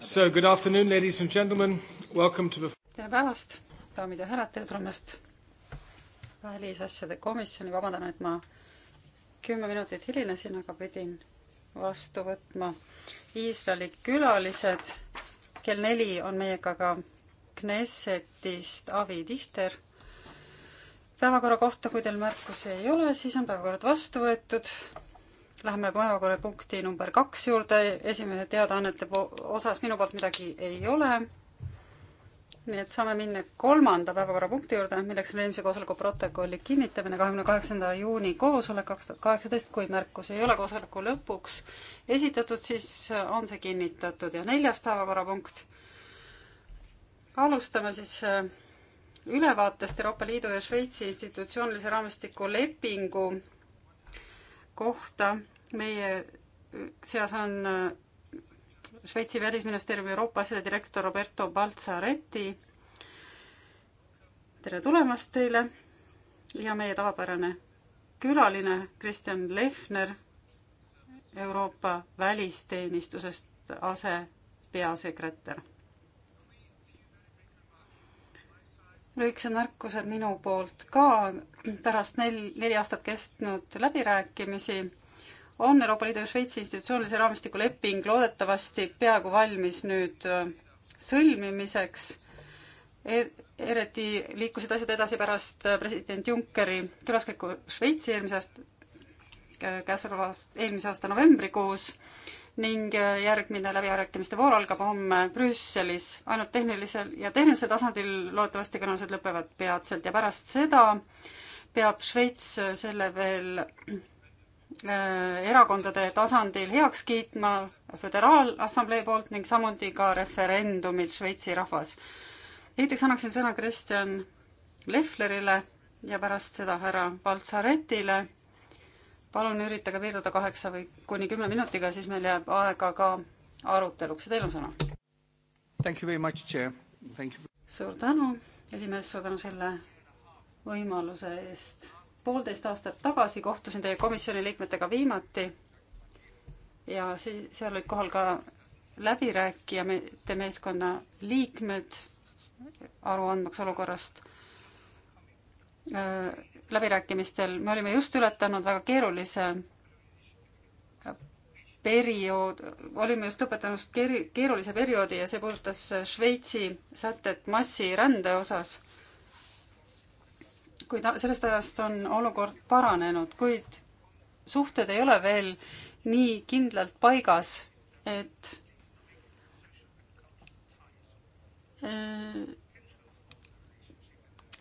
So good afternoon, ladies and gentlemen, welcome to the tere päevast, daamid ja härrad, tere tulemast välisasjade komisjoni, vabandan, et ma kümme minutit hilinesin, aga pidin vastu võtma Iisraeli külalised. kell neli on meiega ka Knessetist Avi Tihter. päevakorra kohta, kui teil märkusi ei ole, siis on päevakorrad vastu võetud Läheme päevakorrapunkti number kaks juurde, esimehe teadaannete osas minu poolt midagi ei ole. nii et saame minna kolmanda päevakorrapunkti juurde, milleks on eelmise koosoleku protokolli kinnitamine, kahekümne kaheksanda juuni koosolek kaks tuhat kaheksateist, kui märkusi ei ole koosoleku lõpuks esitatud, siis on see kinnitatud ja neljas päevakorrapunkt. alustame siis äh, ülevaatest Euroopa Liidu ja Šveitsi institutsioonilise raamistiku lepingu kohta meie äh, seas on äh, Šveitsi välisministeeriumi Euroopa asjade direktor Roberto Baltsaretti. tere tulemast teile ja meie tavapärane külaline Kristjan Lefner Euroopa välisteenistusest asepeasekretär. lühikesed märkused minu poolt ka pärast nel-, neli aastat kestnud läbirääkimisi on Euroopa Liidu ja Šveitsi institutsioonilise raamistiku leping loodetavasti peaaegu valmis nüüd äh, sõlmimiseks e. eriti liikusid asjad edasi pärast äh, president Junckeri külaskäiku Šveitsi eelmise aasta, käesoleva aasta, eelmise aasta novembrikuus ning äh, järgmine läbirääkimiste voor algab homme Brüsselis. ainult tehnilisel ja tehnilisel tasandil loodetavasti kõnelused lõpevad peatselt ja pärast seda peab Šveits selle veel Äh, erakondade tasandil heaks kiitma Föderaalassamblee poolt ning samuti ka referendumil Šveitsi rahvas. esiteks annaksin sõna Kristjan Lehlerile ja pärast seda härra Baltsaretile. palun üritage piirduda kaheksa või kuni kümne minutiga, siis meil jääb aega ka aruteluks ja teil on sõna. suur tänu, esimees, suur tänu selle võimaluse eest poolteist aastat tagasi kohtusin teie komisjoni liikmetega viimati ja siis seal olid kohal ka läbirääkijate meeskonna liikmed aru andmaks olukorrast läbirääkimistel. me olime just ületanud väga keerulise periood, olime just lõpetanud keerulise perioodi ja see puudutas Šveitsi sätet massirände osas kuid sellest ajast on olukord paranenud, kuid suhted ei ole veel nii kindlalt paigas, et äh,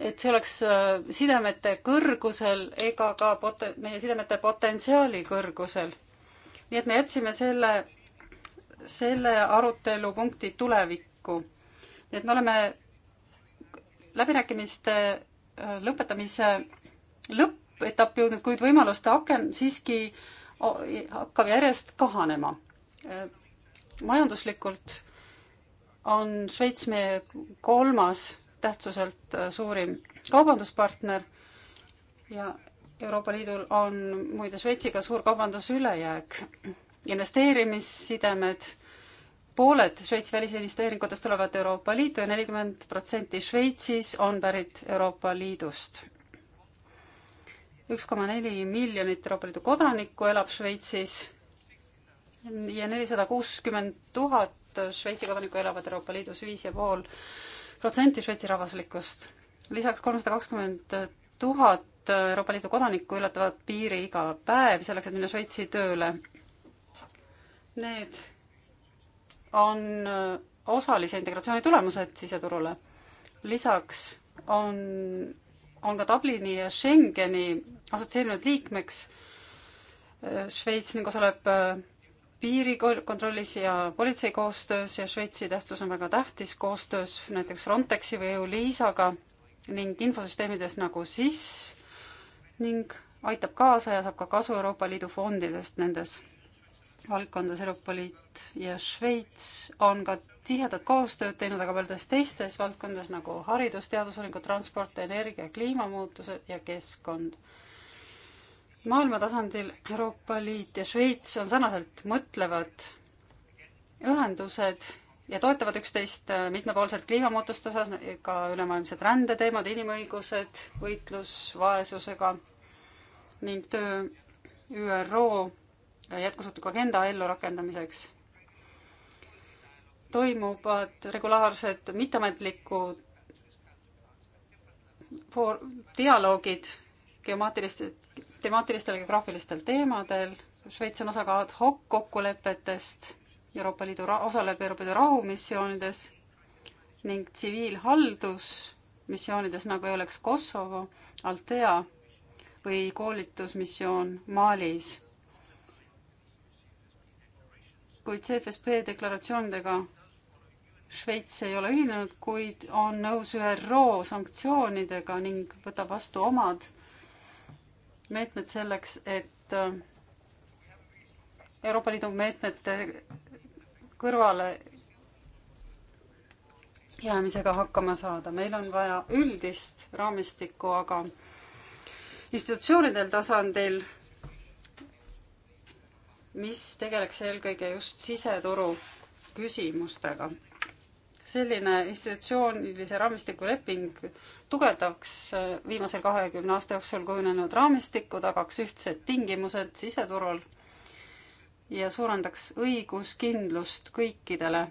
et see oleks äh, sidemete kõrgusel ega ka pot-, meie sidemete potentsiaali kõrgusel. nii et me jätsime selle, selle arutelupunkti tulevikku. nii et me oleme läbirääkimiste lõpetamise lõppetapp jõudnud, kuid võimaluste aken siiski hakkab järjest kahanema. majanduslikult on Šveits meie kolmas tähtsuselt äh, suurim kaubanduspartner ja Euroopa Liidul on muide Šveitsiga suur kaubanduse ülejääk. investeerimissidemed pooled Šveitsi välisinvesteeringutest tulevad Euroopa Liitu ja nelikümmend protsenti Šveitsis on pärit Euroopa Liidust. üks koma neli miljonit Euroopa Liidu kodanikku elab Šveitsis ja nelisada kuuskümmend tuhat Šveitsi kodanikku elavad Euroopa Liidus, viis ja pool protsenti Šveitsi rahvaslikust. lisaks kolmsada kakskümmend tuhat Euroopa Liidu kodanikku ületavad piiri iga päev selleks, et minna Šveitsi tööle. Need on äh, osalise integratsiooni tulemused siseturule. lisaks on, on ka Dublini ja Schengeni assotsieerinud liikmeks äh, Šveits ning osaleb äh, piirikontrollis ja politsei koostöös ja Šveitsi tähtsus on väga tähtis koostöös näiteks Frontexi või EULISAga ning infosüsteemides nagu SIS ning aitab kaasa ja saab ka kasu Euroopa Liidu fondidest nendes valdkondades. Euroopa Liit Holland ja Šveits on ka tihedat koostööd teinud väga paljudes teistes valdkondades nagu haridus, teadusuuringud, transport, energia, kliimamuutused ja keskkond. maailma tasandil Euroopa Liit ja Šveits on sarnaselt mõtlevad ühendused ja toetavad üksteist äh, mitmepoolselt kliimamuutuste osas, ka ülemaailmsed rändeteemad, inimõigused, võitlus vaesusega ning töö ÜRO jätkusuutliku agenda ellurakendamiseks toimuvad regulaarsed mitteametlikud for-, dialoogid geomaatiliste, temaatilistel geograafilistel teemadel, Šveits on osa ka ad hoc kokkulepetest, Euroopa Liidu ra-, osaleb Euroopa Liidu rahumissioonides ning tsiviilhaldusmissioonides, nagu oleks Kosovo, Altea või koolitusmissioon Malis. kuid CFSP deklaratsioonidega Šveits ei ole ühinenud, kuid on nõus ÜRO sanktsioonidega ning võtab vastu omad meetmed selleks, et äh, Euroopa Liidu meetmete kõrvale jäämisega hakkama saada. meil on vaja üldist raamistikku, aga institutsioonidel tasandil, mis tegeleks eelkõige just siseturu küsimustega selline institutsioonilise raamistiku leping tugevdaks äh, viimasel kahekümne aasta jooksul kujunenud raamistikku, tagaks ühtsed tingimused siseturul ja suurendaks õiguskindlust kõikidele.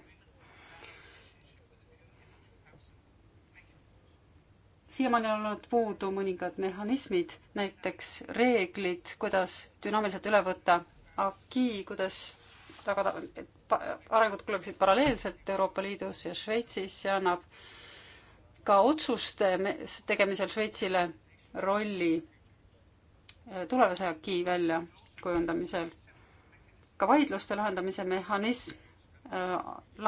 siiamaani on olnud puudu mõningad mehhanismid, näiteks reeglid, kuidas dünaamiliselt üle võtta AKI, kuidas tagada, et arengud kulgeksid paralleelselt Euroopa Liidus ja Šveitsis, see annab ka otsuste tegemisel Šveitsile rolli äh, tulevase AK-i väljakujundamisel. ka vaidluste lahendamise mehhanism äh,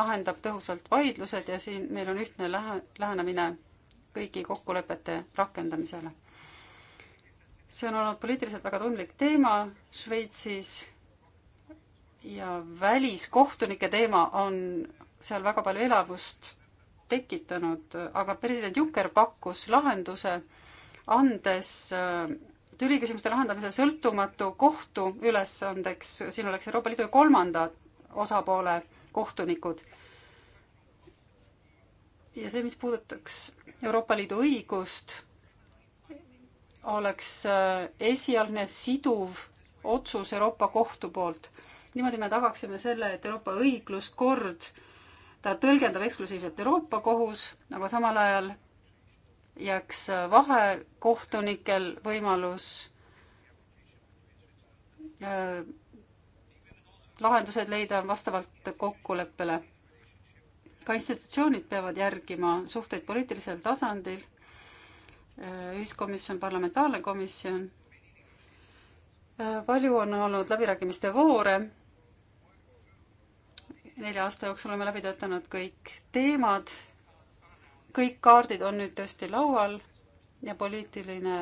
lahendab tõhusalt vaidlused ja siin meil on ühtne lähe, lähenemine kõigi kokkulepete rakendamisele. see on olnud poliitiliselt väga tundlik teema Šveitsis ja väliskohtunike teema on seal väga palju elavust tekitanud, aga president Juncker pakkus lahenduse, andes äh, tüliküsimuste lahendamise sõltumatu kohtu ülesandeks, siin oleks Euroopa Liidu kolmanda osapoole kohtunikud. ja see, mis puudutaks Euroopa Liidu õigust, oleks äh, esialgne siduv otsus Euroopa Kohtu poolt niimoodi me tagaksime selle, et Euroopa õigluskord, ta tõlgendab eksklusiivselt Euroopa kohus, aga samal ajal jääks vahekohtunikel võimalus äh, lahendused leida vastavalt kokkuleppele. ka institutsioonid peavad järgima suhteid poliitilisel tasandil, äh, ühiskomisjon, parlamentaarne komisjon äh, palju on olnud läbirääkimiste voore nelja aasta jooksul oleme läbi töötanud kõik teemad, kõik kaardid on nüüd tõesti laual ja poliitiline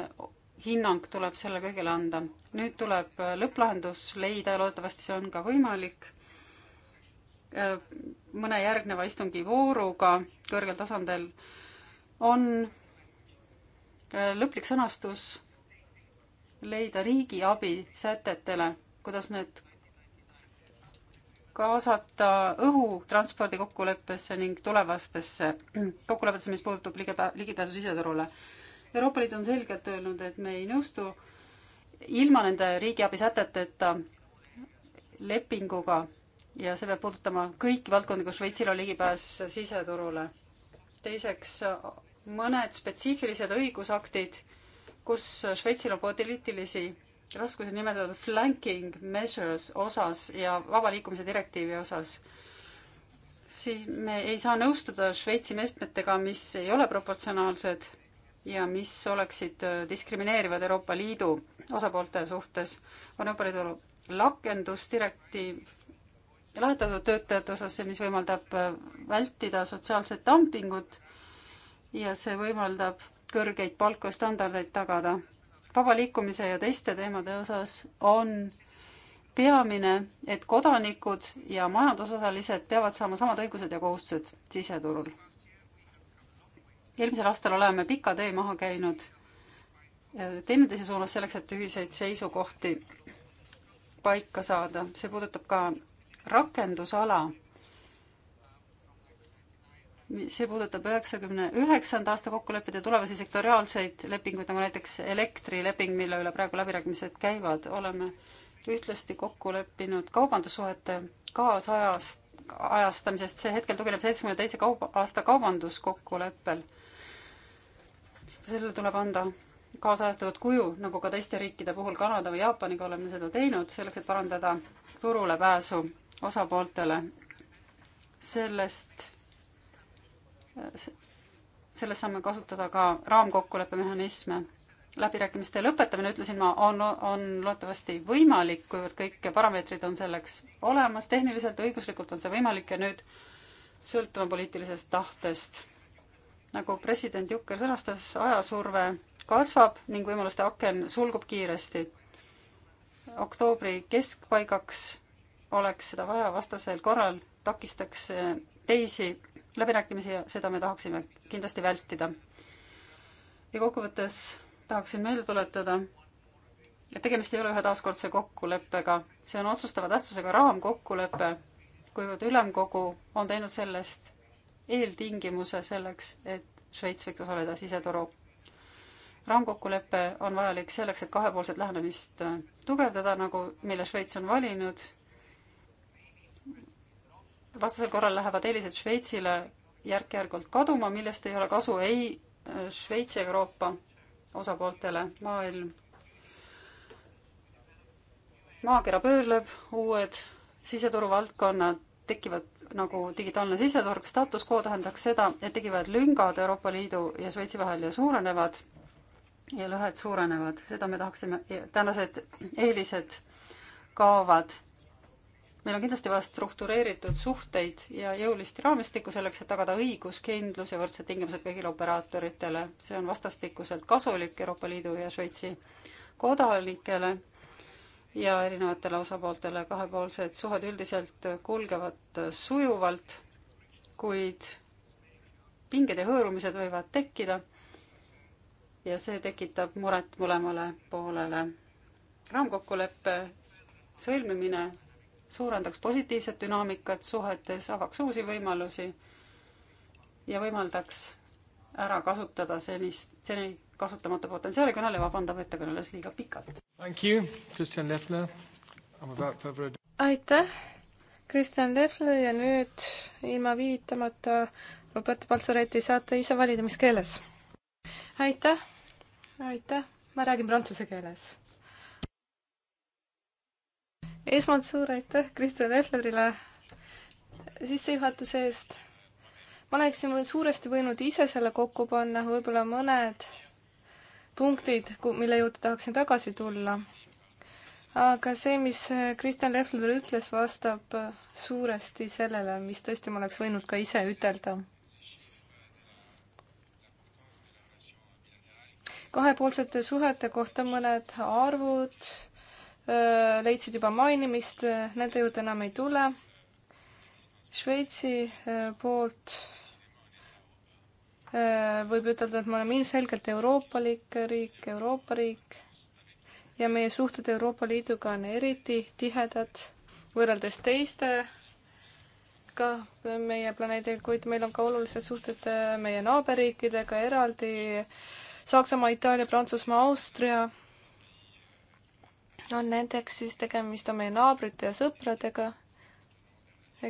hinnang tuleb selle kõigele anda. nüüd tuleb äh, lõpplahendus leida ja loodetavasti see on ka võimalik äh, mõne järgneva istungi vooruga kõrgel tasandil on äh, lõplik sõnastus leida riigiabi sätetele, kuidas need kaasata õhutranspordi kokkuleppesse ning tulevastesse kokkulepetesse, mis puudutab ligipä-, ligipääsu siseturule. Euroopa Liit on selgelt öelnud, et me ei nõustu ilma nende riigiabi säteteta lepinguga ja see peab puudutama kõiki valdkondi, kus Šveitsil on ligipääs siseturule. teiseks, mõned spetsiifilised õigusaktid, kus Šveitsil on poliitilisi raskusi nimetatud flanking measures osas ja vaba liikumise direktiivi osas, siis me ei saa nõustuda Šveitsi meetmetega, mis ei ole proportsionaalsed ja mis oleksid äh, diskrimineerivad Euroopa Liidu osapoolte suhtes. on Euroopa Liidu lakendusdirektiiv lähetatud töötajate osas, mis võimaldab äh, vältida sotsiaalset dumpingut ja see võimaldab kõrgeid palku ja standardeid tagada vaba liikumise ja teiste teemade osas on peamine, et kodanikud ja majandusosalised peavad saama samad õigused ja kohustused siseturul. eelmisel aastal oleme pika tee maha käinud äh, teineteise suunas selleks, et ühiseid seisukohti paika saada. see puudutab ka rakendusala see puudutab üheksakümne üheksanda aasta kokkuleppeid ja tulevasi sektoriaalseid lepinguid, nagu näiteks elektrileping, mille üle praegu läbirääkimised käivad, oleme ühtlasti kokku leppinud kaubandussuhete kaasajast, ajastamisest, see hetkel tugineb seitsmekümne teise kauba, aasta kaubanduskokkuleppel. sellele tuleb anda kaasajastatud kuju, nagu ka teiste riikide puhul Kanada või Jaapaniga oleme seda teinud, selleks et parandada turule pääsu osapooltele. sellest selles saame kasutada ka raamkokkuleppe mehhanisme. läbirääkimiste lõpetamine, ütlesin ma, on, on loodetavasti võimalik, kuivõrd kõik parameetrid on selleks olemas, tehniliselt, õiguslikult on see võimalik ja nüüd sõltuma poliitilisest tahtest. nagu president Jukker sõnastas, ajasurve kasvab ning võimaluste aken sulgub kiiresti. oktoobri keskpaigaks oleks seda vaja, vastasel korral takistaks teisi läbirääkimisi ja seda me tahaksime kindlasti vältida. ja kokkuvõttes tahaksin meelde tuletada, et tegemist ei ole ühe taaskordse kokkuleppega, see on otsustava tähtsusega raamkokkulepe, kuivõrd ülemkogu on teinud sellest eeltingimuse selleks, et Šveits võiks osaleda siseturu. raamkokkulepe on vajalik selleks, et kahepoolset lähenemist tugevdada, nagu mille Šveits on valinud vastasel korral lähevad eelised Šveitsile järk-järgult kaduma, millest ei ole kasu ei äh, Šveitsi ega Euroopa osapooltele. maailm, maakera pöörleb, uued siseturu valdkonnad tekivad nagu digitaalne siseturg, status quo tähendaks seda, et tekivad lüngad Euroopa Liidu ja Šveitsi vahel ja suurenevad ja lõhed suurenevad, seda me tahaksime, tänased eelised kaovad meil on kindlasti vaja struktureeritud suhteid ja jõulist raamistikku selleks, et tagada õiguskindlus ja võrdsed tingimused kõigile operaatoritele. see on vastastikuselt kasulik Euroopa Liidu ja Šveitsi kodanikele ja erinevatele osapooltele. kahepoolsed suhed üldiselt kulgevad sujuvalt, kuid pinged ja hõõrumised võivad tekkida ja see tekitab muret mõlemale poolele. raamkokkuleppe sõlmimine suurendaks positiivset dünaamikat suhetes, avaks uusi võimalusi ja võimaldaks ära kasutada senist, seni kasutamata potentsiaali, kõneleja vabandab, et ta kõneles liiga pikalt. aitäh, Kristjan Lefler ja nüüd ilma viivitamata Roberto Baltsaretti saate ise valida, mis keeles. aitäh, aitäh, ma räägin prantsuse keeles esmalt suur aitäh Kristjan Eflerile sissejuhatuse eest. ma oleksin suuresti võinud ise selle kokku panna, võib-olla mõned punktid, mille juurde tahaksin tagasi tulla. aga see, mis Kristjan Lefler ütles, vastab suuresti sellele, mis tõesti ma oleks võinud ka ise ütelda kahepoolsete suhete kohta mõned arvud leidsid juba mainimist, nende juurde enam ei tule. Šveitsi poolt võib ütelda, et me oleme ilmselgelt euroopalik riik, Euroopa riik ja meie suhted Euroopa Liiduga on eriti tihedad võrreldes teiste ka meie planeedil, kuid meil on ka olulised suhted meie naaberriikidega eraldi. Saksamaa, Itaalia, Prantsusmaa, Austria on nendeks siis tegemist on meie naabrite ja sõpradega,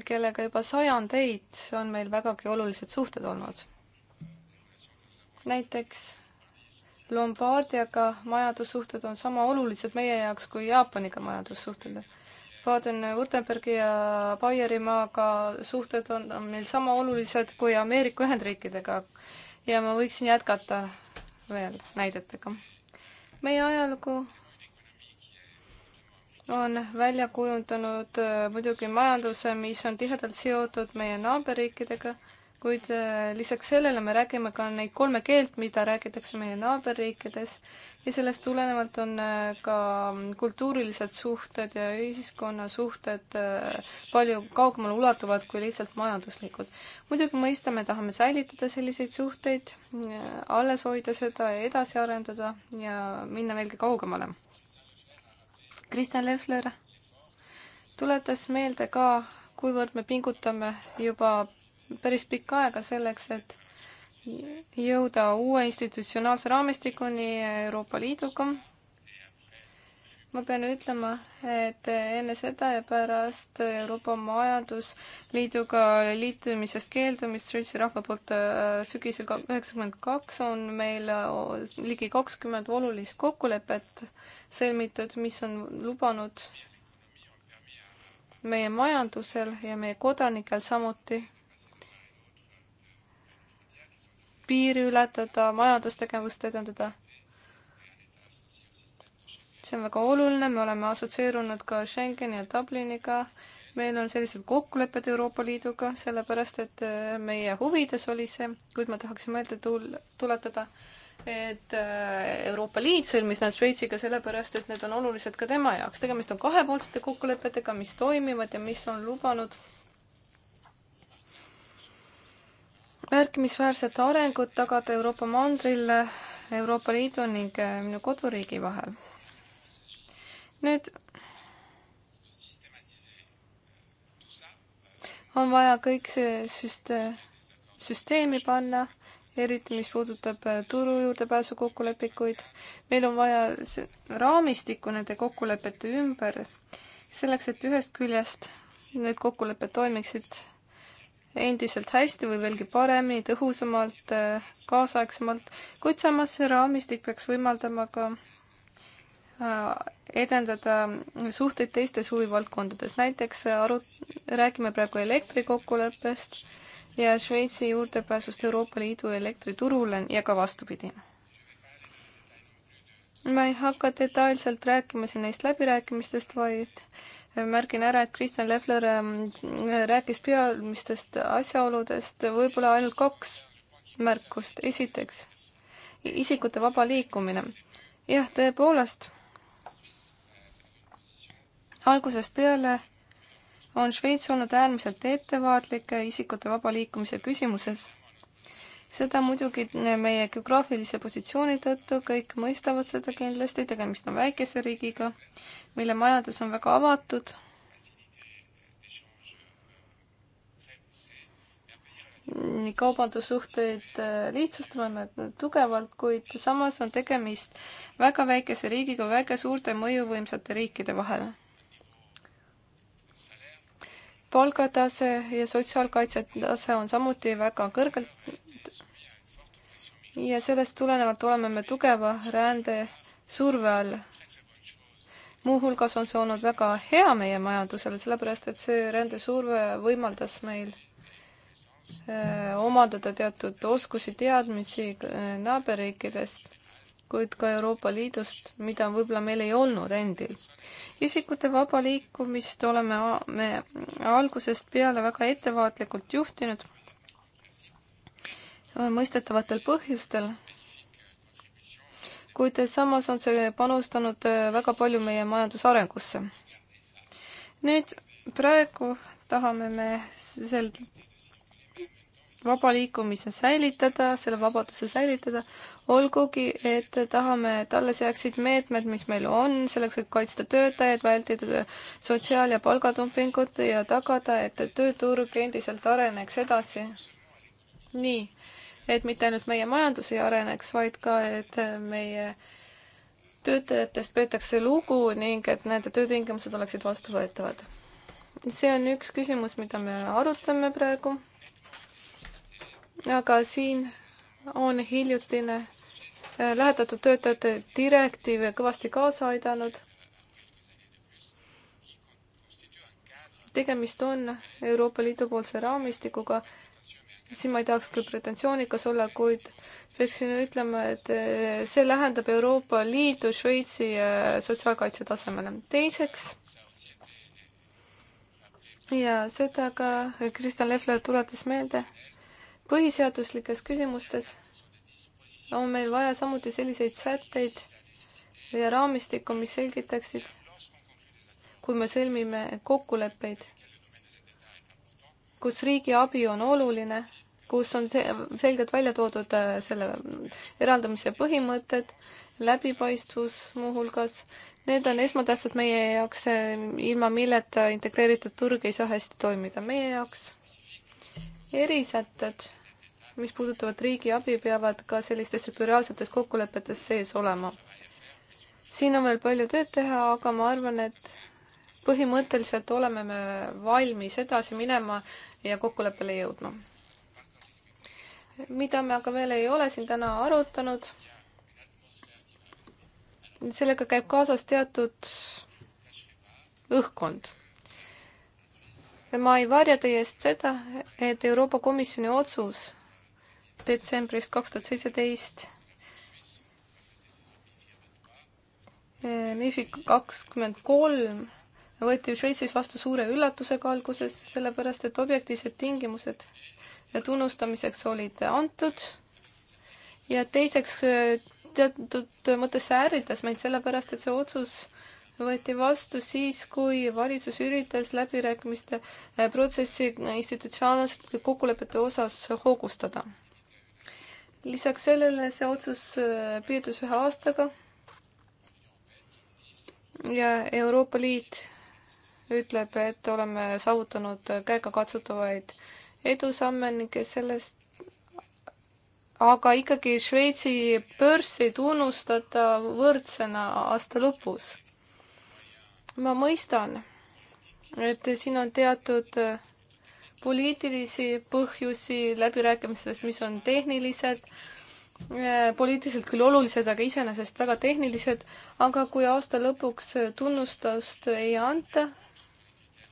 kellega juba sajandeid on meil vägagi olulised suhted olnud. näiteks Lombardiaga majandussuhted on sama olulised meie jaoks kui Jaapaniga majandussuhted. Baden-Württembergi ja Baierimaaga suhted on meil sama olulised kui Ameerika Ühendriikidega ja ma võiksin jätkata veel näidetega. meie ajalugu on välja kujundanud äh, muidugi majanduse, mis on tihedalt seotud meie naaberriikidega, kuid äh, lisaks sellele me räägime ka neid kolme keelt, mida räägitakse meie naaberriikides ja sellest tulenevalt on äh, ka kultuurilised suhted ja ühiskonna suhted palju kaugemale ulatuvad kui lihtsalt majanduslikud. muidugi mõistame, tahame säilitada selliseid suhteid, alles hoida seda ja edasi arendada ja minna veelgi kaugemale Kristjan Lefler tuletas meelde ka, kuivõrd me pingutame juba päris pikka aega selleks, et jõuda uue institutsionaalse raamistikuni Euroopa Liiduga ma pean ütlema, et enne seda ja pärast Euroopa Majandusliiduga liitumisest keeldumist Šveitsi rahva poolt äh, sügisel üheksakümmend kaks on meil äh, ligi kakskümmend olulist kokkulepet sõlmitud, mis on lubanud meie majandusel ja meie kodanikel samuti piiri ületada, majandustegevust edendada see on väga oluline, me oleme assotsieerunud ka Schengeni ja Dubliniga, meil on sellised kokkulepped Euroopa Liiduga, sellepärast et äh, meie huvides oli see, kuid ma tahaksin meelde tul-, tuletada, et äh, Euroopa Liit sõlmis nad Šveitsiga sellepärast, et need on olulised ka tema jaoks. tegemist on kahepoolsete kokkulepetega, mis toimivad ja mis on lubanud märkimisväärset arengut tagada Euroopa mandril Euroopa Liidu ning äh, minu koduriigi vahel nüüd on vaja kõik see süste-, süsteemi panna, eriti mis puudutab äh, turu juurdepääsu kokkulepikuid. meil on vaja raamistikku nende kokkulepete ümber, selleks et ühest küljest need kokkulepped toimiksid endiselt hästi või veelgi paremini, tõhusamalt, äh, kaasaegsemalt, kuid samas see raamistik peaks võimaldama ka Äh, edendada suhteid teistes huvivaldkondades, näiteks äh, aru, räägime praegu elektrikokkuleppest ja Šveitsi juurdepääsust Euroopa Liidu elektriturule ja ka vastupidi. ma ei hakka detailselt rääkima siin neist läbirääkimistest, vaid märgin ära, et Kristjan Lefler ähm, rääkis peamistest asjaoludest võib-olla ainult kaks märkust. esiteks, isikute vaba liikumine. jah, tõepoolest algusest peale on Šveits olnud äärmiselt ettevaatlik isikute vaba liikumise küsimuses. seda muidugi meie geograafilise positsiooni tõttu, kõik mõistavad seda kindlasti, tegemist on väikese riigiga, mille majandus on väga avatud. nii kaubandussuhteid äh, lihtsustame tugevalt, kuid samas on tegemist väga väikese riigiga väga suurte mõjuvõimsate riikide vahel palgatase ja sotsiaalkaitsetase on samuti väga kõrgelt ja sellest tulenevalt oleme me tugeva rände surve all. muuhulgas on see olnud väga hea meie majandusele, sellepärast et see rändesurve võimaldas meil äh, omandada teatud oskusi, teadmisi äh, naaberriikidest kuid ka Euroopa Liidust, mida võib-olla meil ei olnud endil. isikute vaba liikumist oleme me algusest peale väga ettevaatlikult juhtinud, mõistetavatel põhjustel, kuid samas on see panustanud väga palju meie majandusarengusse. nüüd praegu tahame me sel vaba liikumise säilitada, selle vabaduse säilitada, olgugi et tahame, et alles jääksid meetmed, mis meil on, selleks, et kaitsta töötajaid, vältida sotsiaal- ja palgatumpingut ja tagada, et tööturg endiselt areneks edasi. nii, et mitte ainult meie majandus ei areneks, vaid ka, et meie töötajatest peetakse lugu ning et nende töötingimused oleksid vastuvõetavad. see on üks küsimus, mida me arutame praegu aga siin on hiljutine äh, lähetatud töötajate direktiiv kõvasti kaasa aidanud. tegemist on Euroopa Liidu poolse raamistikuga. siin ma ei tahaks küll pretensioonikas olla, kuid peaksin ütlema, et äh, see lähendab Euroopa Liidu Šveitsi äh, sotsiaalkaitse tasemele. teiseks ja seda ka Kristjan Lefler tuletas meelde põhiseaduslikes küsimustes on meil vaja samuti selliseid sätteid ja raamistikku, mis selgitaksid, kui me sõlmime kokkuleppeid, kus riigi abi on oluline, kus on see selgelt välja toodud äh, selle eraldamise põhimõtted, läbipaistvus muuhulgas, need on esmatähtsad meie jaoks, äh, ilma milleta integreeritud turg ei saa hästi toimida meie jaoks erisätted, mis puudutavad riigiabi, peavad ka sellistes strukturaalsetes kokkulepetes sees olema. siin on veel palju tööd teha, aga ma arvan, et põhimõtteliselt oleme me valmis edasi minema ja kokkuleppele jõudma. mida me aga veel ei ole siin täna arutanud, sellega käib kaasas teatud õhkkond ma ei varja teie eest seda, et Euroopa Komisjoni otsus detsembrist kaks tuhat seitseteist eh, MIFI kakskümmend kolm võeti Šveitsis vastu suure üllatusega alguses, sellepärast et objektiivsed tingimused tunnustamiseks olid antud ja teiseks eh, teatud mõttes see ärritas meid, sellepärast et see otsus võeti vastu siis, kui valitsus üritas läbirääkimiste äh, protsessi äh, institutsionaalsete kokkulepete osas hoogustada. lisaks sellele see otsus äh, piirdus ühe aastaga ja Euroopa Liit ütleb, et oleme saavutanud käegakatsutavaid edusamme ning sellest aga ikkagi Šveitsi börs ei tunnustata võrdsena aasta lõpus ma mõistan, et siin on teatud äh, poliitilisi põhjusi läbirääkimistes, mis on tehnilised, äh, poliitiliselt küll olulised, aga iseenesest väga tehnilised, aga kui aasta lõpuks äh, tunnustust ei anta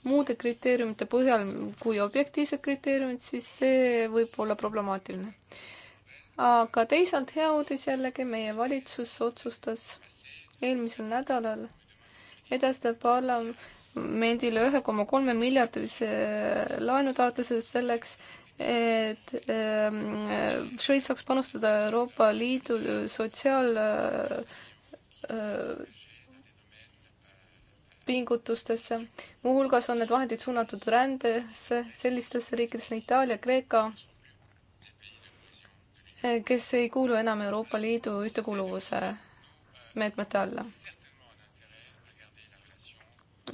muude kriteeriumite põhjal kui objektiivsed kriteeriumid, siis see võib olla problemaatiline. aga teisalt hea uudis jällegi, meie valitsus otsustas eelmisel nädalal edastab parlamendile ühe koma kolme miljardilise laenutaotluse selleks, et ähm, Šveits saaks panustada Euroopa Liidu sotsiaalpingutustesse. Äh, muuhulgas on need vahendid suunatud rändesse sellistesse riikidesse nagu Itaalia, Kreeka, äh, kes ei kuulu enam Euroopa Liidu ühtekuuluvuse meetmete alla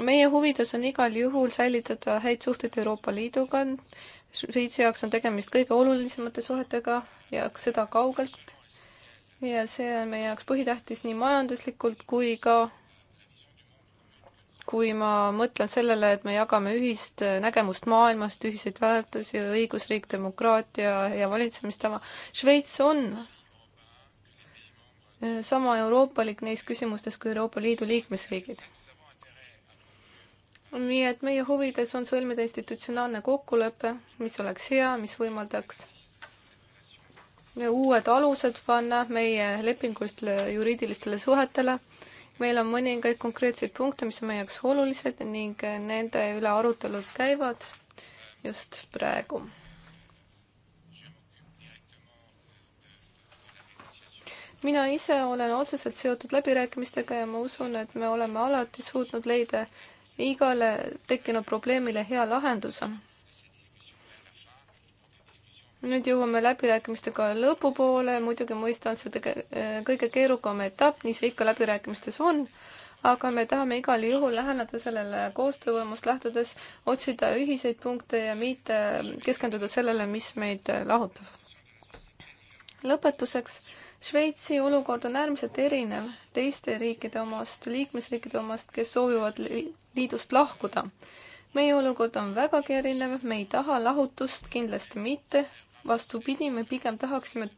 meie huvides on igal juhul säilitada häid suhteid Euroopa Liiduga. Šveitsi jaoks on tegemist kõige olulisemate suhetega ja seda kaugelt. ja see on meie jaoks põhitähtis nii majanduslikult kui ka kui ma mõtlen sellele, et me jagame ühist nägemust maailmast, ühiseid väärtusi, õigusriik, demokraatia ja valitsemistava. Šveits on sama euroopalik neis küsimustes kui Euroopa Liidu liikmesriigid nii et meie huvides on sõlmida institutsionaalne kokkulepe, mis oleks hea, mis võimaldaks uued alused panna meie lepingulistele juriidilistele suhetele. meil on mõningaid konkreetseid punkte, mis on meie jaoks olulised ning nende üle arutelud käivad just praegu. mina ise olen otseselt seotud läbirääkimistega ja ma usun, et me oleme alati suutnud leida igale tekkinud probleemile hea lahenduse. nüüd jõuame läbirääkimistega lõpupoole, muidugi mõistan seda kõige keerukam etapp, nii see ikka läbirääkimistes on aga me tahame igal juhul läheneda sellele koostöövõimust lähtudes, otsida ühiseid punkte ja mitte keskenduda sellele, mis meid lahutab. lõpetuseks Šveitsi olukord on äärmiselt erinev teiste riikide omast, liikmesriikide omast, kes soovivad liidust lahkuda. meie olukord on vägagi erinev, me ei taha lahutust, kindlasti mitte. vastupidi, me pigem tahaksime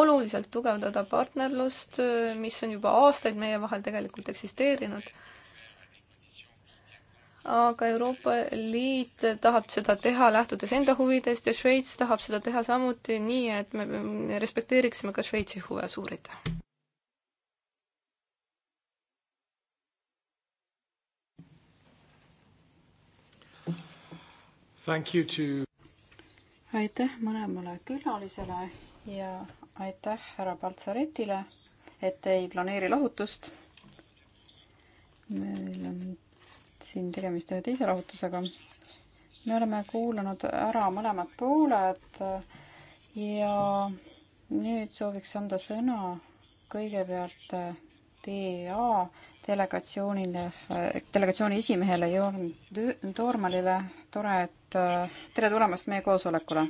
oluliselt tugevdada partnerlust, mis on juba aastaid meie vahel tegelikult eksisteerinud aga Euroopa Liit tahab seda teha lähtudes enda huvidest ja Šveits tahab seda teha samuti nii, et me respekteeriksime ka Šveitsi huve, suur aitäh! aitäh mõlemale külalisele ja aitäh härra Paltsaretile, et ei planeeri lahutust. meil on siin tegemist ühe teise rahutusega. me oleme kuulanud ära mõlemad pooled ja nüüd sooviks anda sõna kõigepealt DEA delegatsioonile, delegatsiooni esimehele Jörn Toormalile. tore, et tere tulemast meie koosolekule.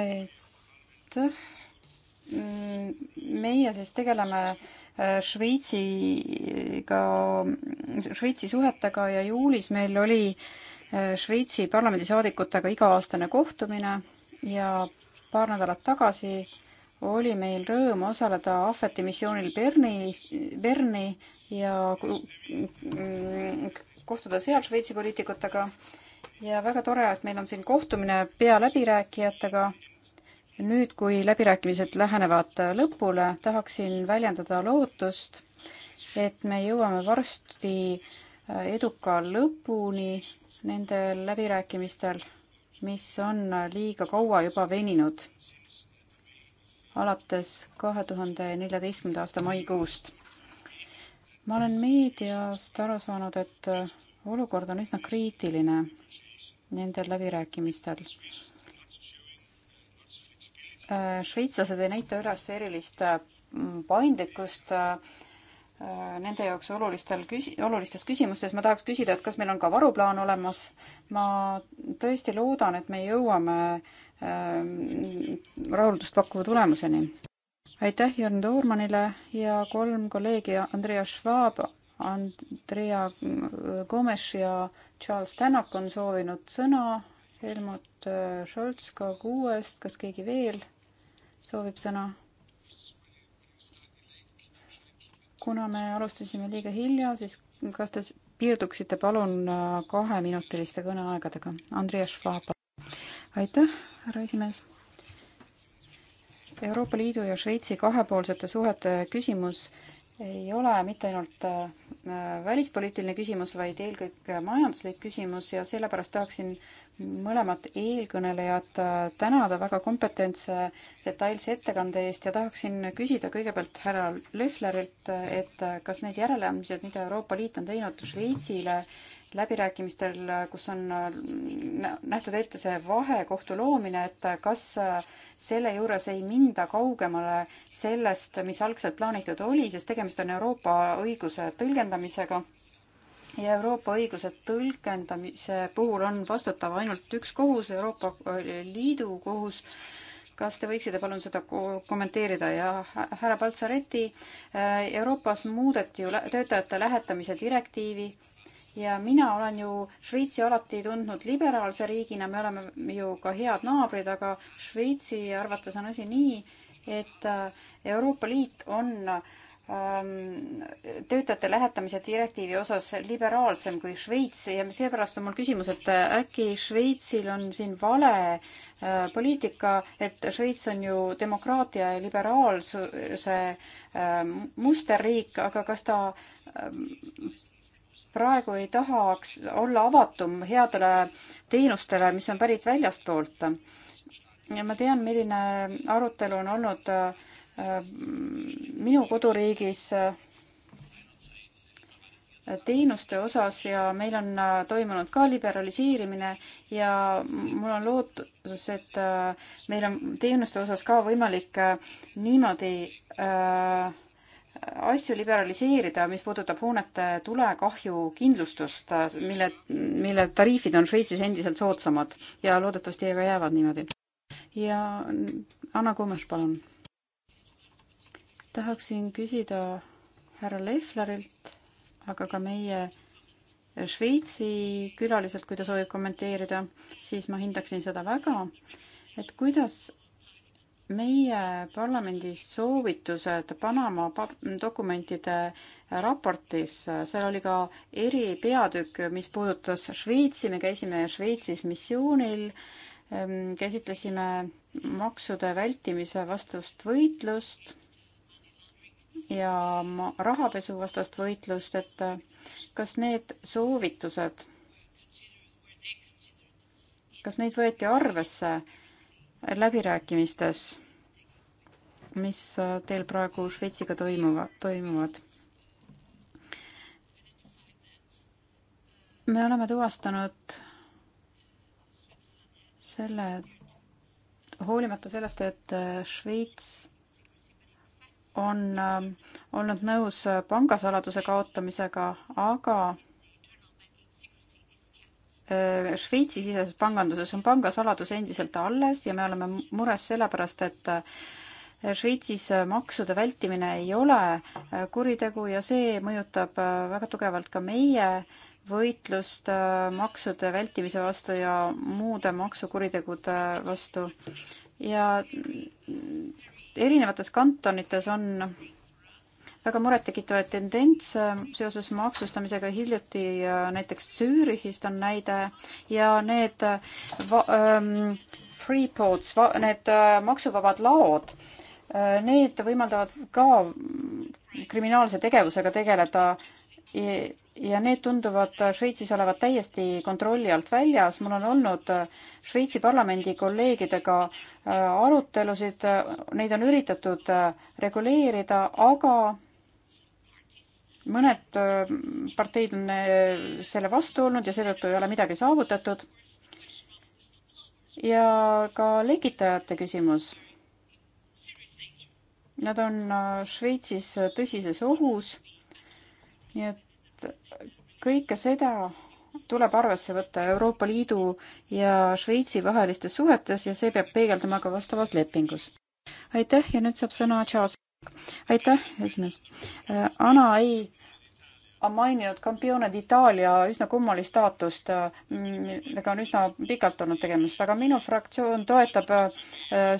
aitäh. meie siis tegeleme Äh, Šveitsiga, Šveitsi suhetega ja juulis meil oli äh, Šveitsi parlamendisaadikutega iga-aastane kohtumine ja paar nädalat tagasi oli meil rõõm osaleda Ahveti missioonil Bernis, Berni ja kohtuda seal Šveitsi poliitikutega ja väga tore, et meil on siin kohtumine pealäbirääkijatega nüüd, kui läbirääkimised lähenevad lõpule, tahaksin väljendada lootust, et me jõuame varsti äh, eduka lõpuni nendel läbirääkimistel, mis on liiga kaua juba veninud, alates kahe tuhande neljateistkümnenda aasta maikuust. ma olen meediast aru saanud, et olukord on üsna kriitiline nendel läbirääkimistel Äh, šveitslased ei näita üles erilist äh, paindlikkust äh, nende jaoks olulistel küsi-, olulistes küsimustes, ma tahaks küsida, et kas meil on ka varuplaan olemas. ma tõesti loodan, et me jõuame rahuldust pakkuva tulemuseni. aitäh Jörn Toormanile ja kolm kolleegi, Andrea Schwab, Andrea Gomes ja Charles Tannock on soovinud sõna, Helmut Scholz ka kuuest, kas keegi veel? soovib sõna? kuna me alustasime liiga hilja, siis kas te piirduksite palun äh, kaheminutiliste kõneaegadega? Andreas Švab. aitäh, härra esimees. Euroopa Liidu ja Šveitsi kahepoolsete suhete küsimus ei ole mitte ainult äh, välispoliitiline küsimus, vaid eelkõige majanduslik küsimus ja sellepärast tahaksin mõlemat eelkõnelejat äh, tänada väga kompetentse detailse ettekande eest ja tahaksin küsida kõigepealt härra Löflerilt, et äh, kas need järeleandmised, mida Euroopa Liit on teinud Šveitsile läbirääkimistel, äh, kus on nähtud ette see vahekohtu loomine, et kas selle juures ei minda kaugemale sellest, mis algselt plaanitud oli, sest tegemist on Euroopa õiguse tõlgendamisega ja Euroopa õiguse tõlkendamise puhul on vastutav ainult üks kohus, Euroopa Liidu kohus. kas te võiksite palun seda kommenteerida ja härra Baltsaretti, äh, Euroopas muudeti ju töötajate lähetamise direktiivi ja mina olen ju Šveitsi alati tundnud liberaalse riigina, me oleme ju ka head naabrid, aga Šveitsi arvates on asi nii, et äh, Euroopa Liit on äh, Ähm, töötajate lähetamise direktiivi osas liberaalsem kui Šveits ja seepärast on mul küsimus, et äh, äkki Šveitsil on siin vale äh, poliitika, et Šveits on ju demokraatia ja liberaalsuse ähm, musterriik, aga kas ta ähm, praegu ei tahaks olla avatum headele teenustele, mis on pärit väljastpoolt? ja ma tean, milline arutelu on olnud äh, minu koduriigis äh, teenuste osas ja meil on äh, toimunud ka liberaliseerimine ja mul on lootus, et äh, meil on teenuste osas ka võimalik niimoodi asju liberaliseerida, mis puudutab hoonete tulekahju kindlustust, mille, mille tariifid on Šveitsis endiselt soodsamad ja loodetavasti ka jäävad niimoodi. ja Anna Kummers, palun tahaksin küsida härra Leiflerilt, aga ka meie Šveitsi külaliselt, kui ta soovib kommenteerida, siis ma hindaksin seda väga, et kuidas meie parlamendi soovitused Panama dokumentide raportis, seal oli ka eripeatükk, mis puudutas Šveitsi, me käisime Šveitsis missioonil, ehm, käsitlesime maksude vältimise vastust võitlust ja rahapesuvastast võitlust, et äh, kas need soovitused, kas neid võeti arvesse läbirääkimistes, mis äh, teil praegu Šveitsiga toimuva, toimuvad? me oleme tuvastanud selle, hoolimata sellest, et äh, Šveits on ähm, olnud nõus äh, pangasaladuse kaotamisega, aga äh, Šveitsi-siseses panganduses on pangasaladus endiselt alles ja me oleme mures sellepärast, et äh, Šveitsis maksude vältimine ei ole kuritegu ja see mõjutab väga tugevalt ka meie võitlust maksude vältimise vastu ja muude maksukuritegude vastu. ja erinevates kantonites on väga murettekitavaid tendentse seoses maksustamisega, hiljuti näiteks Zürichist on näide ja need ähm, va-, ähm, free pods, need äh, maksuvabad laod äh,, need võimaldavad ka kriminaalse tegevusega tegeleda e ja need tunduvad Šveitsis olevat täiesti kontrolli alt väljas. mul on olnud äh, Šveitsi parlamendi kolleegidega äh, arutelusid, neid on üritatud äh, reguleerida, aga mõned parteid on selle vastu olnud ja seetõttu ei ole midagi saavutatud. ja ka lekitajate küsimus. Nad on Šveitsis tõsises ohus nii et et kõike seda tuleb arvesse võtta Euroopa Liidu ja Šveitsi vahelistes suhetes ja see peab peegelduma ka vastavas lepingus. aitäh ja nüüd saab sõna Charles. aitäh, esimees. Äh, Anna ei maininud kampioone d'Itaalia üsna kummalist staatust, millega on üsna pikalt olnud tegemist, aga minu fraktsioon toetab äh,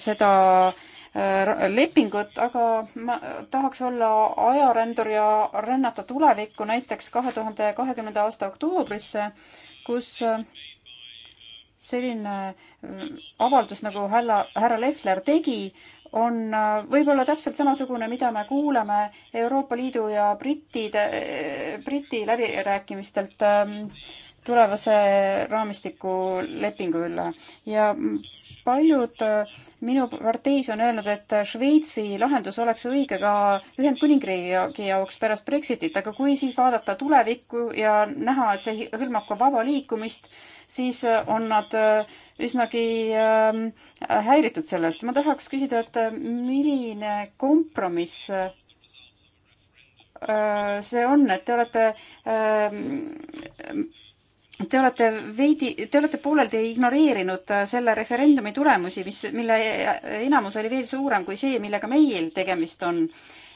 seda äh, Äh, lepingut, aga ma tahaks olla ajarändur ja rännata tulevikku näiteks kahe tuhande kahekümnenda aasta oktoobrisse, kus äh, selline äh, avaldus, nagu härra, härra Lehtler tegi, on võib-olla täpselt samasugune, mida me kuuleme Euroopa Liidu ja brittide, Briti läbirääkimistelt ähm, tulevase raamistikulepingu üle ja paljud äh, minu parteis on öelnud, et Šveitsi lahendus oleks õige ka Ühendkuningriigi jaoks pärast Brexitit, aga kui siis vaadata tulevikku ja näha, et see hõlmab ka vaba liikumist, siis on nad äh, üsnagi ähm, häiritud sellest. ma tahaks küsida, et äh, milline kompromiss äh, see on, et te olete ähm, Te olete veidi, te olete pooleldi ignoreerinud äh, selle referendumi tulemusi, mis, mille äh, enamus oli veel suurem kui see, millega meil tegemist on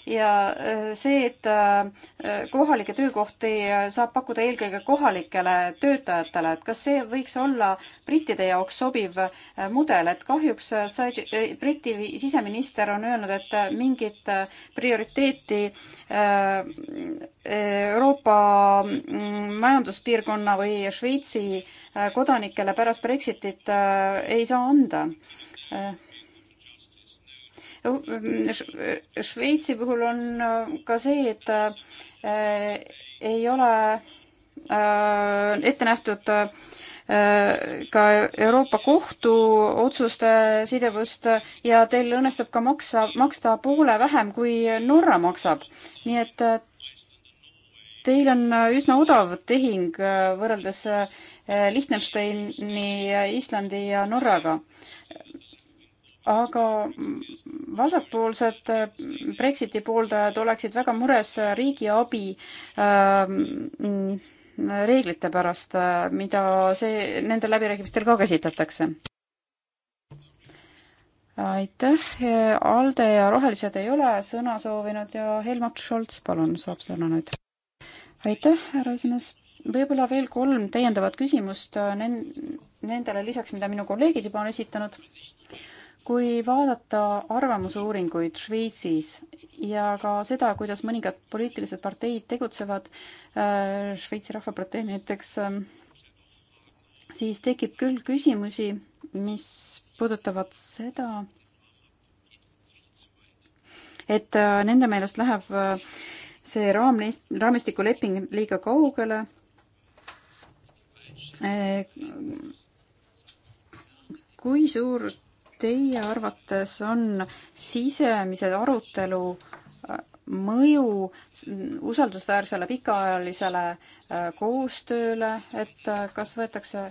ja äh, see, et äh, kohalikke töökohti äh, saab pakkuda eelkõige kohalikele töötajatele, et kas see võiks olla brittide jaoks sobiv mudel, et kahjuks sai, Briti siseminister on öelnud, et mingit prioriteeti Euroopa mm, majanduspiirkonna või Šveitsi kodanikele pärast Brexitit ei saa anda Šveitsi puhul on äh, ka see, et äh, ei ole äh, ette nähtud ka Euroopa Kohtu otsuste sidevust ja teil õnnestub ka maksa, maksta poole vähem, kui Norra maksab. nii et teil on üsna odav tehing võrreldes Liechtensteini, Islandi ja Norraga aga vasakpoolsed mm, Brexiti pooldajad oleksid väga mures riigi abi ähm, mm, reeglite pärast, äh, mida see, nendel läbirääkimistel ka käsitletakse. aitäh, Alde ja Rohelised ei ole sõna soovinud ja Helmut Scholz, palun, saab sõna nüüd. aitäh, härra esimees. võib-olla veel kolm täiendavat küsimust äh, nendele lisaks, mida minu kolleegid juba on esitanud kui vaadata arvamusuuringuid Šveitsis ja ka seda, kuidas mõningad poliitilised parteid tegutsevad, äh, Šveitsi Rahvapartei näiteks, ähm, siis tekib küll küsimusi, mis puudutavad seda, et äh, nende meelest läheb äh, see raam, raamistikuleping liiga kaugele kui suurt teie arvates on sisemise arutelu äh, mõju usaldusväärsele pikaajalisele äh, koostööle, et äh, kas võetakse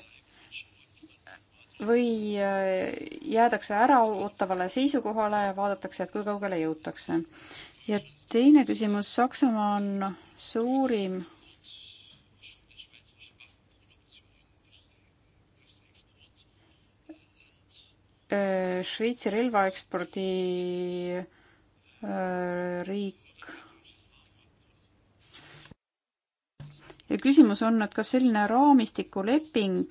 või jäädakse äraootavale seisukohale ja vaadatakse, et kui kaugele jõutakse. ja teine küsimus, Saksamaa on suurim Äh, Šveitsi relvaekspordi äh, riik. ja küsimus on, et kas selline raamistikuleping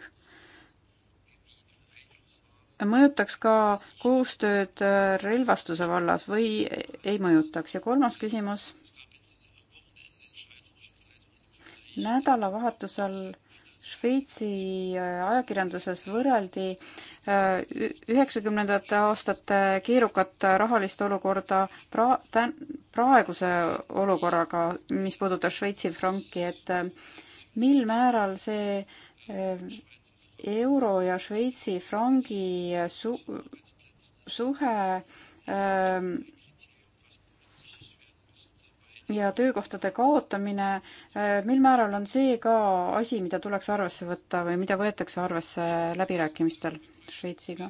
mõjutaks ka koostööd äh, relvastuse vallas või ei mõjutaks ja kolmas küsimus. nädalavahetusel Šveitsi ajakirjanduses võrreldi äh, Äh, üheksakümnendate aastate keerukat rahalist olukorda pra-, tä-, praeguse olukorraga, mis puudutab Šveitsi franki, et äh, mil määral see äh, euro ja Šveitsi frangi su-, suhe ähm, ja töökohtade kaotamine, mil määral on see ka asi, mida tuleks arvesse võtta või mida võetakse arvesse läbirääkimistel? Šveitsiga.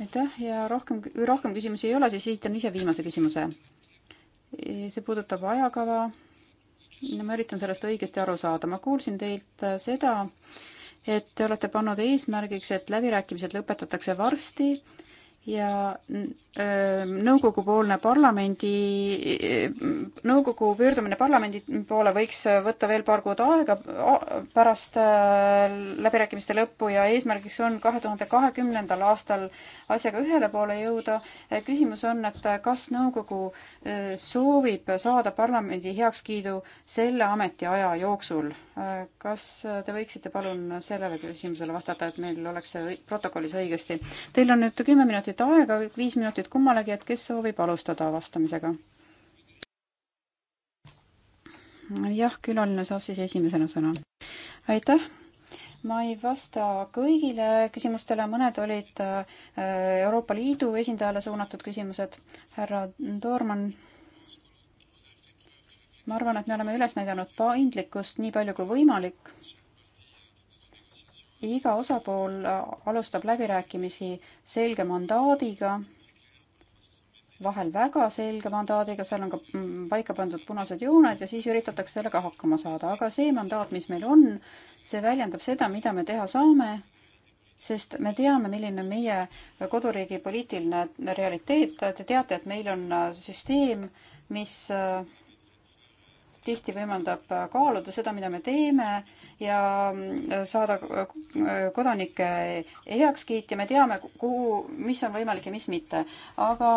aitäh ja rohkem, kui rohkem küsimusi ei ole, siis esitan ise viimase küsimuse. see puudutab ajakava. ma üritan sellest õigesti aru saada. ma kuulsin teilt seda, et te olete pannud eesmärgiks, et läbirääkimised lõpetatakse varsti ja nõukogupoolne parlamendi, nõukogu pöördumine parlamendi poole võiks võtta veel paar kuud aega pärast läbirääkimiste lõppu ja eesmärgiks on kahe tuhande kahekümnendal aastal asjaga ühele poole jõuda. küsimus on, et kas nõukogu soovib saada parlamendi heakskiidu selle ametiaja jooksul. kas te võiksite palun sellele küsimusele vastata, et meil oleks see protokollis õigesti? Teil on nüüd kümme minutit aega, viis minutit küsimused kummalegi, et kes soovib alustada vastamisega? jah, külaline saab siis esimesena sõna. aitäh! ma ei vasta kõigile küsimustele, mõned olid äh, Euroopa Liidu esindajale suunatud küsimused. härra Toormann ma arvan, et me oleme üles näidanud paindlikkust nii palju kui võimalik. iga osapool alustab läbirääkimisi selge mandaadiga vahel väga selge mandaadiga, seal on ka mm, paika pandud punased jooned ja siis üritatakse sellega hakkama saada, aga see mandaat, mis meil on, see väljendab seda, mida me teha saame, sest me teame, milline on meie koduriigi poliitiline realiteet, te teate, et meil on äh, süsteem, mis äh, tihti võimaldab äh, kaaluda seda, mida me teeme ja äh, saada äh, kodanike heakskiit ja me teame, kuhu, mis on võimalik ja mis mitte. aga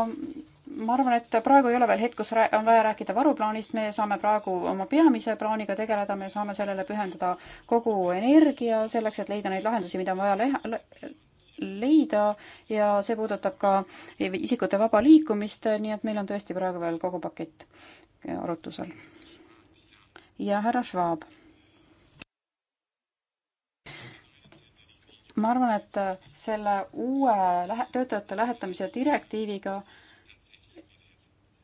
ma arvan, et praegu ei ole veel hetk, kus on vaja rääkida varuplaanist, me saame praegu oma peamise plaaniga tegeleda, me saame sellele pühendada kogu energia selleks, et leida neid lahendusi, mida on vaja leha, leida ja see puudutab ka isikute vaba liikumist, nii et meil on tõesti praegu veel kogu pakett arutusel ja härra Schwab. ma arvan, et selle uue lähe-, töötajate lähetamise direktiiviga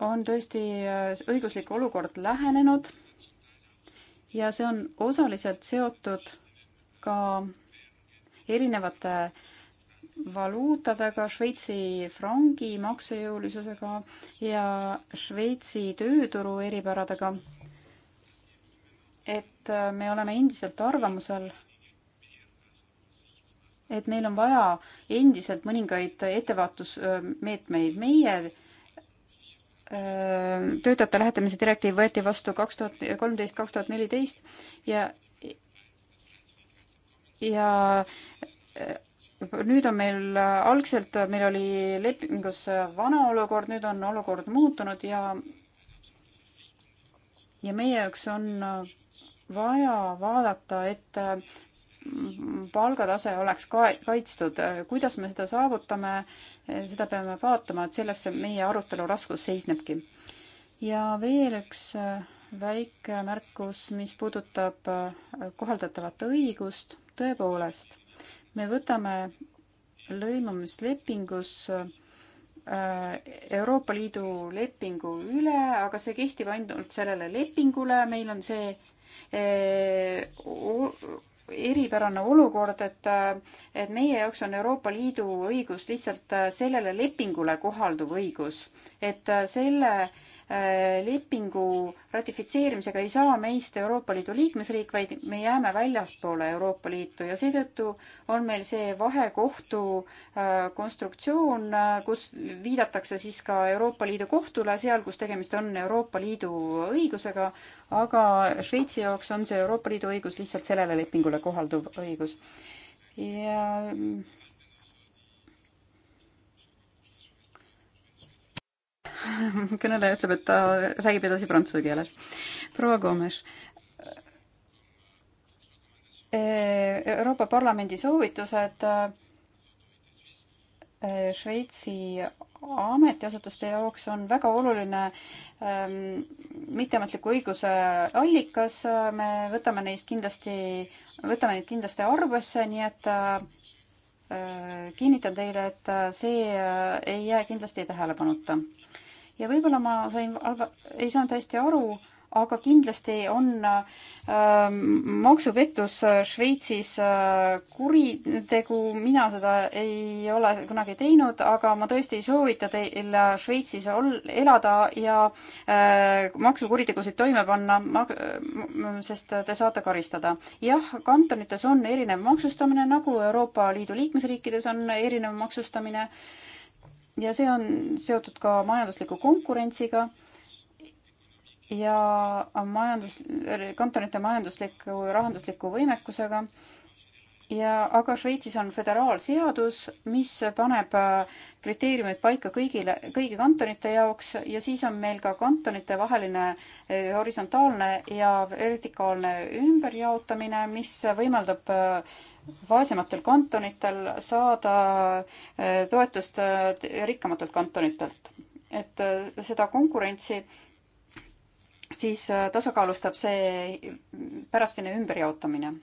on tõesti äh, õiguslik olukord lähenenud ja see on osaliselt seotud ka erinevate valuutadega, Šveitsi frangi maksejõulisusega ja Šveitsi tööturu eripäradega et äh, me oleme endiselt arvamusel, et meil on vaja endiselt mõningaid ettevaatusmeetmeid. meie äh, töötajate lähetamise direktiiv võeti vastu kaks tuhat kolmteist, kaks tuhat neliteist ja ja äh, nüüd on meil algselt, meil oli lepingus vana olukord, nüüd on olukord muutunud ja ja meie jaoks on vaja vaadata, et mm, palgatase oleks ka kaitstud. kuidas me seda saavutame, seda peame vaatama, et selles meie arutelu raskus seisnebki. ja veel üks äh, väike märkus, mis puudutab äh, kohaldatavat õigust. tõepoolest, me võtame lõimumislepingus äh, Euroopa Liidu lepingu üle, aga see kehtib ainult sellele lepingule, meil on see eripärane olukord, et, et meie jaoks on Euroopa Liidu õigus lihtsalt sellele lepingule kohalduv õigus. et selle Äh, lepingu ratifitseerimisega ei saa meist Euroopa Liidu liikmesriik, vaid me jääme väljaspoole Euroopa Liitu ja seetõttu on meil see vahekohtu äh, konstruktsioon, äh, kus viidatakse siis ka Euroopa Liidu kohtule seal, kus tegemist on Euroopa Liidu õigusega, aga Šveitsi jaoks on see Euroopa Liidu õigus lihtsalt sellele lepingule kohalduv õigus. ja kõneleja ütleb, et ta räägib edasi prantsuse keeles. proua Gomes. E, Euroopa Parlamendi soovitused e, Šveitsi ametiasutuste jaoks on väga oluline ähm, mitteametliku õiguse allikas, me võtame neist kindlasti, võtame neid kindlasti arvesse, nii et äh, kinnitan teile, et see äh, ei jää kindlasti tähelepanuta ja võib-olla ma sain, ei saanud hästi aru, aga kindlasti on ähm, äh, maksupettus Šveitsis äh, kuritegu, mina seda ei ole kunagi teinud, aga ma tõesti ei soovita teil äh, Šveitsis ol-, elada ja äh, maksukuritegusid toime panna mak-, äh, sest te saate karistada. jah, kantonites on erinev maksustamine, nagu Euroopa Liidu liikmesriikides on erinev maksustamine äh,, ja see on seotud ka majandusliku konkurentsiga ja majandus, kantonite majandusliku ja rahandusliku võimekusega. ja aga Šveitsis on föderaalseadus, mis paneb äh, kriteeriumid paika kõigile, kõigi kantonite jaoks ja siis on meil ka kantonite vaheline äh, horisontaalne ja vertikaalne ümberjaotamine, mis võimaldab äh, vaesematel kantonitel saada eh, toetust eh, rikkamatelt kantonitelt. et eh, seda konkurentsi siis tasakaalustab see pärastine ümberjaotamine.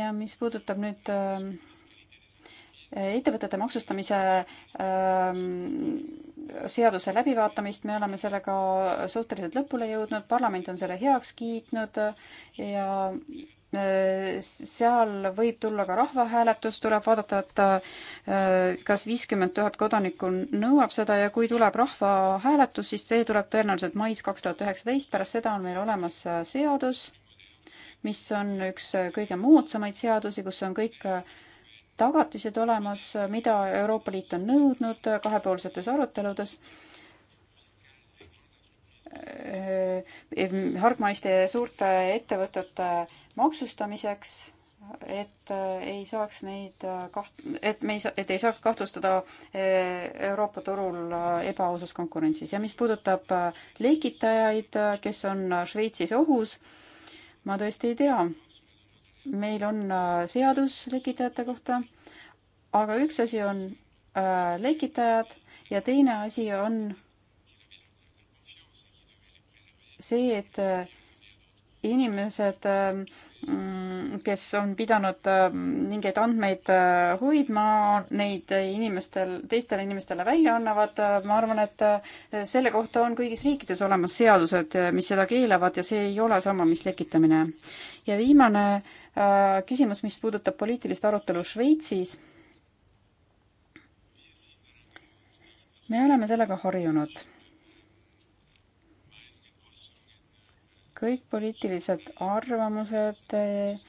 ja mis puudutab nüüd ettevõtete maksustamise ähm, seaduse läbivaatamist, me oleme sellega suhteliselt lõpule jõudnud, parlament on selle heaks kiitnud ja äh, seal võib tulla ka rahvahääletus, tuleb vaadata, et äh, kas viiskümmend tuhat kodanikku nõuab seda ja kui tuleb rahvahääletus, siis see tuleb tõenäoliselt mais kaks tuhat üheksateist, pärast seda on meil olemas äh, seadus, mis on üks kõige moodsamaid seadusi, kus on kõik tagatised olemas, mida Euroopa Liit on nõudnud kahepoolsetes aruteludes hargmaiste suurte ettevõtete maksustamiseks, et ei saaks neid kaht-, et me ei saa, et ei saaks kahtlustada eh, Euroopa turul ebaausas konkurentsis ja mis puudutab eh, lekitajaid, kes on Šveitsis ohus, ma tõesti ei tea meil on äh, seadus lekitajate kohta, aga üks asi on äh, lekitajad ja teine asi on see, et äh, inimesed äh,, kes on pidanud äh, mingeid andmeid äh, hoidma, neid inimestel, teistele inimestele välja annavad, ma arvan, et selle kohta on kõigis riikides olemas seadused, mis seda keelavad ja see ei ole sama, mis lekitamine. ja viimane äh, Äh, küsimus, mis puudutab poliitilist arutelu Šveitsis. me oleme sellega harjunud. kõik poliitilised arvamused äh,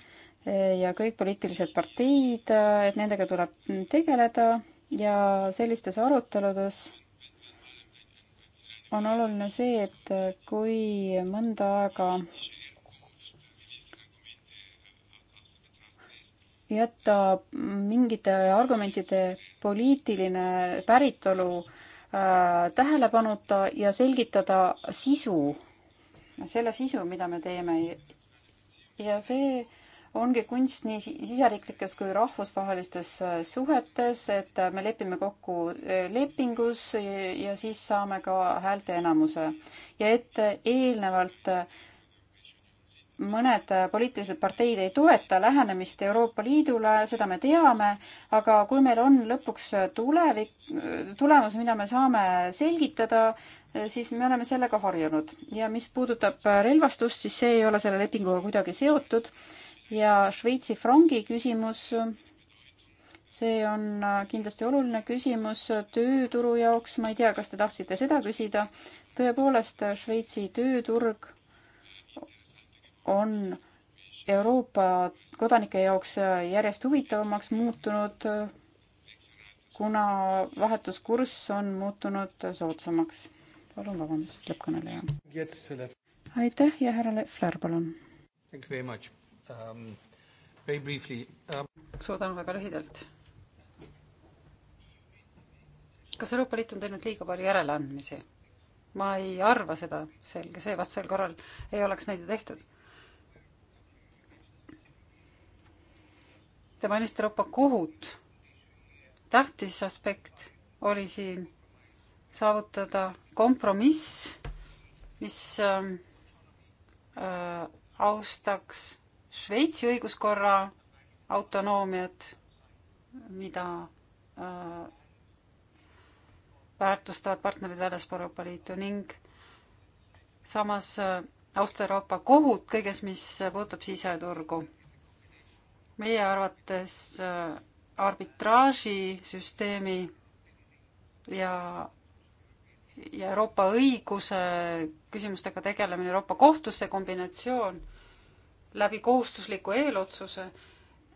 ja kõik poliitilised parteid, äh, et nendega tuleb tegeleda ja sellistes aruteludes on oluline see, et kui mõnda aega jätta mingite argumentide poliitiline päritolu äh, tähelepanuta ja selgitada sisu, selle sisu, mida me teeme. ja see ongi kunst nii siseriiklikes kui rahvusvahelistes äh, suhetes, et me lepime kokku äh, lepingus ja siis saame ka häälteenamuse. ja et äh, eelnevalt äh, mõned poliitilised parteid ei toeta lähenemist Euroopa Liidule, seda me teame, aga kui meil on lõpuks tulevik, tulemus, mida me saame selgitada, siis me oleme sellega harjunud. ja mis puudutab relvastust, siis see ei ole selle lepinguga kuidagi seotud ja Šveitsi frangi küsimus, see on kindlasti oluline küsimus tööturu jaoks, ma ei tea, kas te tahtsite seda küsida, tõepoolest, Šveitsi tööturg on Euroopa kodanike jaoks järjest huvitavamaks muutunud, kuna vahetuskurss on muutunud soodsamaks. palun vabandust, ütleb kõneleja. aitäh ja härra Lefler, palun. Um, um, suur tänu väga lühidalt. kas Euroopa Liit on teinud liiga palju järeleandmisi? ma ei arva seda, selge see, vast sel korral ei oleks neid ju tehtud Te mainisite Euroopa kohut. tähtis aspekt oli siin saavutada kompromiss, mis äh, äh, austaks Šveitsi õiguskorra autonoomiat, mida äh, väärtustavad partnerid väljaspool Euroopa Liitu ning samas äh, austada Euroopa kohut kõiges, mis puudutab siseturgu meie arvates äh, arbitraažisüsteemi ja, ja Euroopa õiguse küsimustega tegelemine Euroopa kohtusse kombinatsioon läbi kohustusliku eelotsuse,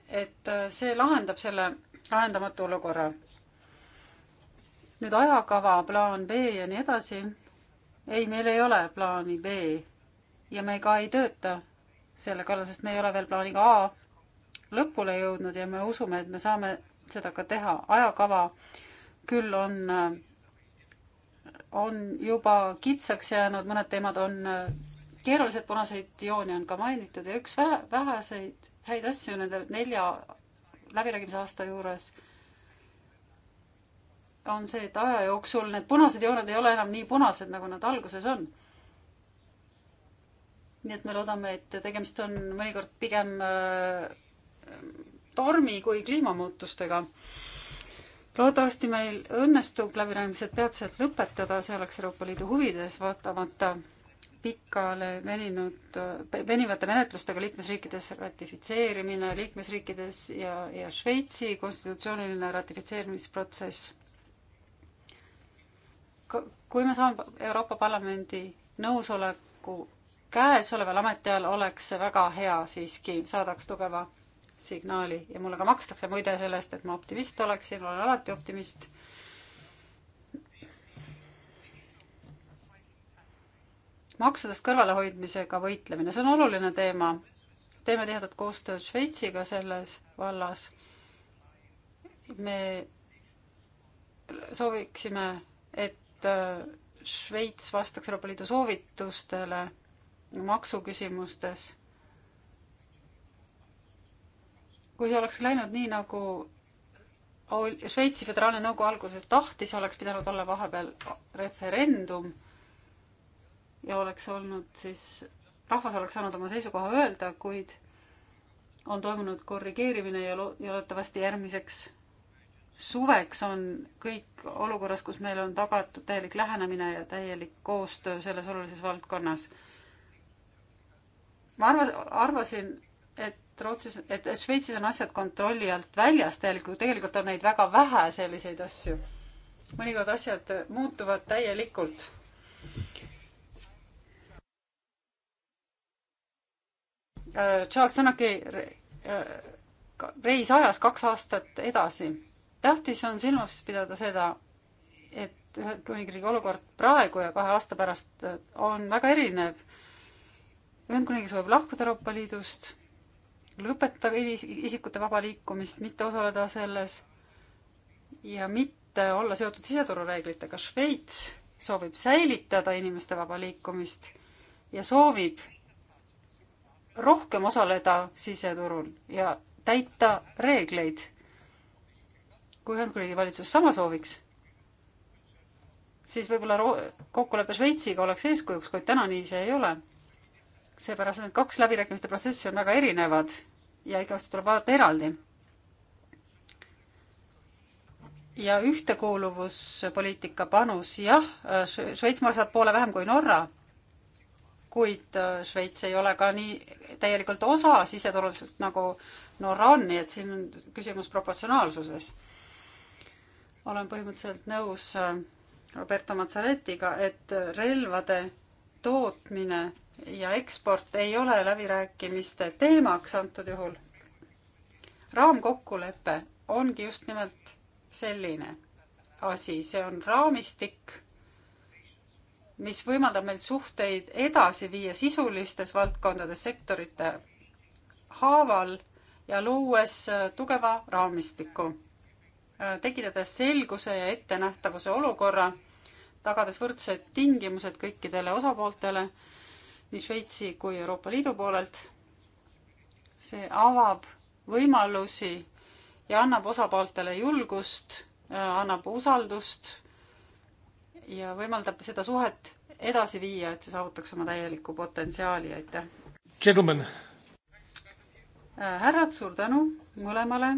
et äh, see lahendab selle lahendamatu olukorra. nüüd ajakava, plaan B ja nii edasi. ei, meil ei ole plaani B ja me ka ei tööta selle kallal, sest me ei ole veel plaaniga A lõpule jõudnud ja me usume, et me saame seda ka teha. ajakava küll on, on juba kitsaks jäänud, mõned teemad on keerulised, punaseid jooni on ka mainitud ja üks vähe, väheseid häid asju nende nelja läbirääkimise aasta juures on see, et aja jooksul need punased jooned ei ole enam nii punased, nagu nad alguses on nii et me loodame, et tegemist on mõnikord pigem äh, tormi kui kliimamuutustega. loodetavasti meil õnnestub läbirääkimised peatselt lõpetada, see oleks Euroopa Liidu huvides, vaatamata pikale veninud, venivate menetlustega liikmesriikides ratifitseerimine liikmesriikides ja, ja Šveitsi konstitutsiooniline ratifitseerimisprotsess kui me saame Euroopa Parlamendi nõusoleku käesoleval ametiajal, oleks see väga hea siiski, saadaks tugeva signaali ja mulle ka makstakse muide selle eest, et ma optimist oleksin, olen alati optimist. maksudest kõrvalehoidmisega võitlemine, see on oluline teema. teeme tihedat koostööd Šveitsiga selles vallas. me sooviksime, et äh, Šveits vastaks Euroopa Liidu soovitustele maksuküsimustes kui see oleks läinud nii, nagu Šveitsi Föderaalne Nõukogu alguses tahtis, oleks pidanud olla vahepeal referendum ja oleks olnud siis, rahvas oleks saanud oma seisukoha öelda, kuid on toimunud korrigeerimine ja lo-, ja loodetavasti järgmiseks suveks on kõik olukorras, kus meil on tagatud täielik lähenemine ja täielik koostöö selles olulises valdkonnas. ma arva-, arvasin, et Rootsis, et Šveitsis on asjad kontrolli alt väljas tegelikult, tegelikult on neid väga vähe, selliseid asju. mõnikord asjad muutuvad täielikult. Äh, Charles Tanaki äh, reis ajas kaks aastat edasi. tähtis on silmas pidada seda, et Ühendkuningriigi olukord praegu ja kahe aasta pärast on väga erinev. Ühendkuningriigis võib lahkuda Euroopa Liidust lõpetada isikute vaba liikumist, mitte osaleda selles ja mitte olla seotud siseturureeglitega. Šveits soovib säilitada inimeste vaba liikumist ja soovib rohkem osaleda siseturul ja täita reegleid. kui Ühendkuningriigi valitsus sama sooviks, siis võib-olla kokkulepe Šveitsiga oleks eeskujuks, kuid täna nii see ei ole seepärast need kaks läbirääkimiste protsessi on väga erinevad ja igaüht tuleb vaadata eraldi. ja ühtekuuluvuspoliitika panus, jah, Šveits maksab poole vähem kui Norra, kuid äh, Šveits ei ole ka nii täielikult osa siseturuliselt nagu Norra on, nii et siin on küsimus proportsionaalsuses. olen põhimõtteliselt nõus äh, Roberto Mazzaretiga, et äh, relvade tootmine ja eksport ei ole läbirääkimiste teemaks antud juhul. raamkokkulepe ongi just nimelt selline asi, see on raamistik, mis võimaldab meil suhteid edasi viia sisulistes valdkondades sektorite haaval ja luues äh, tugeva raamistiku, äh, tekitades selguse ja ettenähtavuse olukorra, tagades võrdsed tingimused kõikidele osapooltele nii Šveitsi kui Euroopa Liidu poolelt. see avab võimalusi ja annab osapooltele julgust, äh, annab usaldust ja võimaldab seda suhet edasi viia, et see saavutaks oma täieliku potentsiaali, aitäh. Gentlemen. Äh, härrad, suur tänu mõlemale.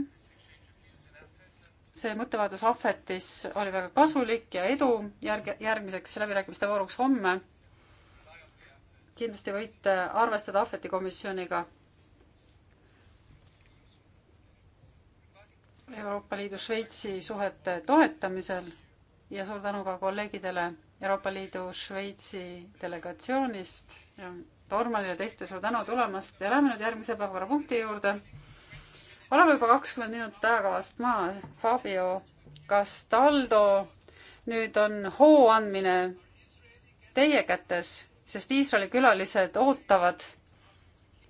see mõttevahetus Ahvetis oli väga kasulik ja edu järg, järgmiseks läbirääkimiste vooruks homme kindlasti võite arvestada Ahveti komisjoniga. Euroopa Liidu Šveitsi suhete toetamisel ja suur tänu ka kolleegidele Euroopa Liidu Šveitsi delegatsioonist ja Tormanile teiste suur tänu tulemast ja lähme nüüd järgmise päevakorrapunkti juurde. oleme juba kakskümmend minutit ajakavast maha. Fabio Castaldo, nüüd on hoo andmine teie kätes sest Iisraeli külalised ootavad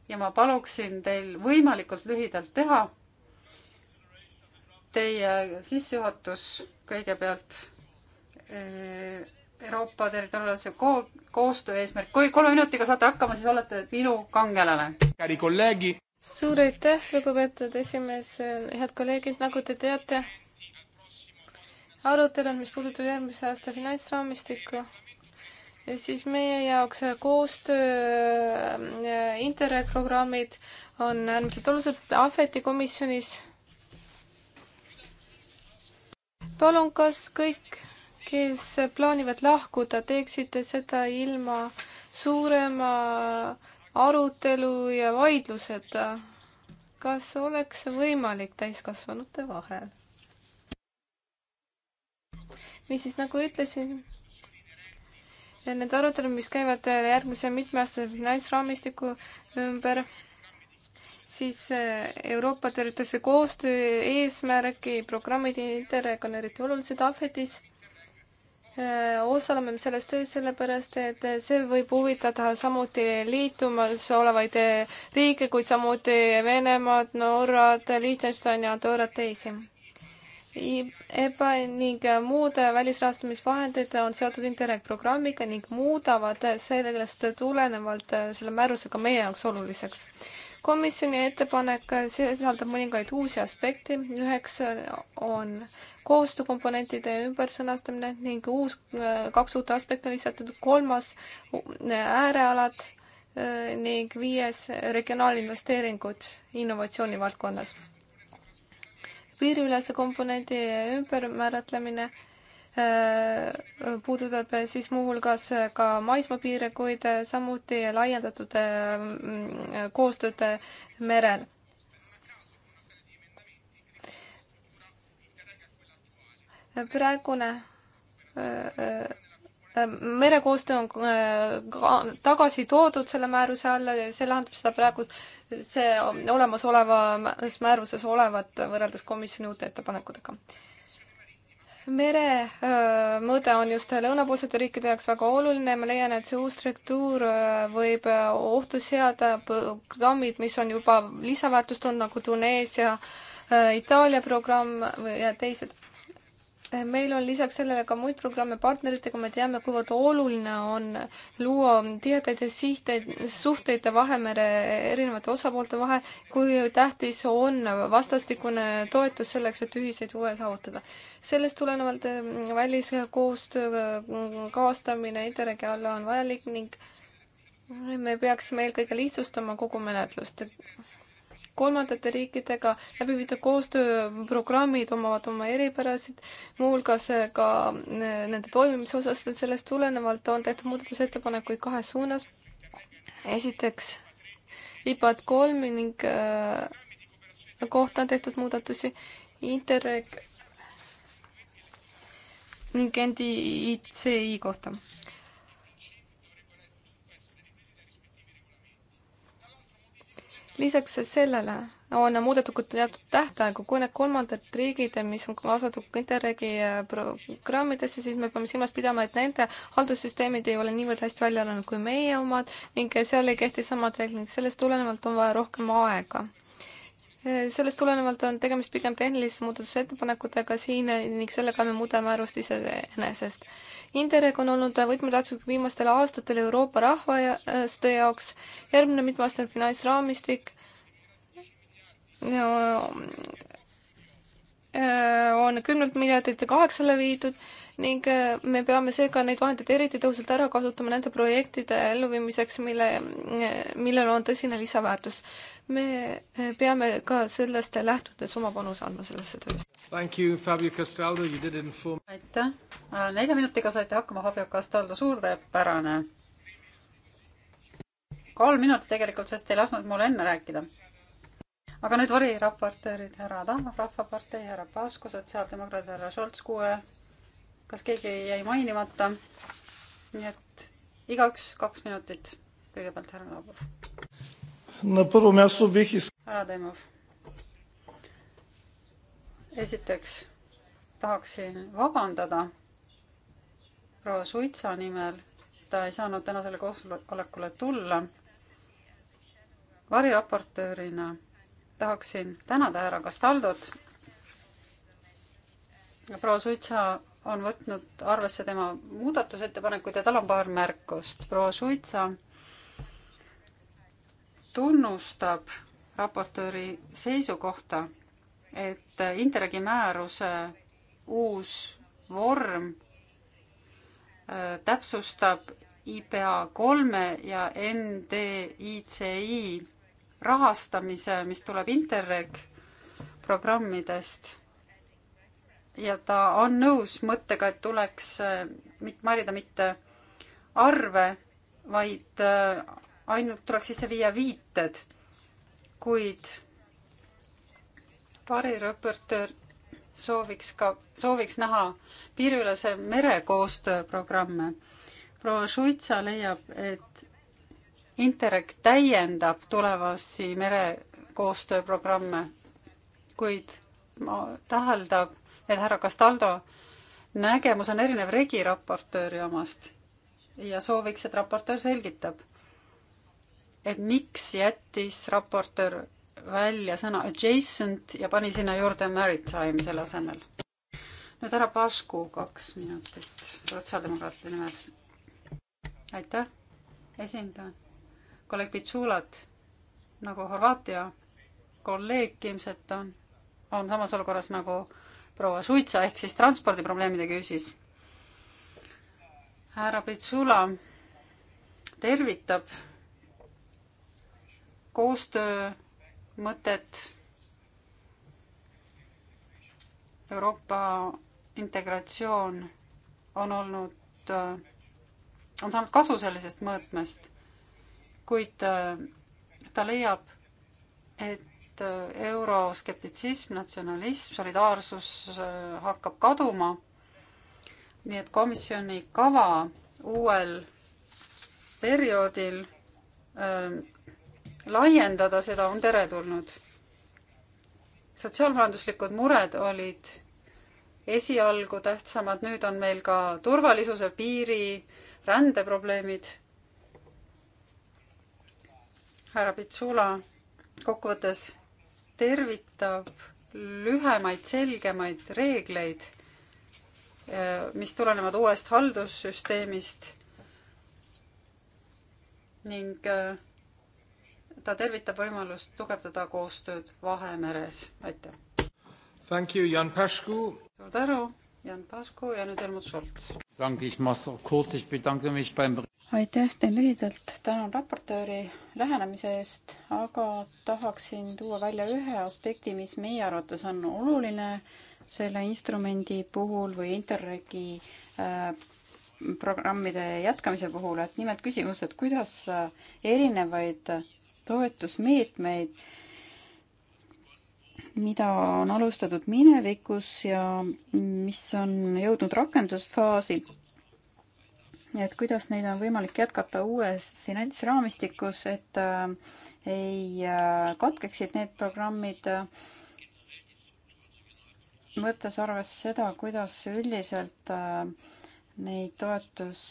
ja ma paluksin teil võimalikult lühidalt teha. Teie sissejuhatus kõigepealt eh, Euroopa territoriaalse ko koostöö eesmärk, kui kolme minutiga saate hakkama, siis olete minu kangelane. suur aitäh, lugupeetud esimees, head kolleegid, nagu te teate, arutelud, mis puudutab järgmise aasta finantsraamistikku siis meie jaoks äh, koostöö äh, Interreg programmid on äärmiselt olulised Ahveti komisjonis. palun, kas kõik, kes plaanivad lahkuda, teeksite seda ilma suurema arutelu ja vaidluseta? kas oleks võimalik täiskasvanute vahel? niisiis, nagu ütlesin ja need arutelud, mis käivad järgmise mitmeaastase finantsraamistiku ümber, siis äh, Euroopa tervituse koostöö eesmärgi programmid Interreg on eriti olulised ahvetis. Äh, osaleme selles töös sellepärast, et see võib huvitada samuti liitumas olevaid äh, riike, kuid samuti Venemaad, Norrat, Liechtensteini, Andorrat, teisi EBA ning muud välisrahastamisvahendid on seotud Interreg programmiga ning muudavad sellest tulenevalt selle määrusega meie jaoks oluliseks. komisjoni ettepanek sisaldab mõningaid uusi aspekte, üheks on koostöökomponentide ümbersõnastamine ning uus, kaks uut aspekti on lisatud, kolmas äärealad eh, ning viies regionaalinvesteeringud innovatsiooni valdkonnas piiriülese komponendi ümbermääratlemine äh, puudutab siis muuhulgas ka maismaapiire, kuid samuti laiendatud äh, koostööd merel. praegune äh, merekoostöö on äh, tagasi toodud selle määruse alla ja see lahendab seda praegu, see olemasolevas määruses olevat võrreldes komisjoni uute ettepanekutega. meremõõde äh, on just lõunapoolsete riikide jaoks väga oluline, ma leian, et see uus struktuur äh, võib ohtu seada programmid, mis on juba lisaväärtust olnud, nagu Tuneesia, Itaalia programm ja teised meil on lisaks sellele ka muid programme partneritega, me teame, kuivõrd oluline on luua tihedaid sihteid, suhteid Vahemere erinevate osapoolte vahel, kui tähtis on vastastikune toetus selleks, et ühiseid huve saavutada. sellest tulenevalt eh, väliskoostöö eh, kaastamine Interregi alla on vajalik ning me peaksime eelkõige lihtsustama kogu menetlust kolmandate riikidega läbi viidud koostööprogrammid omavad oma eripärasid, muuhulgas eh, ka eh, nende toimimise osas, sellest tulenevalt on tehtud muudatusettepanekuid kahes suunas. esiteks IPAD kolm ning eh, kohta on tehtud muudatusi, Interreg ning NDICI kohta lisaks sellele on muudetud teatud tähtaegu, kui need kolmandad riigid, mis on kaasatud Interregi äh, programmidesse, siis me peame silmas pidama, et nende haldussüsteemid ei ole niivõrd hästi välja arenenud kui meie omad ning seal ei kehti samad reeglid, sellest tulenevalt on vaja rohkem aega äh, sellest tulenevalt on tegemist pigem tehniliste muudatusettepanekutega siin ning sellega me muudame määrust iseenesest. Interreg on olnud võtmetähtsusega viimastel aastatel Euroopa rahvaste jaoks. järgmine mitmeaastane finantsraamistik äh, on kümnelt miljardilt kaheksale viidud ning äh, me peame seega neid vahendeid eriti tõhusalt ära kasutama nende projektide elluviimiseks, mille, millel on tõsine lisaväärtus. me äh, peame ka sellest lähtudes oma panuse andma sellesse töösse. aitäh, äh, nelja minutiga saite hakkama, Fabio Castaldo, suurepärane. kolm minutit tegelikult, sest ei lasknud mul enne rääkida aga nüüd variraportöörid härra Tamm, Rahvapartei, härra Pasku, Sotsiaaldemokraadid, härra Šolts, kuue kas keegi jäi mainimata? nii et igaüks kaks minutit. kõigepealt härra Nabov. härra Taimov. esiteks tahaksin vabandada proua Suitsa nimel, ta ei saanud täna selle koosolekule tulla. variraportöörina tahaksin tänada härra Castaldot. proua Suitsa on võtnud arvesse tema muudatusettepanekuid ja tal on paar märkust. proua Suitsa tunnustab raportööri seisukohta, et Interregi määruse uus vorm äh, täpsustab IPA kolme ja NDICI rahastamise, mis tuleb Interreg programmidest ja ta on nõus mõttega, et tuleks äh, mitte marjada mitte arve, vaid äh, ainult tuleks sisse viia viited, kuid variraportöör sooviks ka, sooviks näha piiriülese merekoostöö programme. proua Šuitsa leiab, et Interreg täiendab tulevasi merekoostööprogramme, kuid täheldab, et härra Castaldo nägemus on erinev regi raportööri omast ja sooviks, et raportöör selgitab, et miks jättis raportöör välja sõna adjacent ja pani sinna juurde maritime selle asemel. nüüd härra Pasku, kaks minutit sotsiaaldemokraatide nimel. aitäh, esindan kolleeg Pitsulat nagu Horvaatia kolleeg ilmselt on, on samas olukorras nagu proua Suitsa ehk siis transpordiprobleemide küsis. härra Pitsula tervitab koostöö mõtet Euroopa integratsioon on olnud, on saanud kasu sellisest mõõtmest, kuid äh, ta leiab, et et äh, euroskeptitsism, natsionalism, solidaarsus äh, hakkab kaduma. nii et komisjoni kava uuel perioodil äh, laiendada seda on teretulnud. sotsiaalmajanduslikud mured olid esialgu tähtsamad, nüüd on meil ka turvalisuse, piiri, rändeprobleemid. härra Pitsula kokkuvõttes tervitab lühemaid, selgemaid reegleid, eh, mis tulenevad uuest haldussüsteemist ning eh, ta tervitab võimalust tugevdada koostööd Vahemeres. aitäh! Thank you, Jan Pasku! suur tänu, Jan Pasku ja nüüd Helmut Schultz! aitäh, teen lühidalt, tänan raportööri lähenemise eest, aga tahaksin tuua välja ühe aspekti, mis meie arvates on oluline selle instrumendi puhul või Interregi äh, programmide jätkamise puhul, et nimelt küsimus, et kuidas äh, erinevaid toetusmeetmeid, mida on alustatud minevikus ja mis on jõudnud rakendusfaasi, et kuidas neid on võimalik jätkata uues finantsraamistikus, et äh, ei äh, katkeksid need programmid, äh, võttes arvesse seda, kuidas üldiselt neid toetus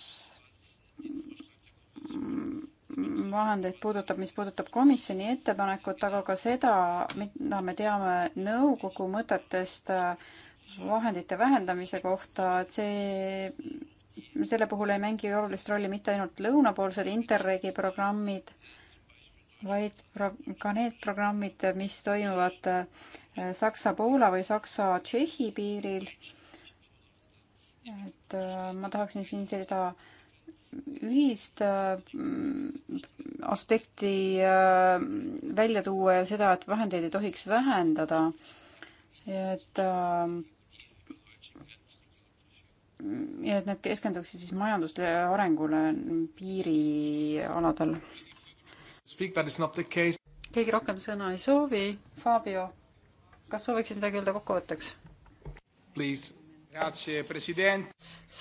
vahendeid puudutab, mis puudutab komisjoni ettepanekut, aga ka seda, mida me teame nõukogu mõtetest vahendite vähendamise kohta, et see selle puhul ei mängi olulist rolli mitte ainult lõunapoolsed Interregi programmid, vaid pro-, ka need programmid, mis toimuvad äh, Saksa-Poola või Saksa-Tšehhi piiril. et äh, ma tahaksin siin seda ühist äh, aspekti välja tuua ja seda, et vahendeid ei tohiks vähendada. et ja et need keskenduksid siis majandusele ja arengule piirialadel. keegi rohkem sõna ei soovi. Fabio, kas sooviksid midagi öelda kokkuvõtteks?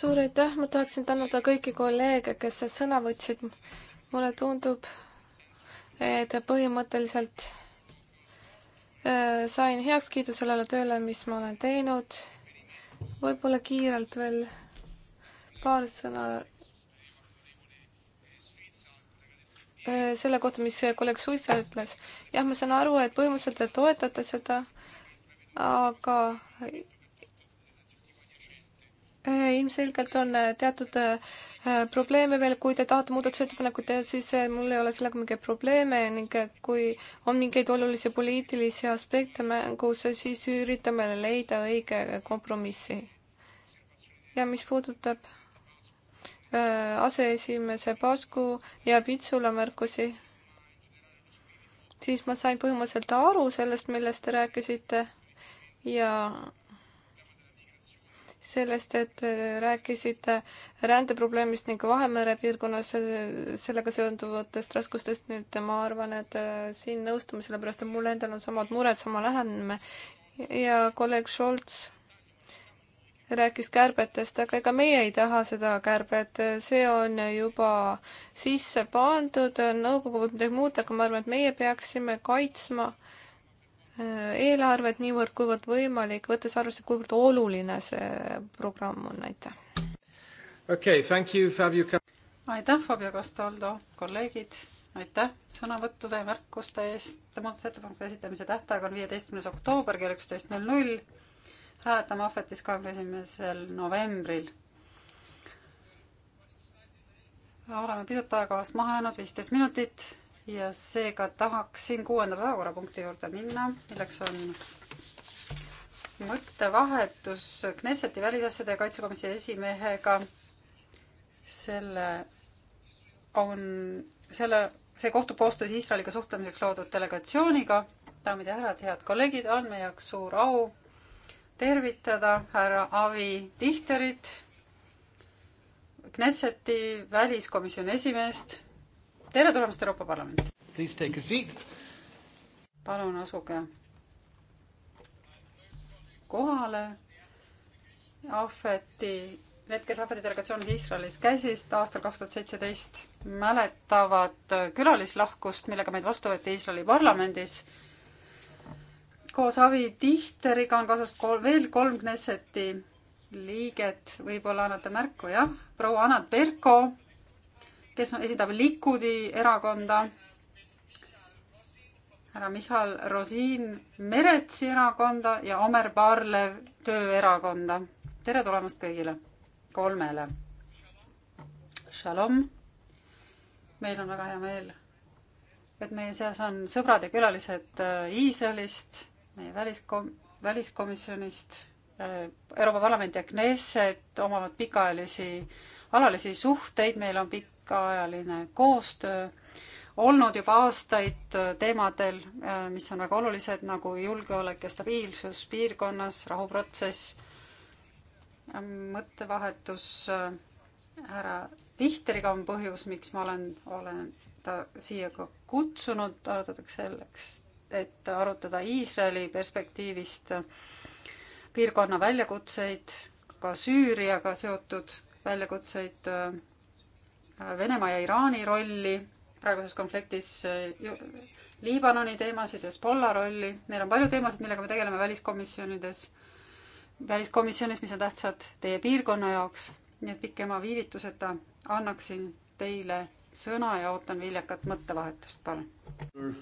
suur aitäh, ma tahaksin tänada kõiki kolleege, kes sõna võtsid. mulle tundub, et põhimõtteliselt äh, sain heakskiidu sellele tööle, mis ma olen teinud võib-olla kiirelt veel paar sõna äh, selle kohta, mis kolleeg Suisa ütles. jah, ma saan aru, et põhimõtteliselt te toetate seda, aga Äh, ilmselgelt on äh, teatud äh, probleeme veel, kui te tahate muudatusettepanekut teha, siis mul ei ole sellega mingeid probleeme ning kui on mingeid olulisi poliitilisi aspekte mängus, siis üritame leida õige kompromissi. ja mis puudutab aseesimese Pasku ja Pitsula märkusi, siis ma sain põhimõtteliselt aru sellest, millest te rääkisite ja sellest, et äh, rääkisite rändeprobleemist ning Vahemere piirkonnas äh, sellega seonduvatest raskustest, nüüd ma arvan, et äh, siin nõustume, sellepärast et mul endal on samad mured, sama lähenemine ja kolleeg Scholz rääkis kärbetest, aga ega meie ei taha seda kärbet, see on juba sisse pandud, nõukogu võib midagi muuta, aga ma arvan, et meie peaksime kaitsma äh, Äh, eelarvet niivõrd, kuivõrd võimalik, võttes arvesse, kuivõrd oluline see programm on, aitäh. okei okay,, thank you, Fabio. aitäh, Fabio Castaldo, kolleegid, aitäh sõnavõttude ja märkuste eest. muudatusettepanekute esitamise tähtaeg on viieteistkümnes oktoober kell üksteist null null. hääletame ahvetis kahekümne esimesel novembril. oleme pisut aega vast maha jäänud, viisteist minutit ja seega tahaksin kuuenda päevakorrapunkti juurde minna, milleks on mõttevahetus Knesseti välisasjade ja kaitsekomisjoni esimehega. selle on, selle, see kohtub koostöös Iisraeliga suhtlemiseks loodud delegatsiooniga. daamid ja härrad, head kolleegid, on meie jaoks suur au tervitada härra Avi Tihterit, Knesseti väliskomisjoni esimeest tere tulemast Euroopa Parlamenti. Please take a seat. palun asuge kohale. ahveti, need, kes ahveti delegatsioonid Iisraelis käisid aastal kaks tuhat seitseteist, mäletavad külalislahkust, millega meid vastu võeti Iisraeli parlamendis. koos Avi Tihteriga on kaasas kolm, veel kolm Knesseti liiget, võib-olla annate märku, jah? proua Anat Berko kes esindab Likudi erakonda, härra Michal Rosin Meretsi erakonda ja Omer Barlev Tööerakonda. tere tulemast kõigile kolmele. Shalom. meil on väga hea meel, et meie seas on sõbrad ja külalised äh, Iisraelist, meie väliskom-, väliskomisjonist, äh, Euroopa Parlamendi ja Knesset omavad pikaajalisi alalisi suhteid, meil on pikk pikaajaline koostöö olnud juba aastaid äh, teemadel, äh, mis on väga olulised, nagu julgeolek ja stabiilsus piirkonnas, rahuprotsess, äh, mõttevahetus härra Tihteriga on põhjus, miks ma olen, olen ta siia ka kutsunud, arutatakse selleks, et arutada Iisraeli perspektiivist piirkonna väljakutseid, ka Süüriaga seotud väljakutseid Venemaa ja Iraani rolli praeguses konfliktis, Liibanoni teemasid, Hezbollah rolli, meil on palju teemasid, millega me tegeleme väliskomisjonides, väliskomisjonis, mis on tähtsad teie piirkonna jaoks, nii et pikema viivituseta annaksin teile sõna ja ootan viljakat mõttevahetust, palun. Uh,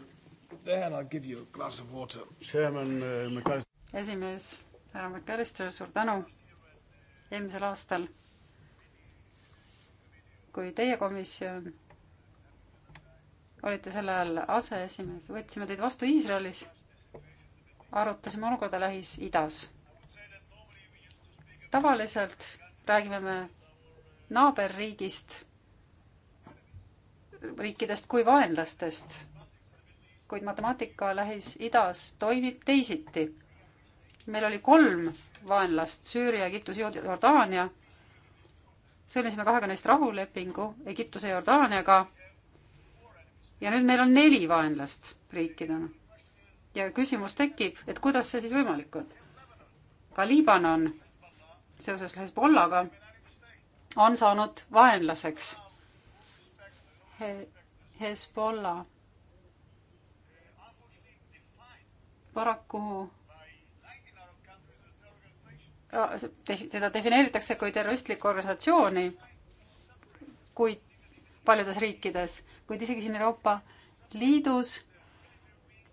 esimees, härra McAllister, suur tänu eelmisel aastal kui teie komisjon olite sel ajal aseesimees, võtsime teid vastu Iisraelis, arutasime olukorda Lähis-Idas. tavaliselt räägime me naaberriigist, riikidest kui vaenlastest, kuid matemaatika Lähis-Idas toimib teisiti. meil oli kolm vaenlast, Süüria, Egiptus, Jordaania sõlmisime kahekõnest rahulepingu Egiptuse ja Jordaaniaga. ja nüüd meil on neli vaenlast riikidena. ja küsimus tekib, et kuidas see siis võimalik on? ka Liibanon seoses Hezbollaga on saanud vaenlaseks He. Hezbollah paraku seda defineeritakse kui terroristlikku organisatsiooni, kuid paljudes riikides, kuid isegi siin Euroopa Liidus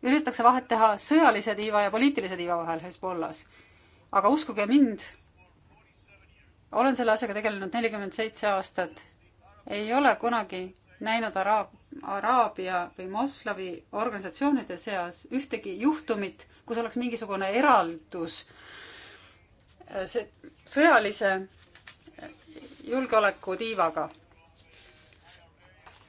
üritatakse vahet teha sõjalise tiiva ja poliitilise tiiva vahel Hezbollas. aga uskuge mind, olen selle asjaga tegelenud nelikümmend seitse aastat. ei ole kunagi näinud araab, araabia või moslavi organisatsioonide seas ühtegi juhtumit, kus oleks mingisugune eraldus äh, see sõjalise julgeoleku tiivaga.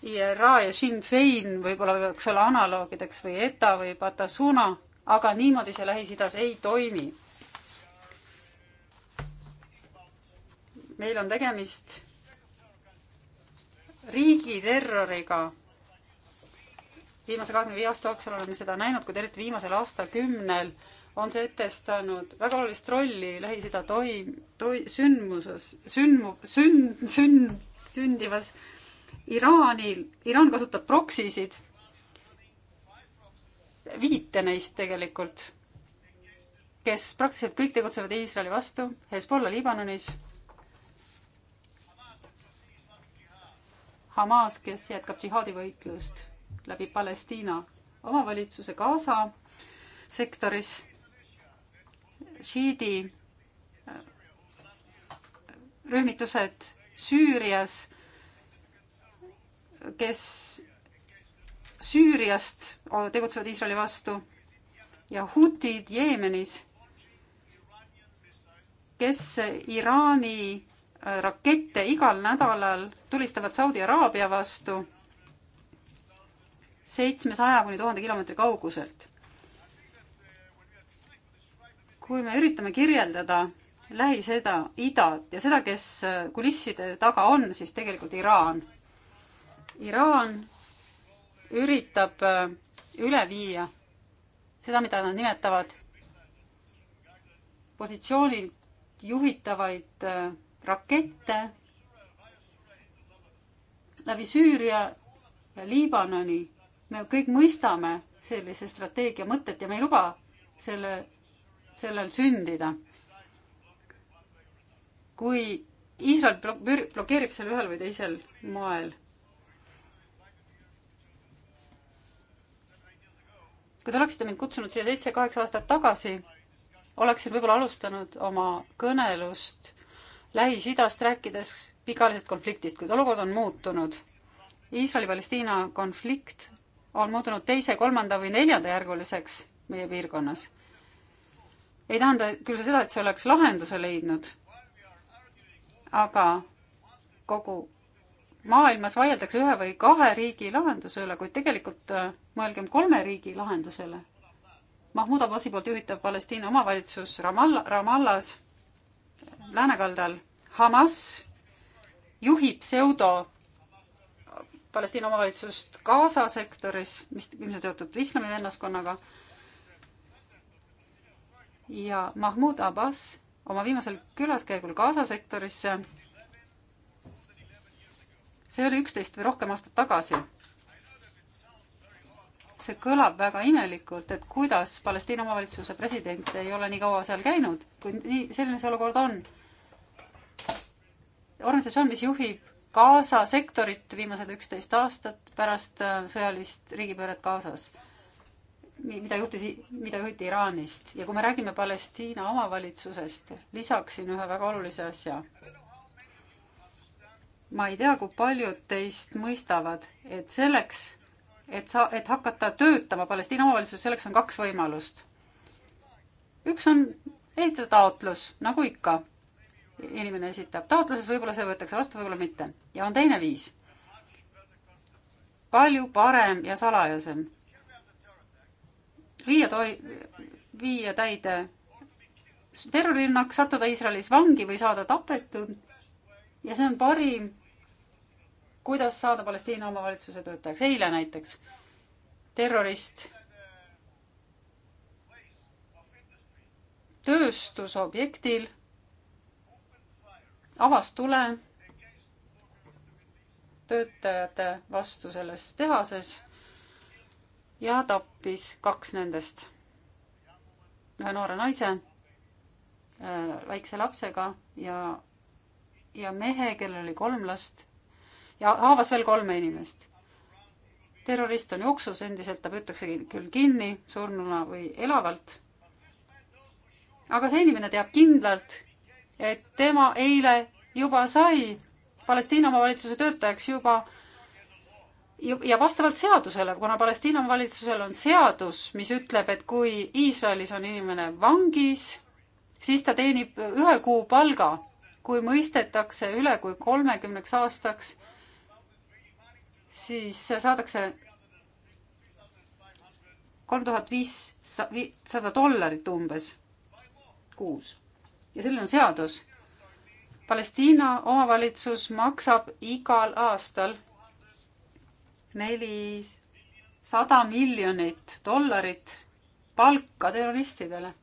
IRA ja Sinn Fein võib-olla võiks olla analoogideks või ETA või Batasuna, aga niimoodi see Lähis-Idas ei toimi. meil on tegemist riigiterroriga. viimase kahekümne viie aasta jooksul oleme seda näinud, kuid eriti viimasel aastakümnel on see etestanud väga olulist rolli Lähis-Ida toim-, toi-, sündmuses, sündmu-, sünd, sünd, sündivas Iraanil, Iraan kasutab proksisid, viite neist tegelikult, kes praktiliselt kõik tegutsevad Iisraeli vastu, Hezbollah Liibanonis, Hamas, kes jätkab džihaadivõitlust läbi Palestiina omavalitsuse Gaza sektoris al-Džiidi äh, rühmitused Süürias, kes Süüriast tegutsevad Iisraeli vastu ja hutid Jeemenis, kes Iraani äh, rakette igal nädalal tulistavad Saudi Araabia vastu seitsmesaja kuni tuhande kilomeetri kauguselt kui me üritame kirjeldada Lähis-Ida, Idat ja seda, kes äh, kulisside taga on, siis tegelikult Iraan. Iraan üritab äh, üle viia seda, mida nad nimetavad positsioonilt juhitavaid äh, rakette läbi Süüria ja Liibanoni. me kõik mõistame sellise strateegia mõtet ja me ei luba selle sellel sündida. kui Iisrael blokeerib selle ühel või teisel moel. kui te oleksite mind kutsunud siia seitse-kaheksa aastat tagasi, oleksin võib-olla alustanud oma kõnelust Lähis-Idast rääkides pikaajalisest konfliktist, kuid olukord on muutunud. Iisraeli-Palestiina konflikt on muutunud teise, kolmanda või neljandajärguliseks meie piirkonnas ei tähenda küll see seda, et see oleks lahenduse leidnud, aga kogu maailmas vaieldakse ühe või kahe riigi lahenduse üle, kuid tegelikult äh, mõelgem kolme riigi lahendusele. Mahmoud Abbasi poolt juhitav Palestiina omavalitsus Ramalla, Ramallas, läänekaldal, Hamas juhib pseudo Palestiina omavalitsust Gaza sektoris, mis, mis on seotud islami vennaskonnaga ja Mahmoud Abbas oma viimasel külaskäigul Gaza sektorisse. see oli üksteist või rohkem aastat tagasi. see kõlab väga imelikult, et kuidas Palestiina omavalitsuse president ei ole nii kaua seal käinud, kuid nii selline see olukord on. organisatsioon, mis juhib Gaza sektorit viimased üksteist aastat pärast äh, sõjalist riigipööret Gazas mida juhtis, mida juhiti Iraanist ja kui me räägime Palestiina omavalitsusest, lisaksin ühe väga olulise asja. ma ei tea, kui paljud teist mõistavad, et selleks, et sa, et hakata töötama Palestiina omavalitsuses, selleks on kaks võimalust. üks on esitada taotlus, nagu ikka. inimene esitab taotluses, võib-olla see võetakse vastu, võib-olla mitte. ja on teine viis. palju parem ja salajasem viia toi-, viia täide terrorirünnak, sattuda Iisraelis vangi või saada tapetud. ja see on parim, kuidas saada Palestiina omavalitsuse töötajaks. eile näiteks terrorist tööstusobjektil avas tule töötajate vastu selles tehases ja tappis kaks nendest. ühe noore naise äh, väikse lapsega ja, ja mehe, kellel oli kolm last ja haavas veel kolme inimest. terrorist on jooksus, endiselt ta püütakse küll kinni surnuna või elavalt. aga see inimene teab kindlalt, et tema eile juba sai Palestiina omavalitsuse töötajaks juba ja vastavalt seadusele, kuna Palestiina valitsusel on seadus, mis ütleb, et kui Iisraelis on inimene vangis, siis ta teenib ühe kuu palga, kui mõistetakse üle kui kolmekümneks aastaks, siis saadakse kolm tuhat viissada dollarit umbes kuus. ja selline on seadus. Palestiina omavalitsus maksab igal aastal nelisada miljonit dollarit palka terroristidele.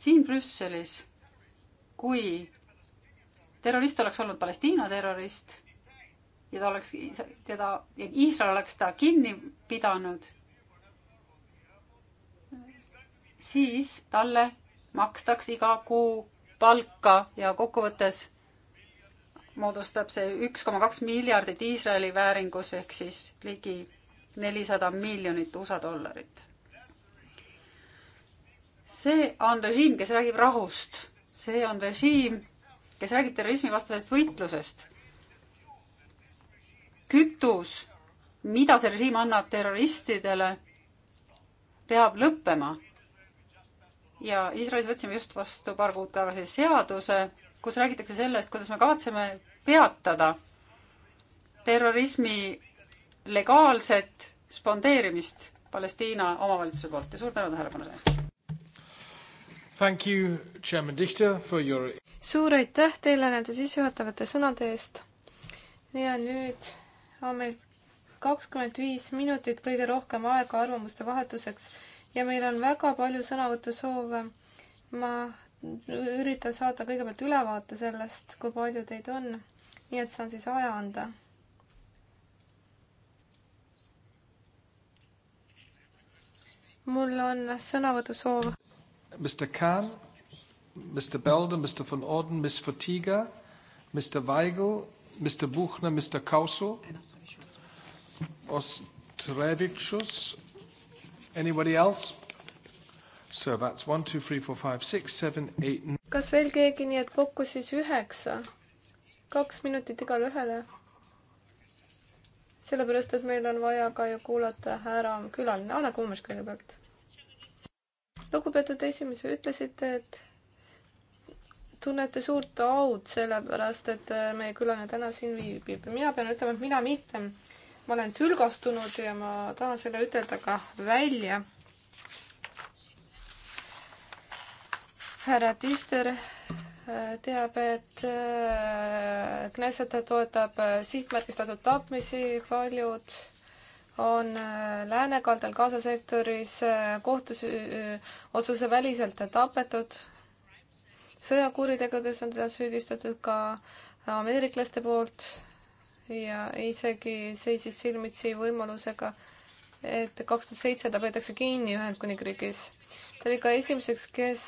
siin Brüsselis, kui terrorist oleks olnud Palestiina terrorist ja ta oleks, teda, Iisrael oleks ta kinni pidanud, siis talle makstaks iga kuu palka ja kokkuvõttes moodustab see üks koma kaks miljardit Iisraeli vääringus ehk siis ligi nelisada miljonit USA dollarit. see on režiim, kes räägib rahust, see on režiim, kes räägib terrorismivastasest võitlusest. kütus, mida see režiim annab terroristidele, peab lõppema. ja Iisraelis võtsime just vastu paar kuud tagasi seaduse, kus räägitakse sellest, kuidas me kavatseme peatada terrorismi legaalset spondeerimist Palestiina omavalitsuse poolt ja suur tänu tähelepanu eest! Thank you, Chairman Dichter, for your suur aitäh teile nende sissejuhatavate sõnade eest ja nüüd on meil kakskümmend viis minutit kõige rohkem aega arvamuste vahetuseks ja meil on väga palju sõnavõtusoove. ma üritan saada kõigepealt ülevaate sellest, kui palju teid on nii et saan siis aja anda. mul on sõnavõtusoov. Mr Kahn, Mr Belder, Mr von Orden, Miss Fatiga, Mr Weigel, Mr Buchner, Mr Kausu, Ostrevicius, anybody else? So that's one, two, three, four, five, six, seven, eight. kas veel keegi, nii et kokku siis üheksa? kaks minutit igale ühele. sellepärast, et meil on vaja ka ju kuulata ära külaline Anne Kummes kõigepealt. lugupeetud esimees, ütlesite, et tunnete suurt aud sellepärast, et meie külaline täna siin viibib. mina pean ütlema, et mina mitte. ma olen tülgastunud ja ma tahan selle ütelda ka välja härra Tiister teab, et äh, Knesset toetab äh, sihtmärgistatud tapmisi, paljud on äh, läänekaldal Gaza sektoris kohtus otsuse väliselt tapetud. sõjakuritegudes on teda süüdistatud ka ameeriklaste poolt ja isegi seisis silmitsi võimalusega, et kaks tuhat seitse ta peetakse kinni Ühendkuningriigis. ta oli ka esimeseks, kes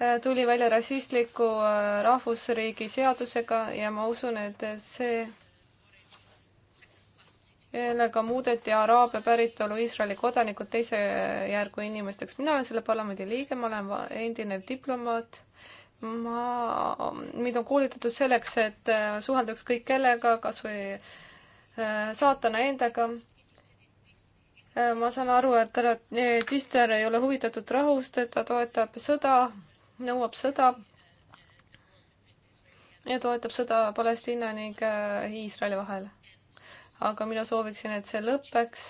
Äh, tuli välja rassistliku äh, rahvusriigi seadusega ja ma usun, et see, millega muudeti araabia päritolu Iisraeli kodanikud teise äh, järgu inimesteks. mina olen selle parlamendi liige, ma olen endine diplomaat. ma, mind on koolitatud selleks, et suhelda ükskõik kellega, kas või saatana endaga ma saan aru, et härra Tister ei ole huvitatud rahust, et ta toetab sõda, nõuab sõda ja toetab sõda Palestiina ning äh, Iisraeli vahel. aga mina sooviksin, et see lõpeks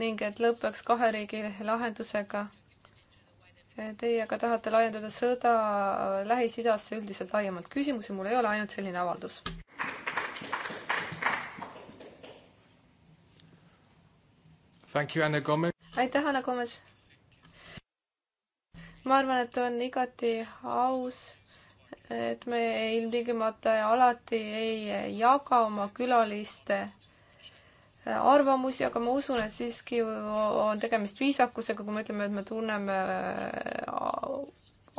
ning et lõpeks kahe riigi lahendusega. Teie aga tahate laiendada sõda äh, Lähis-Idasse üldiselt laiemalt. küsimusi mul ei ole, ainult selline avaldus. aitäh, Anne Gomes! ma arvan, et on igati aus, et me ilmtingimata ja alati ei jaga oma külaliste äh, arvamusi, aga ma usun, et siiski on tegemist viisakusega, kui me ütleme, et me tunneme äh,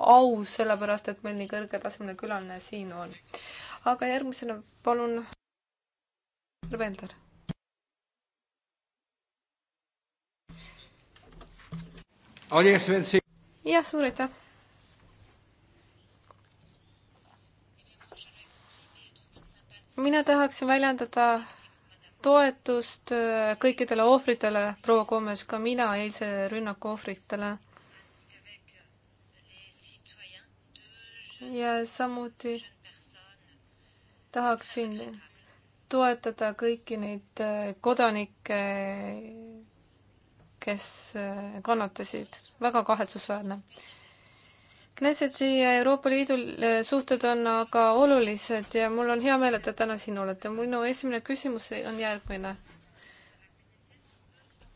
aus, sellepärast et meil nii kõrgetasemeline külaline siin on. aga järgmisena palun, Vender. Oliver Svensson jah, suur aitäh. mina tahaksin väljendada toetust äh, kõikidele ohvritele, proua Gomes, ka mina eilse rünnaku ohvritele. ja samuti tahaksin toetada kõiki neid äh, kodanikke, kes äh, kannatasid. väga kahetsusväärne. Knesseti ja Euroopa Liidu äh, suhted on aga olulised ja mul on hea meel, et te täna siin olete. minu esimene küsimus on järgmine.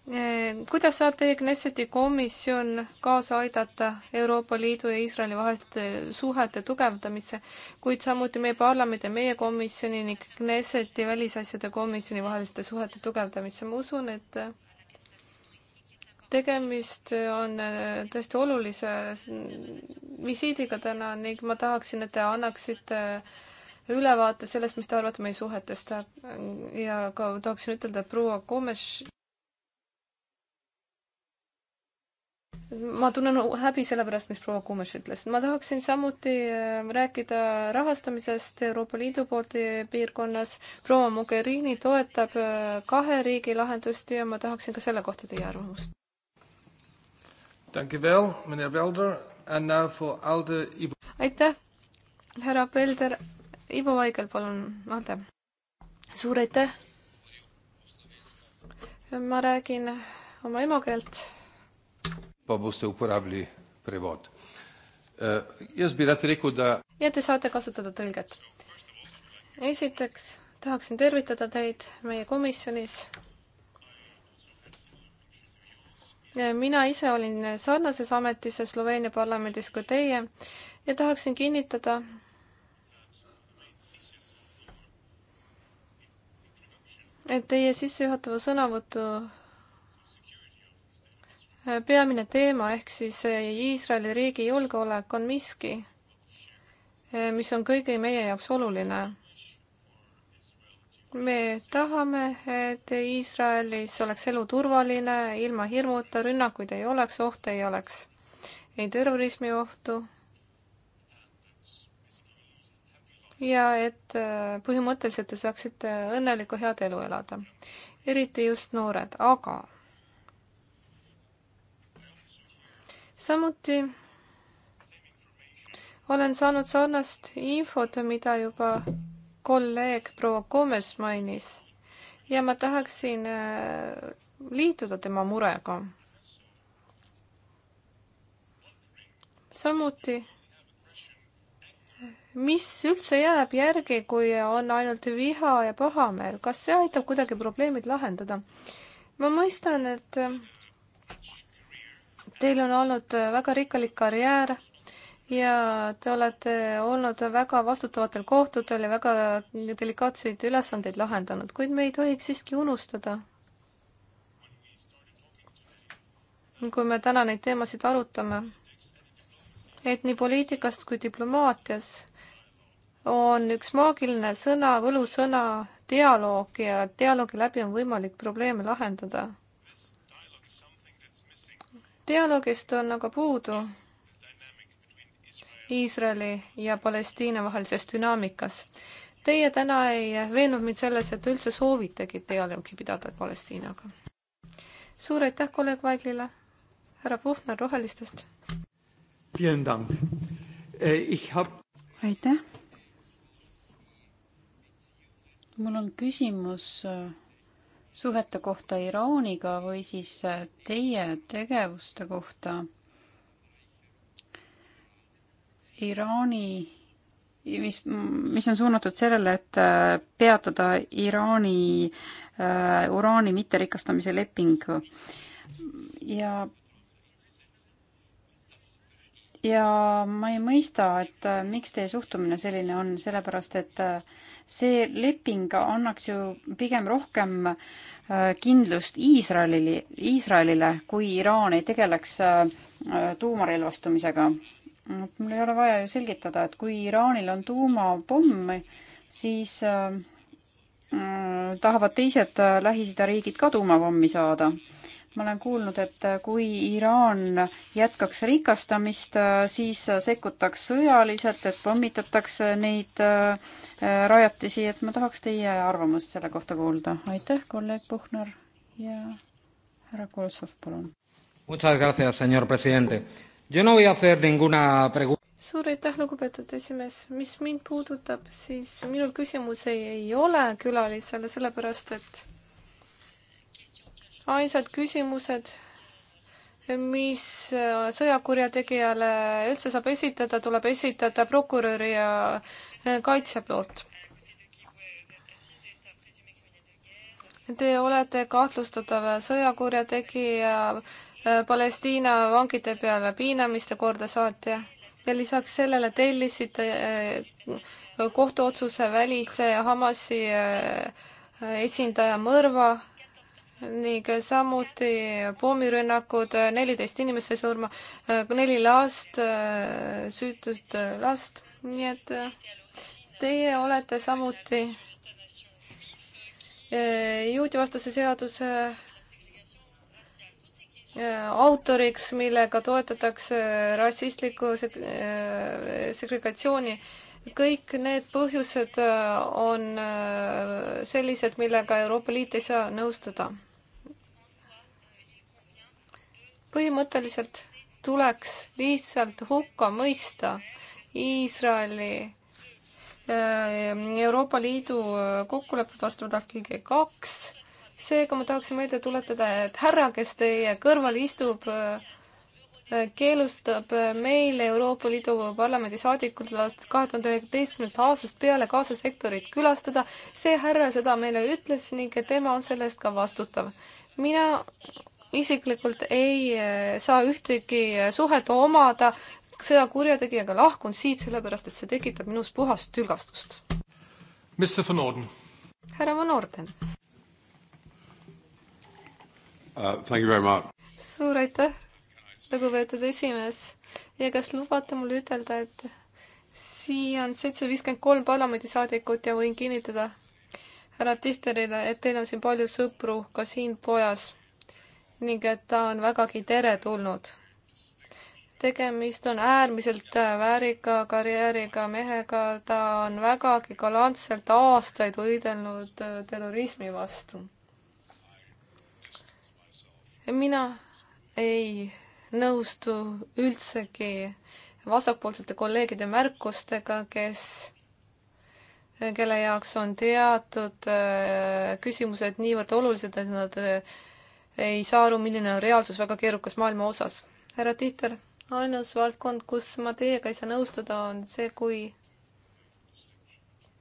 Äh, kuidas saab teie Knesseti komisjon kaasa aidata Euroopa Liidu ja Iisraeli vaheliste suhete tugevdamisse, kuid samuti meie parlamendi, meie komisjoni ning Knesseti välisasjade komisjoni vaheliste suhete tugevdamisse? ma usun, et tegemist on äh, tõesti olulise mm, visiidiga täna ning ma tahaksin, et te annaksite ülevaate sellest, mis te arvate meie suhetest ja ka tahaksin ütelda, et proua Gomes. ma tunnen häbi selle pärast, mis proua Gomes ütles. ma tahaksin samuti äh, rääkida rahastamisest Euroopa Liidu poolt äh, piirkonnas. proua Mogherini toetab kahe riigi lahendust ja ma tahaksin ka selle kohta teie arvamust aitäh, härra Pelder. Ivo Vaigel, palun, Alde. suur aitäh. ma räägin oma emakeelt. Eh, ja te saate kasutada tõlget. esiteks tahaksin tervitada teid meie komisjonis mina ise olin sarnases ametis Sloveenia parlamendis kui teie ja tahaksin kinnitada, et teie sissejuhatava sõnavõtu äh, peamine teema ehk siis äh, Iisraeli riigi julgeolek on miski, äh, mis on kõigi meie jaoks oluline me tahame, et Iisraelis oleks elu turvaline, ilma hirmuta, rünnakuid ei oleks, ohte ei oleks. ei terrorismi ohtu. ja et äh, põhimõtteliselt te saaksite õnnelikku head elu elada. eriti just noored, aga samuti olen saanud sarnast infot, mida juba kolleeg proua Gomes mainis ja ma tahaksin äh, liituda tema murega. samuti, mis üldse jääb järgi, kui on ainult viha ja pahameel, kas see aitab kuidagi probleemid lahendada? ma mõistan, et teil on olnud väga rikkalik karjäär ja te olete olnud väga vastutavatel kohtadel ja väga delikaatseid ülesandeid lahendanud, kuid me ei tohiks siiski unustada. kui me täna neid teemasid arutame, et nii poliitikast kui diplomaatias on üks maagiline sõna, võlusõna dialoog ja dialoogi läbi on võimalik probleeme lahendada. dialoogist on aga puudu Iisraeli ja Palestiina vahelises dünaamikas. Teie täna ei veennud mind selles, et te üldse soovitegi dialoogi pidada Palestiinaga. suur aitäh kolleeg Vaiglile, härra Puhner Rohelistest. Äh, aitäh. mul on küsimus äh, suhete kohta Iraaniga või siis äh, teie tegevuste kohta Iraani, mis, mis on suunatud sellele, et äh, peatada Iraani äh, uraani mitterikastamise leping ja ja ma ei mõista, et äh, miks teie suhtumine selline on, sellepärast et äh, see leping annaks ju pigem rohkem kindlust Iisraelile, Iisraelile, kui Iraan ei tegeleks tuumarelvastumisega mul ei ole vaja ju selgitada, et kui Iraanil on tuumapomm, siis äh, äh tahavad teised äh, Lähis-Ida riigid ka tuumapommi saada. ma olen kuulnud, et äh, kui Iraan jätkaks rikastamist, siis sekkutaks sõjaliselt, et pommitatakse neid rajatisi, et ma tahaks teie arvamust selle kohta kuulda. aitäh, kolleeg Puhner ja härra Koltsov, palun. Muchas gracias, señor presidente. No ninguna... suur aitäh, lugupeetud esimees, mis mind puudutab, siis minul küsimusi ei, ei ole külalisele, sellepärast et ainsad küsimused, mis äh, sõjakurjategijale üldse saab esitada, tuleb esitada prokuröri ja äh, kaitse poolt. Te olete kahtlustatav sõjakurjategija Äh, Palestiina vangide peale piinamiste korda saatja ja lisaks sellele tellisid äh, kohtuotsuse välise Hamasi äh, esindaja mõrva ning samuti pommirünnakud, neliteist inimese surma, neli last, süütut last, nii et teie olete samuti juudivastase seaduse Äh, autoriks, millega toetatakse rassistlikku äh, segregatsiooni. kõik need põhjused äh, on sellised, millega Euroopa Liit ei saa nõustuda. põhimõtteliselt tuleks lihtsalt hukka mõista Iisraeli Euroopa Liidu kokkulepped vastavalt artikli kaks seega ma tahaksin meelde tuletada, et härra, kes teie kõrval istub, äh, keelustab meil Euroopa Liidu Parlamendi saadikul kahe tuhande üheksateistkümnendast aastast peale kaasasektorit külastada. see härra seda meile ütles ning tema on selle eest ka vastutav. mina isiklikult ei äh, saa ühtegi äh, suhet omada sõjakurjategijaga, lahkun siit sellepärast, et see tekitab minus puhast tülgastust. härra Van Orden uh,. suur aitäh, lugupeetud esimees ja kas lubate mul ütelda, et siia on seitse viiskümmend kolm parlamendisaadikut ja võin kinnitada härra Tihterile, et teil on siin palju sõpru ka siin pojas ning et ta on vägagi teretulnud tegemist on äärmiselt väärika karjääriga mehega, ta on vägagi galantselt aastaid võidelnud terrorismi vastu mina ei nõustu üldsegi vasakpoolsete kolleegide märkustega, kes, kelle jaoks on teatud äh, küsimused niivõrd olulised, et nad äh, ei saa aru, milline on reaalsus väga keerukas maailma osas. härra Tiiter, ainus valdkond, kus ma teiega ei saa nõustuda, on see, kui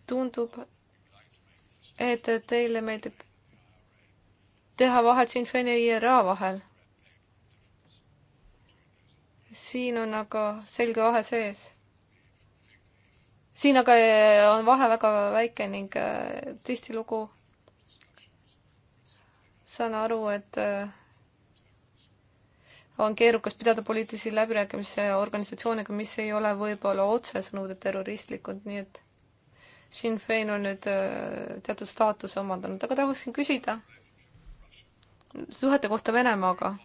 tundub, et teile meeldib teha vahet Sinn Féini ja IRA vahel. siin on aga selge vahe sees. siin aga on vahe väga väike ning äh, tihtilugu saan aru, et äh, on keerukas pidada poliitilisi läbirääkimisi organisatsiooniga, mis ei ole võib-olla otsesõnu terroristlikud, nii et Sinn Fein on nüüd äh, teatud staatuse omandanud, aga tahaksin küsida suhete kohta Venemaaga.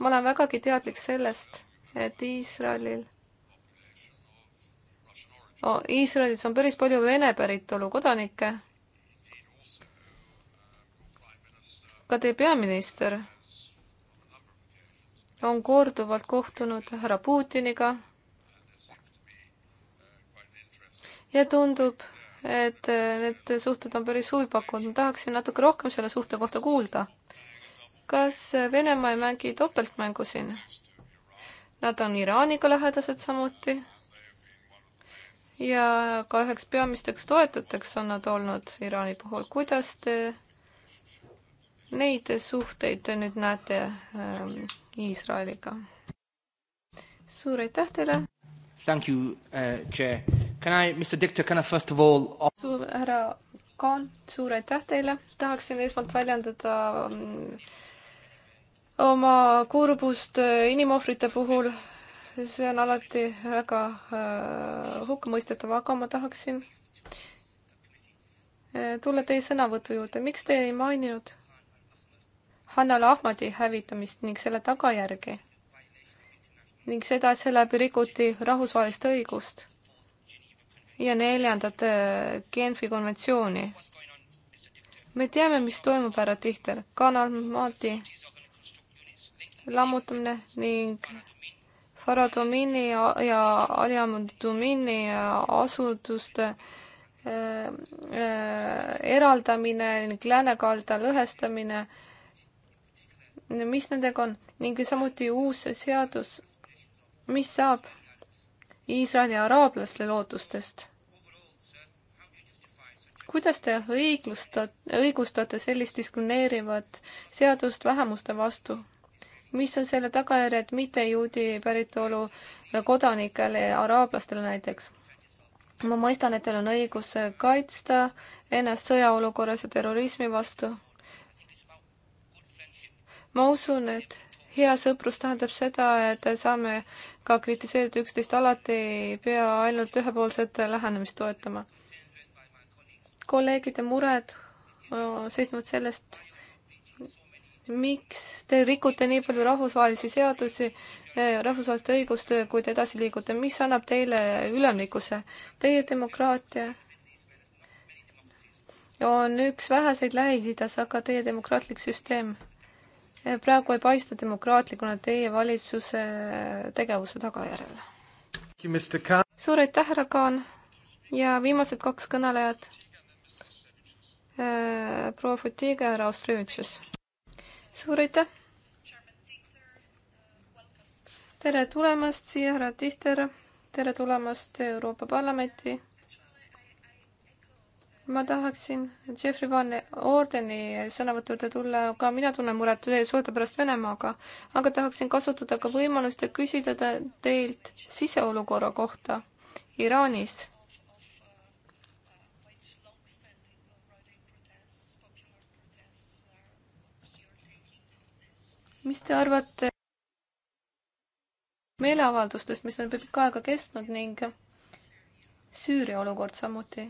ma olen vägagi teadlik sellest, et Iisraelil oh,, Iisraelis on päris palju vene päritolu kodanikke. ka teie peaminister on korduvalt kohtunud härra Putiniga ja tundub, et äh, need suhted on päris huvipakkuvad. ma tahaksin natuke rohkem selle suhte kohta kuulda. kas Venemaa ei mängi topeltmängu siin? Nad on Iraaniga lähedased samuti. ja ka üheks peamisteks toetajateks on nad olnud Iraani puhul. kuidas te neid suhteid te nüüd näete ähm, Iisraeliga? suur aitäh teile! Thank you uh,, Chair Can I, Mr Dictor, can I first of all suur härra Kaan, suur aitäh teile, tahaksin esmalt väljendada mm, oma kurbust äh, inimohvrite puhul. see on alati väga äh, hukkamõistetav, aga ma tahaksin äh, tulla teie sõnavõtu juurde, miks te ei maininud Hannal Ahmadi hävitamist ning selle tagajärgi ning seda, et seeläbi rikuti rahvusvahelist õigust ja neljandat äh, Genfi konventsiooni. me teame, mis toimub härra Tihter, kanal Maati lammutamine ning Faradomini ja Aliamudumini asutuste äh, äh, eraldamine ning läänekalda lõhestamine, mis nendega on ning samuti uus seadus, mis saab Iisraeli araablaste lootustest. kuidas te õiglustat-, õigustate sellist diskrimineerivat seadust vähemuste vastu? mis on selle tagajärjed mittejuudi päritolu kodanikele ja araablastele näiteks? ma mõistan, et teil on õigus kaitsta ennast sõjaolukorras ja terrorismi vastu. ma usun, et hea sõprus tähendab seda, et saame ka kritiseerida üksteist, alati ei pea ainult ühepoolset lähenemist toetama. kolleegide mured seisnevad sellest, miks te rikute nii palju rahvusvahelisi seadusi, e, rahvusvahelist õigust, kui te edasi liigute, mis annab teile ülemlikkuse, teie demokraatia? on üks väheseid Lähis-Idas, aga teie demokraatlik süsteem praegu ei paista demokraatlikuna teie valitsuse tegevuse tagajärjel. suur aitäh, härra Kaan ja viimased kaks kõnelejat. Äh, proua Futiga ja härra Ostrevitšus. suur aitäh. tere tulemast siia, härra Tihter. tere tulemast Euroopa Parlamenti ma tahaksin Jeffrey Van Ordeni sõnavõtu juurde tulla, ka mina tunnen muret suhte pärast Venemaaga, aga tahaksin kasutada ka võimalust ja küsida teilt siseolukorra kohta Iraanis. mis te arvate meeleavaldustest, mis on pikka aega kestnud ning Süüria olukord samuti?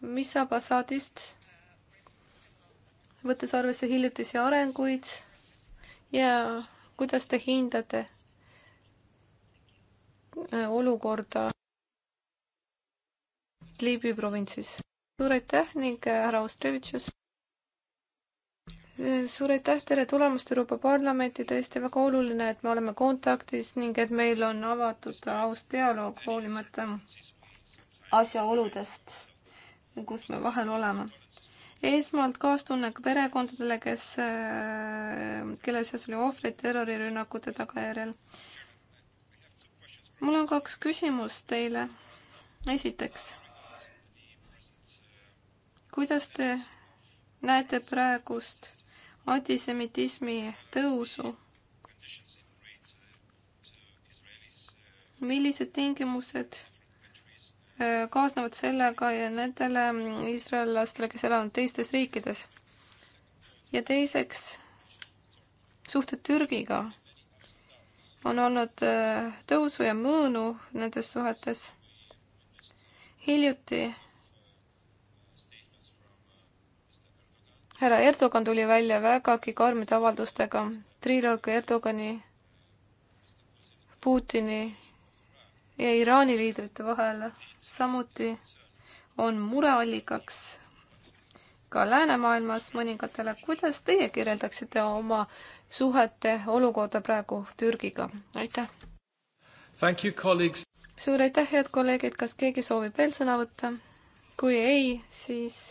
mis saab Assadist, võttes arvesse hiljutisi arenguid ja kuidas te hindate äh, olukorda Liibüa provintsis? suur aitäh ning äh, härra Ostrevitšus! Äh, suur aitäh, tere tulemast Euroopa Parlamenti, tõesti väga oluline, et me oleme kontaktis ning et meil on avatud aus dialoog hoolimata asjaoludest kus me vahel oleme. esmalt kaastunne ka perekondadele, kes, äh, kelle seas oli ohvreid terrorirünnakute tagajärjel. mul on kaks küsimust teile. esiteks, kuidas te näete praegust antisemitismi tõusu? millised tingimused Äh, kaasnevad sellega ja nendele mm, iisraellastele, kes elavad teistes riikides. ja teiseks, suhted Türgiga on olnud äh, tõusu ja mõõnu nendes suhetes. hiljuti härra Erdogan tuli välja vägagi karmide avaldustega, triloog Erdogani, Putini ja Iraani liidrite vahel. samuti on mureallikaks ka läänemaailmas mõningatele. kuidas teie kirjeldaksite oma suhete olukorda praegu Türgiga? aitäh! suur aitäh, head kolleegid, kas keegi soovib veel sõna võtta? kui ei, siis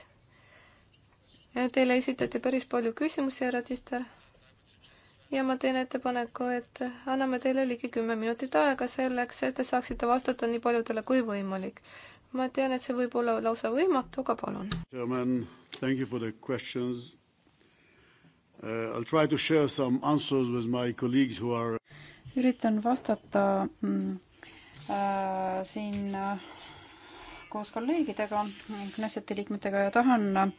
teile esitati päris palju küsimusi, härra Tister ja ma teen ettepaneku, et anname teile ligi kümme minutit aega selleks, et te saaksite vastata nii paljudele kui võimalik. ma tean, et see võib olla lausa võimatu, aga palun. Chairman, thank you for the questions uh,. I will try to share some answers with my colleagues who are üritan vastata mm, äh, siin äh, koos kolleegidega, Knesseti liikmetega ja tahan äh,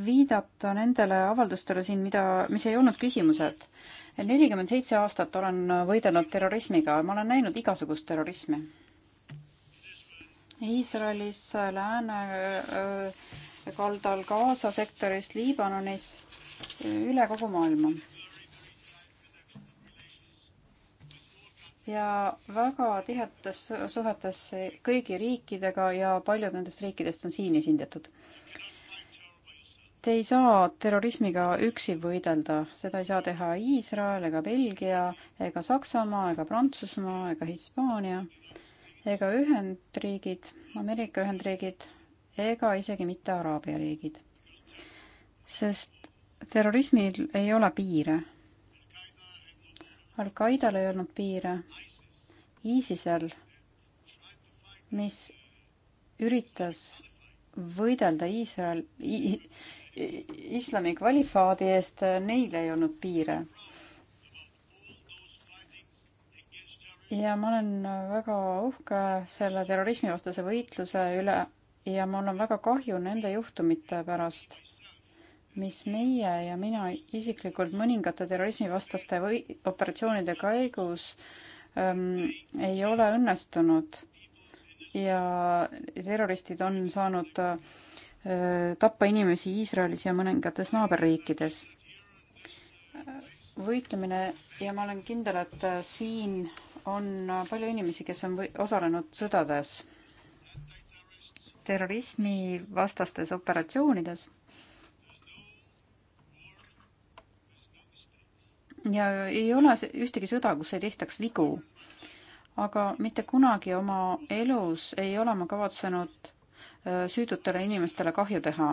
viidata nendele avaldustele siin, mida, mis ei olnud küsimused. nelikümmend seitse aastat olen võidelnud terrorismiga, ma olen näinud igasugust terrorismi. Iisraelis, Lääne äh, kaldal, Gaza sektoris, Liibanonis, üle kogu maailma. ja väga tihedates suhetes kõigi riikidega ja paljud nendest riikidest on siin esindatud Te ei saa terrorismiga üksi võidelda, seda ei saa teha Iisrael ega Belgia ega Saksamaa ega Prantsusmaa ega Hispaania ega Ühendriigid, Ameerika Ühendriigid ega isegi mitte Araabia riigid. sest terrorismil ei ole piire. Al-Qaidal ei olnud piire. ISISel, mis üritas võidelda Iisrael, islami kvalifaadi eest, neil ei olnud piire. ja ma olen väga uhke selle terrorismivastase võitluse üle ja mul on väga kahju nende juhtumite pärast, mis meie ja mina isiklikult mõningate terrorismivastaste või operatsioonide käigus ähm, ei ole õnnestunud. ja terroristid on saanud äh, Äh, tappa inimesi Iisraelis ja mõningates naaberriikides. Äh, võitlemine ja ma olen kindel, et äh, siin on palju inimesi, kes on osalenud sõdades, terrorismivastastes operatsioonides. ja ei ole ühtegi sõda, kus ei tehtaks vigu. aga mitte kunagi oma elus ei ole ma kavatsenud Äh, süütutele inimestele kahju teha.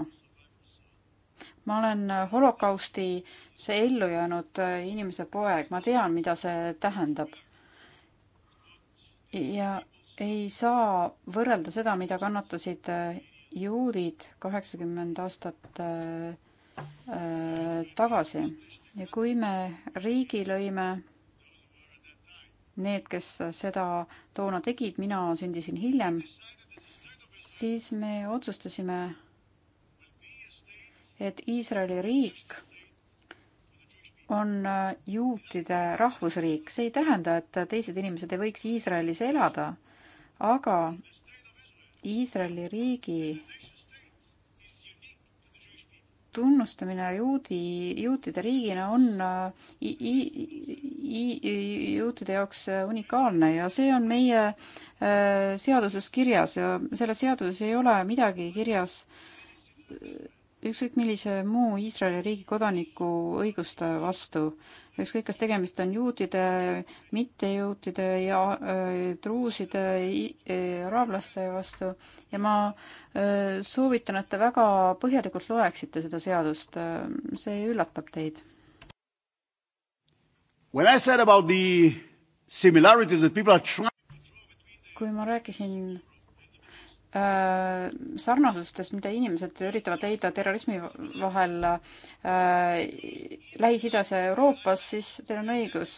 ma olen äh, holokausti see ellujäänud äh, inimese poeg, ma tean, mida see tähendab. ja ei saa võrrelda seda, mida kannatasid juudid kaheksakümmend aastat tagasi ja kui me riigi lõime, need, kes seda toona tegid, mina sündisin hiljem siis me otsustasime, et Iisraeli riik on äh, juutide rahvusriik. see ei tähenda, et äh, teised inimesed ei võiks Iisraelis elada, aga Iisraeli riigi tunnustamine juudi, juutide riigina on äh, i, i, i, juutide jaoks äh, unikaalne ja see on meie äh, seaduses kirjas ja selles seaduses ei ole midagi kirjas ükskõik millise muu Iisraeli riigi kodaniku õiguste vastu. ükskõik, kas tegemist on juutide, mittejuutide ja äh, truuside äh,, araablaste vastu ja ma äh, soovitan, et te väga põhjalikult loeksite seda seadust, see üllatab teid. When I said about the similarities that people are trying kui ma rääkisin äh, sarnasustest, mida inimesed üritavad leida terrorismi vahel äh, Lähis-Idas ja Euroopas, siis teil on õigus.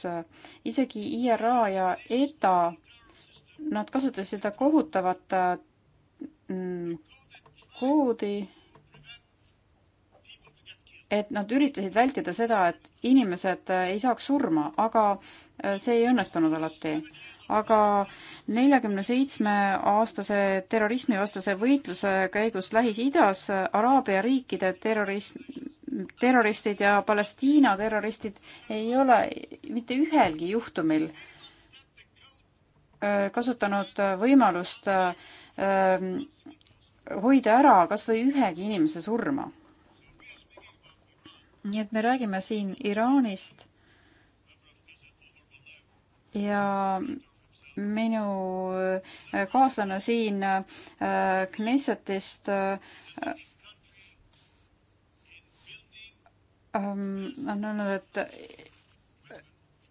isegi IRA ja ETA, nad kasutasid seda kohutavat Mm, koodi, et nad üritasid vältida seda, et inimesed äh, ei saaks surma, aga äh, see ei õnnestunud alati. aga neljakümne seitsme aastase terrorismivastase võitluse käigus Lähis-Idas äh, Araabia riikide terrorism, terroristid ja Palestiina terroristid ei ole mitte ühelgi juhtumil kasutanud võimalust äh, hoida ära kas või ühegi inimese surma. nii et me räägime siin Iraanist ja minu äh, kaaslane siin äh, Knessetist äh, ähm, on öelnud, et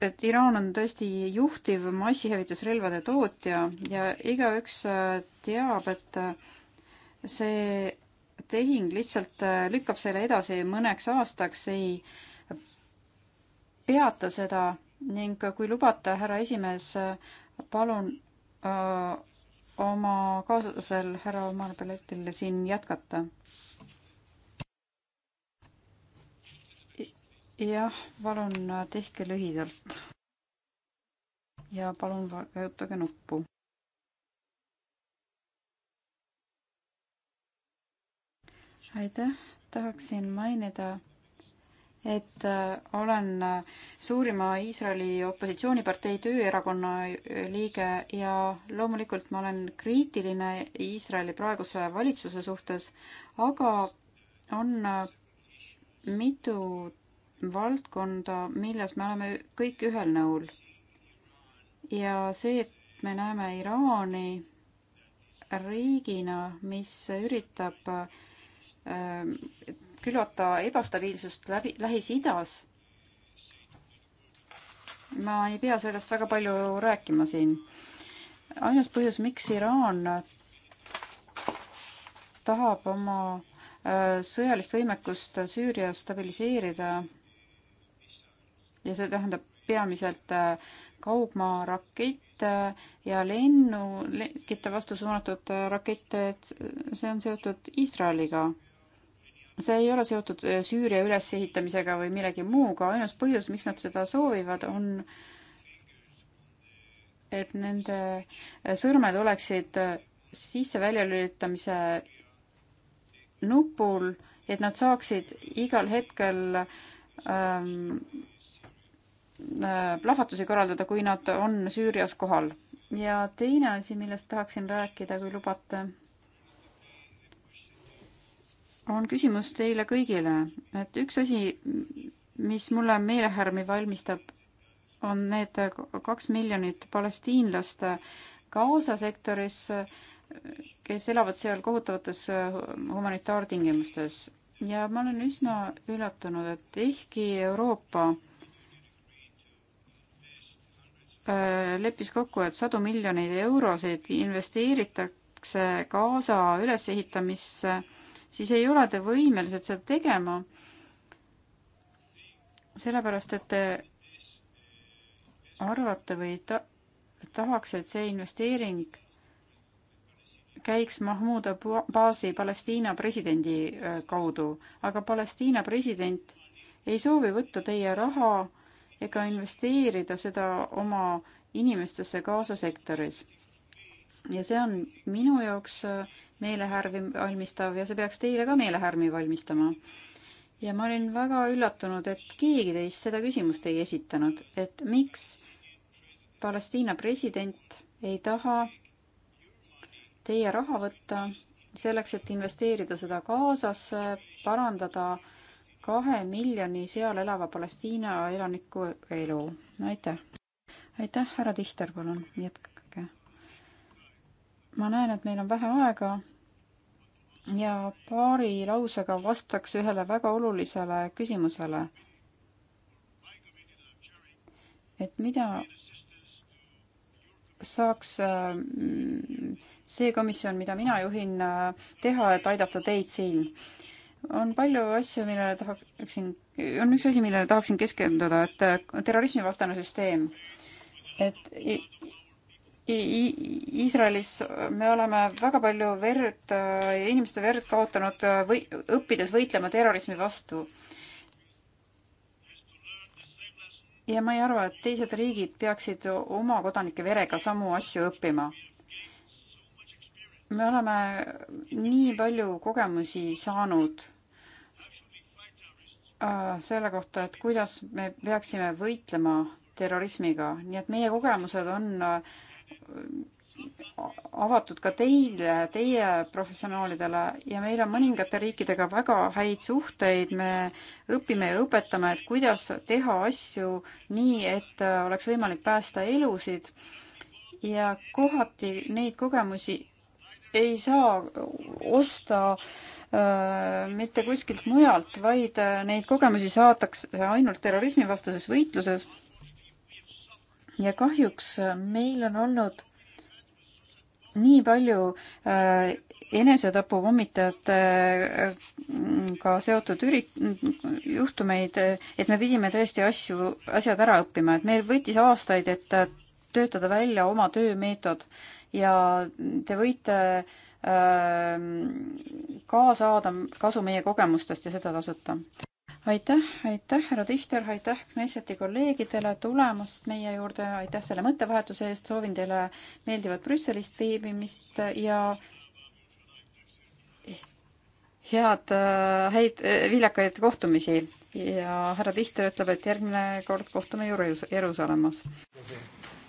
et Iraan on tõesti juhtiv massihävitusrelvade tootja ja igaüks äh, teab, et äh, see tehing lihtsalt äh, lükkab selle edasi mõneks aastaks, ei peata seda ning kui lubate, härra esimees, palun öö, oma kaaslasel härra Omar Beletil siin jätkata. jah, palun äh, tehke lühidalt. ja palun vajutage nuppu. aitäh, tahaksin mainida et äh, olen äh, suurima Iisraeli opositsioonipartei Tööerakonna liige ja loomulikult ma olen kriitiline Iisraeli praeguse valitsuse suhtes, aga on mitu valdkonda, milles me oleme kõik ühel nõul. ja see, et me näeme Iraani riigina, mis üritab ähm, külvata ebastabiilsust läbi, Lähis-Idas. ma ei pea sellest väga palju rääkima siin. ainus põhjus, miks Iraan tahab oma äh, sõjalist võimekust Süürias stabiliseerida ja see tähendab peamiselt äh, kaugmaa rakette äh, ja lennukite vastu suunatud äh, rakette, et see on seotud Iisraeliga. see ei ole seotud Süüria ülesehitamisega või millegi muuga, ainus põhjus, miks nad seda soovivad, on et nende sõrmed oleksid sisse-välja lülitamise nupul, et nad saaksid igal hetkel ähm, Äh, plahvatusi korraldada, kui nad on Süürias kohal. ja teine asi, millest tahaksin rääkida, kui lubate, on küsimus teile kõigile, et üks asi, mis mulle meelehärmi valmistab, on need kaks miljonit palestiinlast Gaza sektoris, kes elavad seal kohutavates humanitaartingimustes ja ma olen üsna üllatunud, et ehkki Euroopa Äh, leppis kokku, et sadu miljoneid eurosid investeeritakse Gaza ülesehitamisse, siis ei ole te võimelised seda tegema. sellepärast, et te arvate või ta-, tahaks, et see investeering käiks Mahmoud Abbasi Palestiina presidendi äh, kaudu, aga Palestiina president ei soovi võtta teie raha ja ka investeerida seda oma inimestesse Gaza sektoris. ja see on minu jaoks äh, meelehärmi valmistav ja see peaks teile ka meelehärmi valmistama. ja ma olin väga üllatunud, et keegi teist seda küsimust ei esitanud, et miks Palestiina president ei taha teie raha võtta selleks, et investeerida seda Gazasse, parandada äh, kahe miljoni seal elava Palestiina elaniku elu. aitäh! aitäh, härra Tihter, palun jätkake. ma näen, et meil on vähe aega ja paari lausega vastaks ühele väga olulisele küsimusele. et mida saaks mm, see komisjon, mida mina juhin, teha, et aidata teid siin on palju asju, millele tahaksin, on üks asi, millele tahaksin keskenduda, et äh, terrorismivastane süsteem, et Iisraelis me oleme väga palju verd, äh, inimeste verd kaotanud äh, või õppides võitlema terrorismi vastu. ja ma ei arva, et teised riigid peaksid oma kodanike verega samu asju õppima me oleme nii palju kogemusi saanud äh, selle kohta, et kuidas me peaksime võitlema terrorismiga, nii et meie kogemused on äh, avatud ka teile, teie professionaalidele ja meil on mõningate riikidega väga häid suhteid, me õpime ja õpetame, et kuidas teha asju nii, et äh, oleks võimalik päästa elusid ja kohati neid kogemusi ei saa osta äh, mitte kuskilt mujalt, vaid äh, neid kogemusi saadakse ainult terrorismivastases võitluses. ja kahjuks äh, meil on olnud nii palju enesetapuvommitajatega seotud üri-, juhtumeid, et me pidime tõesti asju, asjad ära õppima, et meil võttis aastaid, et töötada välja oma töömeetod ja te võite ähm, ka saada kasu meie kogemustest ja seda tasuta. aitäh, aitäh, härra Tihter, aitäh Knesseti kolleegidele tulemast meie juurde, aitäh selle mõttevahetuse eest, soovin teile meeldivat Brüsselist viibimist ja head, äh, häid, äh, viljakaid kohtumisi ja härra Tihter ütleb, et järgmine kord kohtume Jeruusalemmas.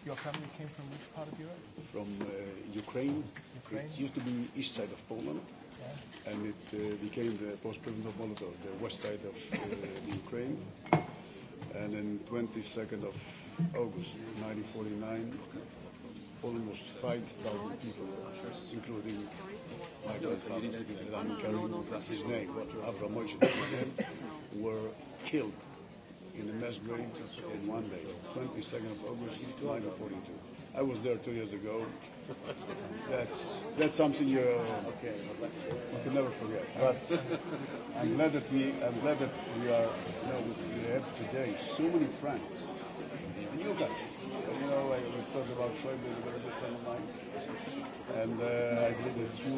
Your family came from which part of Europe? From uh, Ukraine. Ukraine. It used to be east side of Poland, yeah. and it uh, became the post-province of Molotov, the west side of uh, Ukraine. And then 22nd of August 1949, almost 5,000 people, including my grandfather, that I'm carrying his name, Avram Moishe, were killed in the mass grave in one day, 22nd of August, 1942. I was there two years ago. That's that's something you you can never forget. But I'm glad that we I'm glad that we are you know we have today so many friends. And you guys talk about Schäuble is a very good friend of mine. And uh, I believe that you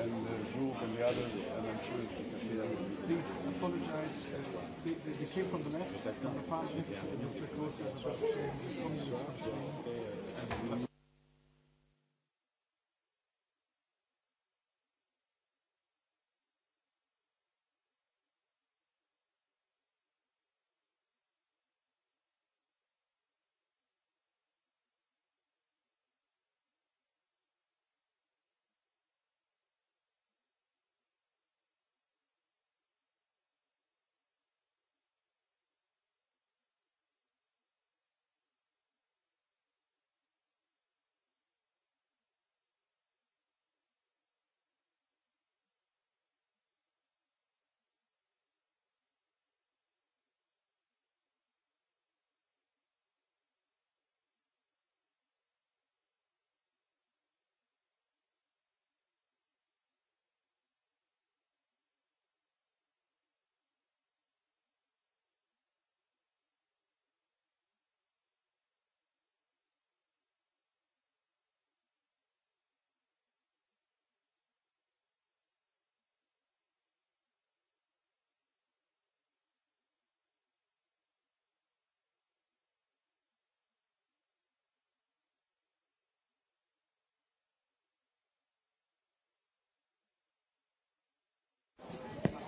and uh, Brooke and the others, and I'm sure you can Please apologize. Uh, they, they, they came from the left, from the far left, and Mr. Gross has a sharing the communist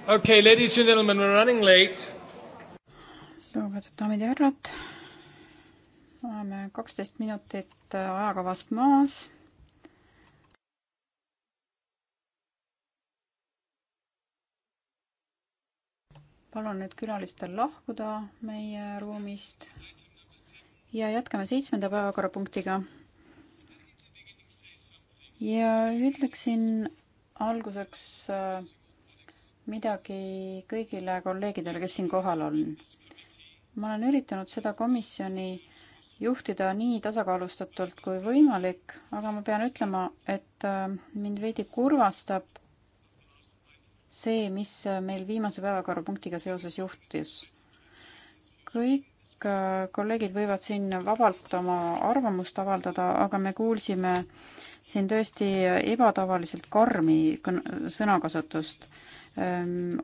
okei okay,, ladies and gentlemen, we are running late. lugupeetud daamid ja härrad, oleme kaksteist minutit ajakavast maas. palun nüüd külalistel lahkuda meie ruumist ja jätkame seitsmenda päevakorrapunktiga. ja ütleksin alguseks äh, midagi kõigile kolleegidele, kes siin kohal on. ma olen üritanud seda komisjoni juhtida nii tasakaalustatult kui võimalik, aga ma pean ütlema, et äh, mind veidi kurvastab see, mis äh, meil viimase päevakorrapunktiga seoses juhtus. kõik äh, kolleegid võivad siin vabalt oma arvamust avaldada, aga me kuulsime siin tõesti ebatavaliselt karmi sõnakasutust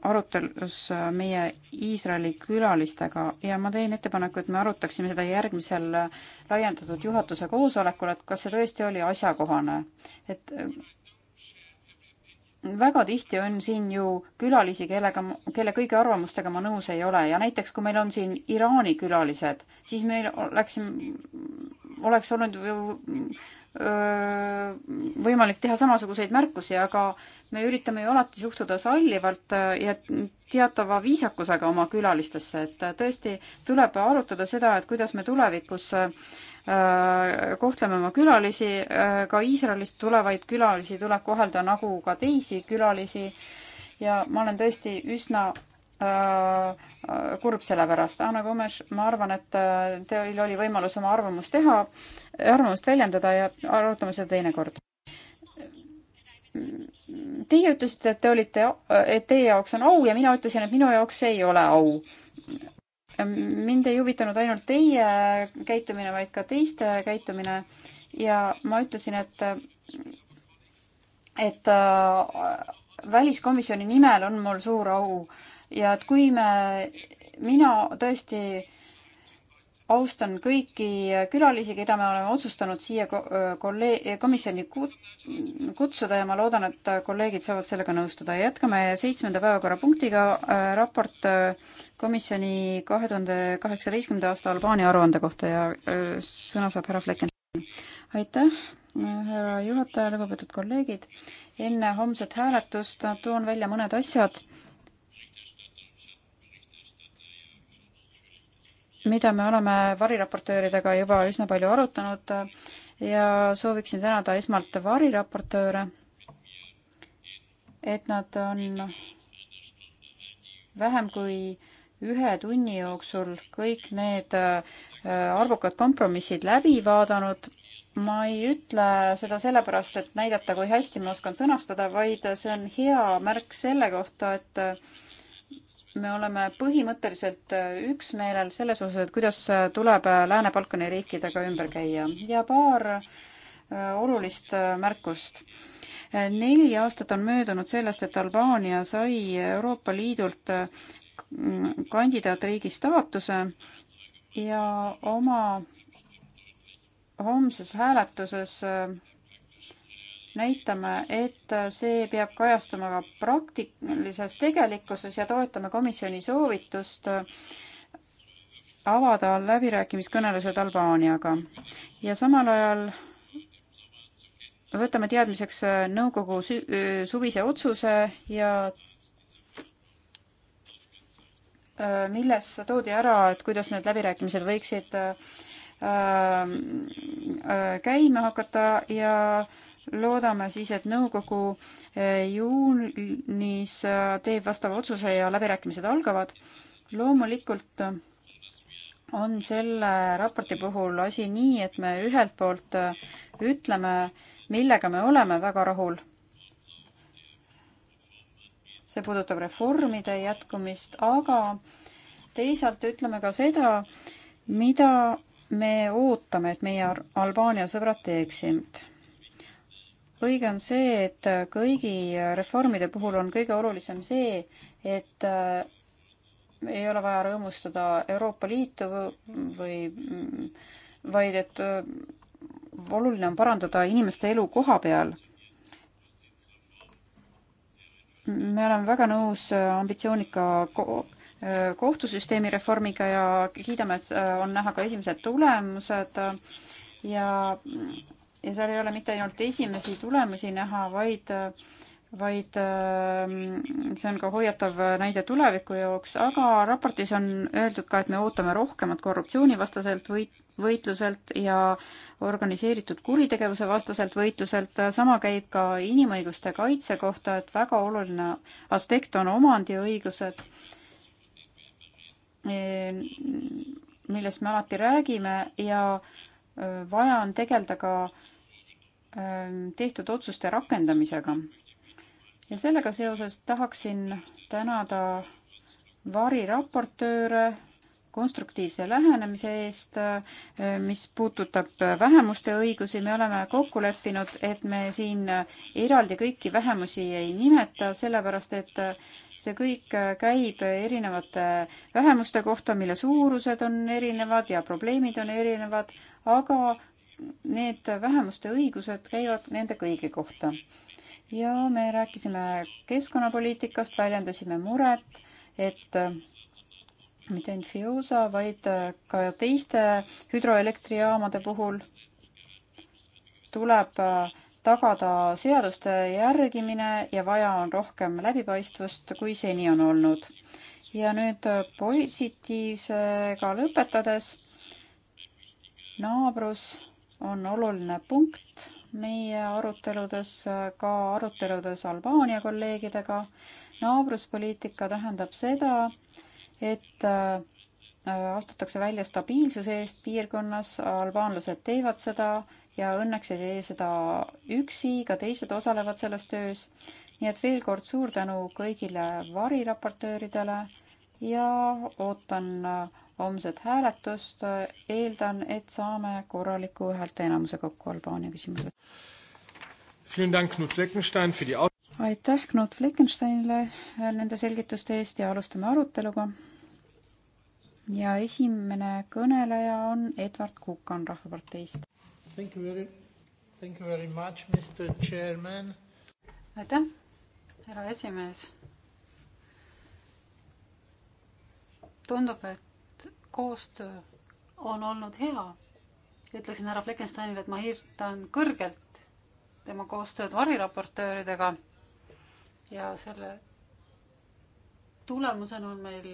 arutelus äh, meie Iisraeli külalistega ja ma teen ettepaneku, et me arutaksime seda järgmisel äh, laiendatud juhatuse koosolekul, et kas see tõesti oli asjakohane, et äh, väga tihti on siin ju külalisi, kellega, kelle kõigi arvamustega ma nõus ei ole ja näiteks kui meil on siin Iraani külalised, siis meil oleks, oleks olnud ju võimalik teha samasuguseid märkusi, aga me üritame ju alati suhtuda sallivalt äh, ja teatava viisakusega oma külalistesse, et äh, tõesti tuleb arutada seda, et kuidas me tulevikus äh, kohtleme oma külalisi, ka Iisraelist tulevaid külalisi tuleb kohelda nagu ka teisi külalisi ja ma olen tõesti üsna äh, kurb selle pärast. Anna Komes, ma arvan, et äh, teil oli võimalus oma arvamust teha, arvamust väljendada ja arutame seda teinekord. Teie ütlesite, et te olite, et teie jaoks on au ja mina ütlesin, et minu jaoks ei ole au. mind ei huvitanud ainult teie käitumine, vaid ka teiste käitumine ja ma ütlesin, et, et äh, väliskomisjoni nimel on mul suur au äh, ja et kui me, mina tõesti austan kõiki külalisi, keda me oleme otsustanud siia kolleeg-, komisjoni kutsuda ja ma loodan, et kolleegid saavad sellega nõustuda. jätkame seitsmenda päevakorrapunktiga, äh, raport äh, komisjoni kahe tuhande kaheksateistkümnenda aasta Albaania aruande kohta ja äh, sõna saab härra Flecken. aitäh, härra juhataja, lugupeetud kolleegid. enne homset hääletust toon välja mõned asjad mida me oleme variraportööridega juba üsna palju arutanud ja sooviksin tänada esmalt variraportööre, et nad on vähem kui ühe tunni jooksul kõik need äh, arvukad kompromissid läbi vaadanud. ma ei ütle seda sellepärast, et näidata, kui hästi ma oskan sõnastada, vaid see on hea märk selle kohta, et me oleme põhimõtteliselt äh, üksmeelel selles osas, et kuidas äh, tuleb äh, Lääne-Balkani riikidega ümber käia ja paar olulist märkust. neli aastat on möödunud sellest, et Albaania sai Euroopa Liidult mm, kandidaatriigi staatuse ja oma homses hääletuses äh, näitame, et see peab kajastuma ka praktilises tegelikkuses ja toetame komisjoni soovitust avada läbirääkimiskõnelused Albaaniaga. ja samal ajal võtame teadmiseks nõukogu suvise otsuse ja äh, milles toodi ära, et kuidas need läbirääkimised võiksid äh, äh, käima hakata ja äh, loodame siis, et nõukogu eh, juunis eh, teeb vastava otsuse ja läbirääkimised algavad. loomulikult eh, on selle raporti puhul asi nii, et me ühelt poolt ütleme, millega me oleme väga rahul. see puudutab reformide jätkumist, aga teisalt ütleme ka seda, mida me ootame, et meie Albaania sõbrad teeksid õige on see, et kõigi reformide puhul on kõige olulisem see, et äh, ei ole vaja rõõmustada Euroopa Liitu või, mm, vaid et äh, oluline on parandada inimeste elu koha peal me oleme väga nõus äh, ambitsioonika ko kohtusüsteemi reformiga ja kiidame, et on näha ka esimesed tulemused ja mm, ja seal ei ole mitte ainult esimesi tulemusi näha, vaid vaid ähm, see on ka hoiatav näide tuleviku jaoks, aga raportis on öeldud ka, et me ootame rohkemat korruptsioonivastaselt võit, võitluselt ja organiseeritud kuritegevuse vastaselt võitluselt. sama käib ka inimõiguste kaitse kohta, et väga oluline aspekt on omandiõigused, e, millest me alati räägime ja äh, vaja on tegeleda ka äh, Ähm, tehtud otsuste rakendamisega. ja sellega seoses tahaksin tänada variraportööre konstruktiivse lähenemise eest, äh, mis puudutab vähemuste õigusi, me oleme kokku leppinud, et me siin eraldi kõiki vähemusi ei nimeta, sellepärast et äh, see kõik äh, käib erinevate vähemuste kohta, mille suurused on erinevad ja probleemid on erinevad, aga need vähemuste õigused käivad nende kõigi kohta. ja me rääkisime keskkonnapoliitikast, väljendasime muret, et mitte ainult Fiosa, vaid ka teiste hüdroelektrijaamade puhul tuleb tagada seaduste järgimine ja vaja on rohkem läbipaistvust, kui seni on olnud. ja nüüd positiivsega lõpetades, naabrus on oluline punkt meie aruteludes, ka aruteludes Albaania kolleegidega. naabruspoliitika tähendab seda, et äh, astutakse välja stabiilsuse eest piirkonnas, albaanlased teevad seda ja õnneks ei tee seda üksi, ka teised osalevad selles töös. nii et veel kord suur tänu kõigile variraportööridele ja ootan äh, homset hääletust. eeldan, et saame korraliku häälteenamuse kokku Albaania küsimuses. aitäh Knut Fleckensteinile nende selgituste eest ja alustame aruteluga. ja esimene kõneleja on Edward Kukan Rahvaparteist. aitäh, härra esimees tundub, et koostöö on olnud hea. ütleksin härra Fleckensteinile, et ma hirtan kõrgelt tema koostööd variraportööridega ja selle tulemusena on meil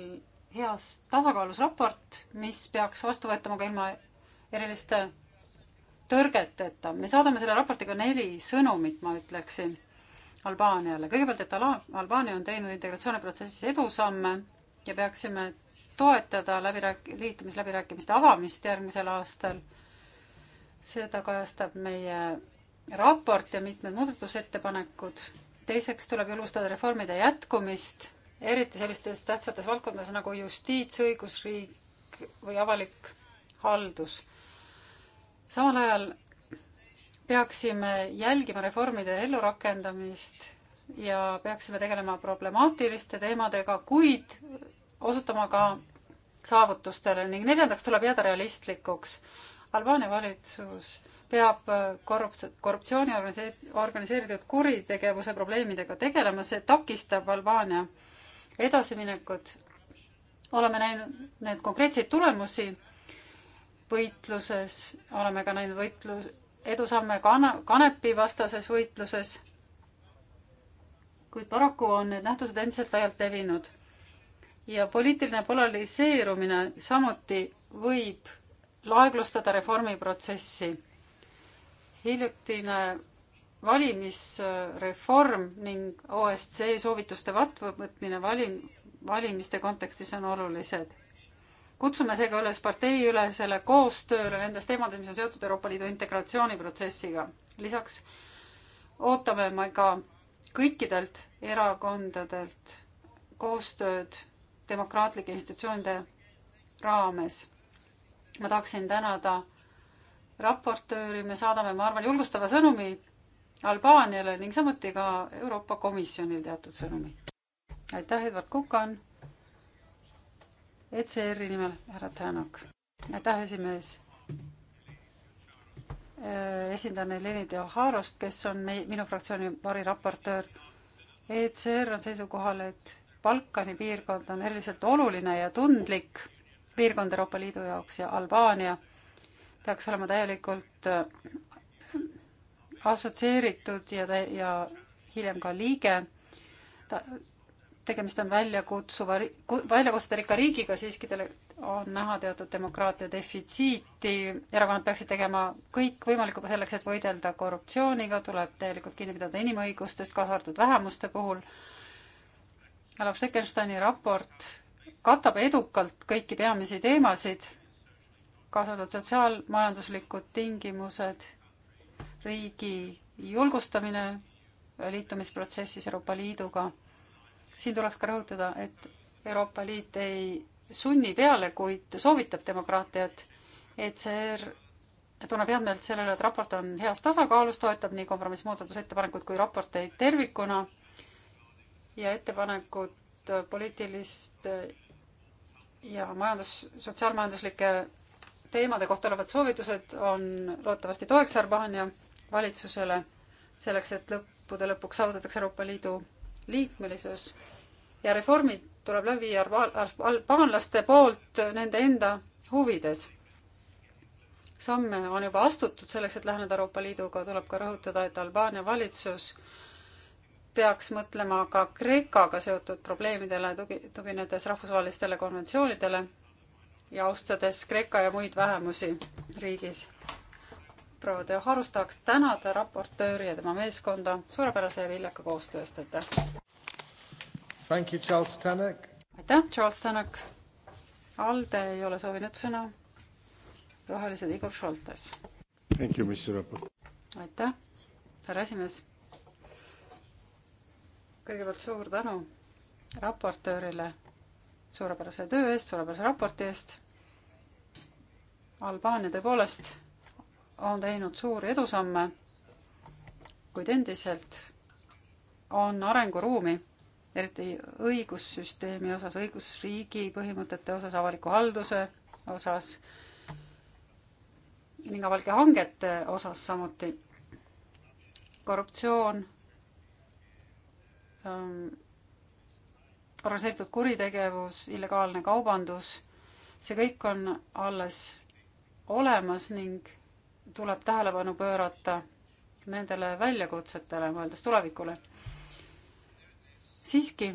heas tasakaalus raport, mis peaks vastu võetama ka ilma eriliste tõrgeteta. me saadame selle raportiga neli sõnumit, ma ütleksin, Albaaniale. kõigepealt, et Albaania on teinud integratsiooniprotsessis edusamme ja peaksime toetada läbirääk-, liitumisläbirääkimiste avamist järgmisel aastal. seda kajastab meie raport ja mitmed muudatusettepanekud. teiseks tuleb julgustada reformide jätkumist, eriti sellistes tähtsates valdkondades nagu justiits, õigusriik või avalik haldus. samal ajal peaksime jälgima reformide ellurakendamist ja peaksime tegelema problemaatiliste teemadega, kuid osutama ka saavutustele ning neljandaks tuleb jääda realistlikuks. Albaania valitsus peab korrups-, korruptsiooni organise-, organiseeritud kuritegevuse probleemidega tegelema, see takistab Albaania edasiminekut. oleme näinud neid konkreetseid tulemusi võitluses, oleme ka näinud võitlus, edusamme kana-, kanepivastases võitluses, kuid paraku on need nähtused endiselt laialt levinud ja poliitiline polariseerumine samuti võib aeglustada reformiprotsessi. hiljutine valimisreform ning OSCE soovituste vastuvõtmine valim-, valimiste kontekstis on olulised. kutsume seega üles parteiülesele koostööle nendes teemades, mis on seotud Euroopa Liidu integratsiooniprotsessiga. lisaks ootame me ka kõikidelt erakondadelt koostööd demokraatlike institutsioonide raames. ma tahaksin tänada raportööri, me saadame, ma arvan, julgustava sõnumi Albaaniale ning samuti ka Euroopa Komisjonil teatud sõnumi. aitäh, Edward Kukan. ECR-i nimel härra Tänak. aitäh, esimees. Äh, esindan Eleni Teoharost, kes on mei-, minu fraktsiooni variraportöör. ECR on seisukohal, et Balkani piirkond on eriliselt oluline ja tundlik piirkond Euroopa Liidu jaoks ja Albaania peaks olema täielikult äh, assotsieeritud ja, ja hiljem ka liige. ta, tegemist on väljakutsuva, väljakutsuterika riigiga, siiski tal on näha teatud demokraatia defitsiiti, erakonnad peaksid tegema kõik võimalikku ka selleks, et võidelda korruptsiooniga, tuleb täielikult kinni pidada inimõigustest, kaasa arvatud vähemuste puhul härra Fleckensteini raport katab edukalt kõiki peamisi teemasid, kaasa arvatud sotsiaalmajanduslikud tingimused, riigi julgustamine liitumisprotsessis Euroopa Liiduga. siin tuleks ka rõhutada, et Euroopa Liit ei sunni peale, kuid soovitab demokraatiat, et see tunneb head meelt selle üle, et raport on heas tasakaalus, toetab nii kompromissmuudatusettepanekuid kui raporteid tervikuna ja ettepanekud poliitilist ja majandus, sotsiaalmajanduslike teemade kohta olevad soovitused on loodetavasti toeks Arbaania valitsusele selleks, et lõppude lõpuks saavutatakse Euroopa Liidu liikmelisus ja reformid tuleb läbi viia albaanlaste poolt nende enda huvides. samme on juba astutud selleks, et läheneda Euroopa Liiduga, tuleb ka rõhutada, et Albaania valitsus peaks mõtlema ka Kreekaga seotud probleemidele, tugi, tuginedes rahvusvahelistele konventsioonidele ja austades Kreeka ja muid vähemusi riigis. proua Teo Harus tahaks tänada raportööri ja tema meeskonda suurepärase ja viljaka koostöö eest, aitäh! aitäh, Charles Tanak! ALDE ei ole soovinud sõna. rohelised Igor Šoltes. aitäh, härra esimees kõigepealt suur tänu raportöörile suurepärase töö eest, suurepärase raporti eest. Albaania tõepoolest on teinud suuri edusamme, kuid endiselt on arenguruumi, eriti õigussüsteemi osas, õigusriigi põhimõtete osas, avaliku halduse osas ning avalike hangete osas samuti. korruptsioon Ähm, organiseeritud kuritegevus, illegaalne kaubandus, see kõik on alles olemas ning tuleb tähelepanu pöörata nendele väljakutsetele, mõeldes tulevikule. siiski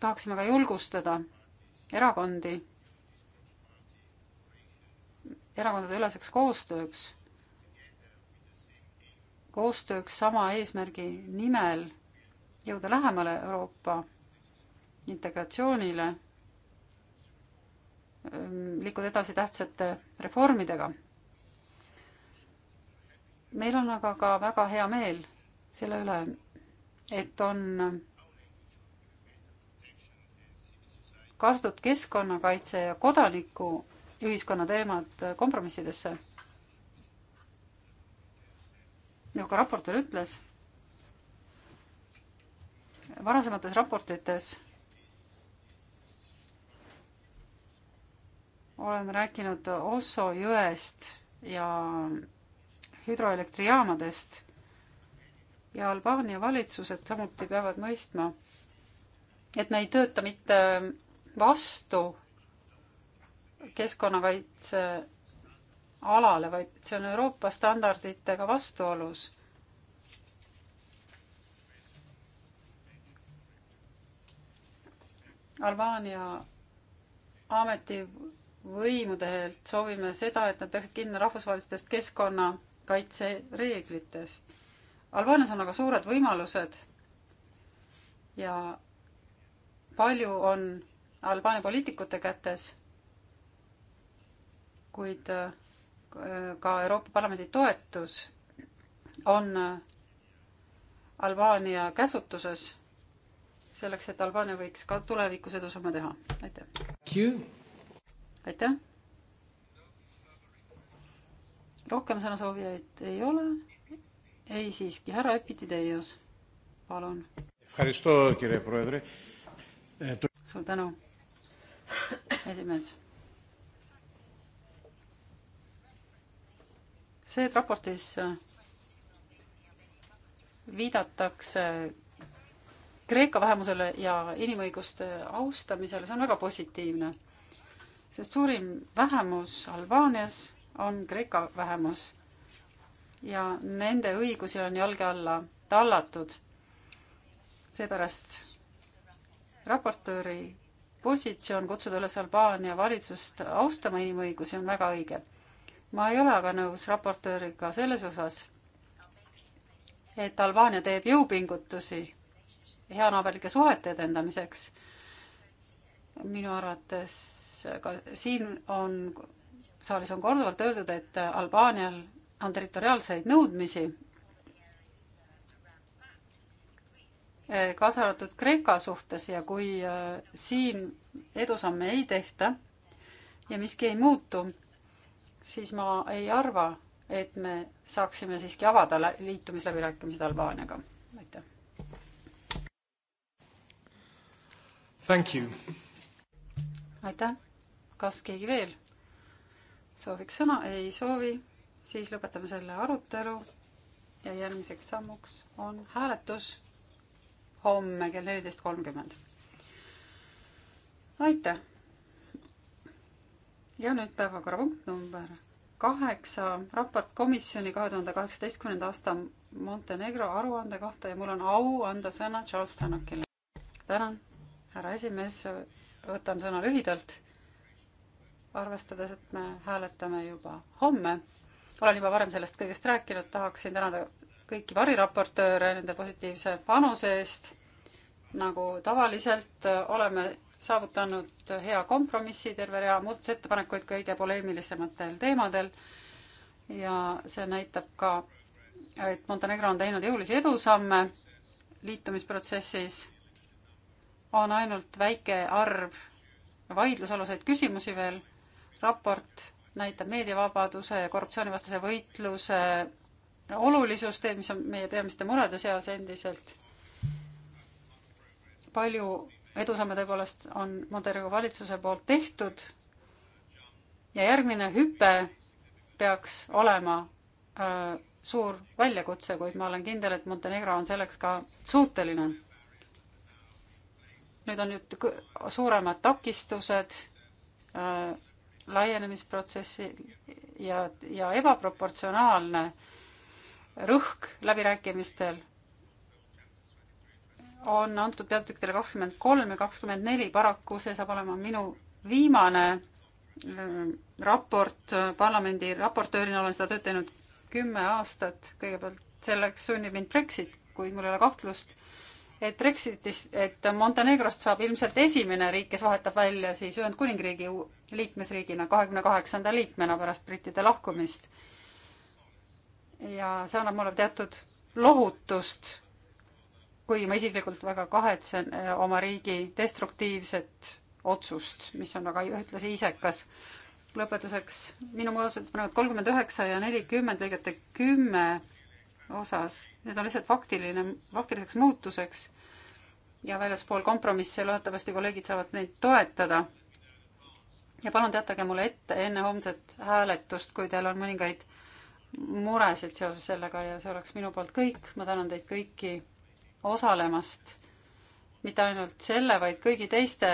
tahaksime ka julgustada erakondi erakondade üleseks koostööks koostööks sama eesmärgi nimel jõuda lähemale Euroopa integratsioonile, liikuda edasi tähtsate reformidega. meil on aga ka väga hea meel selle üle, et on kaasatud keskkonnakaitse ja kodanikuühiskonna teemad kompromissidesse nagu ka raportöör ütles, varasemates raportites olen rääkinud Osso jõest ja hüdroelektrijaamadest ja Albaania valitsused samuti peavad mõistma, et me ei tööta mitte vastu keskkonnakaitse alale, vaid see on Euroopa standarditega vastuolus. Albaania ametivõimudelt soovime seda, et nad peaksid kinni rahvusvahelistest keskkonnakaitsereeglitest. Albaanias on aga suured võimalused ja palju on Albaania poliitikute kätes, kuid äh, ka Euroopa Parlamendi toetus on Albaania käsutuses selleks, et Albaania võiks ka tulevikus edusamme teha. aitäh! aitäh! rohkem sõnasoovijaid ei ole. ei siiski, härra Epitideios, palun. suur tänu, esimees see, et raportis äh, viidatakse Kreeka vähemusele ja inimõiguste austamisele, see on väga positiivne. sest suurim vähemus Albaanias on Kreeka vähemus ja nende õigusi on jalge alla tallatud. seepärast raportööri positsioon kutsuda üles Albaania valitsust austama inimõigusi on väga õige ma ei ole aga nõus raportööriga selles osas, et Albaania teeb jõupingutusi heanaaberlike suhete edendamiseks. minu arvates ka siin on, saalis on korduvalt öeldud, et Albaanial on territoriaalseid nõudmisi, kaasa arvatud Kreeka suhtes ja kui äh, siin edusamme ei tehta ja miski ei muutu, siis ma ei arva, et me saaksime siiski avada liitumisläbirääkimised Albaaniaga. aitäh. aitäh. kas keegi veel sooviks sõna? ei soovi. siis lõpetame selle arutelu. ja järgmiseks sammuks on hääletus homme kell neliteist kolmkümmend. aitäh ja nüüd päevakorrapunkt number kaheksa, raport komisjoni kahe tuhande kaheksateistkümnenda aasta Montenegro aruande kohta ja mul on au anda sõna Charles Tanakile. tänan, härra esimees, võtan sõna lühidalt, arvestades, et me hääletame juba homme. olen juba varem sellest kõigest rääkinud, tahaksin tänada kõiki variraportööre nende positiivse panuse eest. nagu tavaliselt oleme saavutanud hea kompromissi terve rea muudatusettepanekuid kõige poleemilisematel teemadel ja see näitab ka, et Montenegro on teinud jõulisi edusamme liitumisprotsessis. on ainult väike arv vaidlusaluseid küsimusi veel. raport näitab meediavabaduse ja korruptsioonivastase võitluse olulisust, mis on meie peamiste murede seas endiselt. palju edusamme tõepoolest on Monterrey valitsuse poolt tehtud ja järgmine hüpe peaks olema äh, suur väljakutse, kuid ma olen kindel, et Montenegro on selleks ka suuteline. nüüd on nüüd suuremad takistused äh, laienemisprotsessi ja, ja ebaproportsionaalne rõhk läbirääkimistel on antud peatükkidele kakskümmend kolm ja kakskümmend neli, paraku see saab olema minu viimane äh, raport, äh, parlamendi raportöörina olen seda tööd teinud kümme aastat, kõigepealt selleks sunnib mind Brexit, kuid mul ei ole kahtlust, et Brexitist, et Montenegrost saab ilmselt esimene riik, kes vahetab välja siis Ühendkuningriigi liikmesriigina, kahekümne kaheksanda liikmena pärast brittide lahkumist. ja see annab mulle teatud lohutust kuigi ma isiklikult väga kahetsen eh, oma riigi destruktiivset otsust, mis on väga ühtlasi isekas. lõpetuseks minu muudatusettepanekud kolmkümmend üheksa ja nelikümmend lõigete kümme osas, need on lihtsalt faktiline, faktiliseks muutuseks ja väljaspool kompromisse loodetavasti kolleegid saavad neid toetada. ja palun teatage mulle ette enne homset hääletust, kui teil on mõningaid muresid seoses sellega ja see oleks minu poolt kõik, ma tänan teid kõiki osalemast mitte ainult selle, vaid kõigi teiste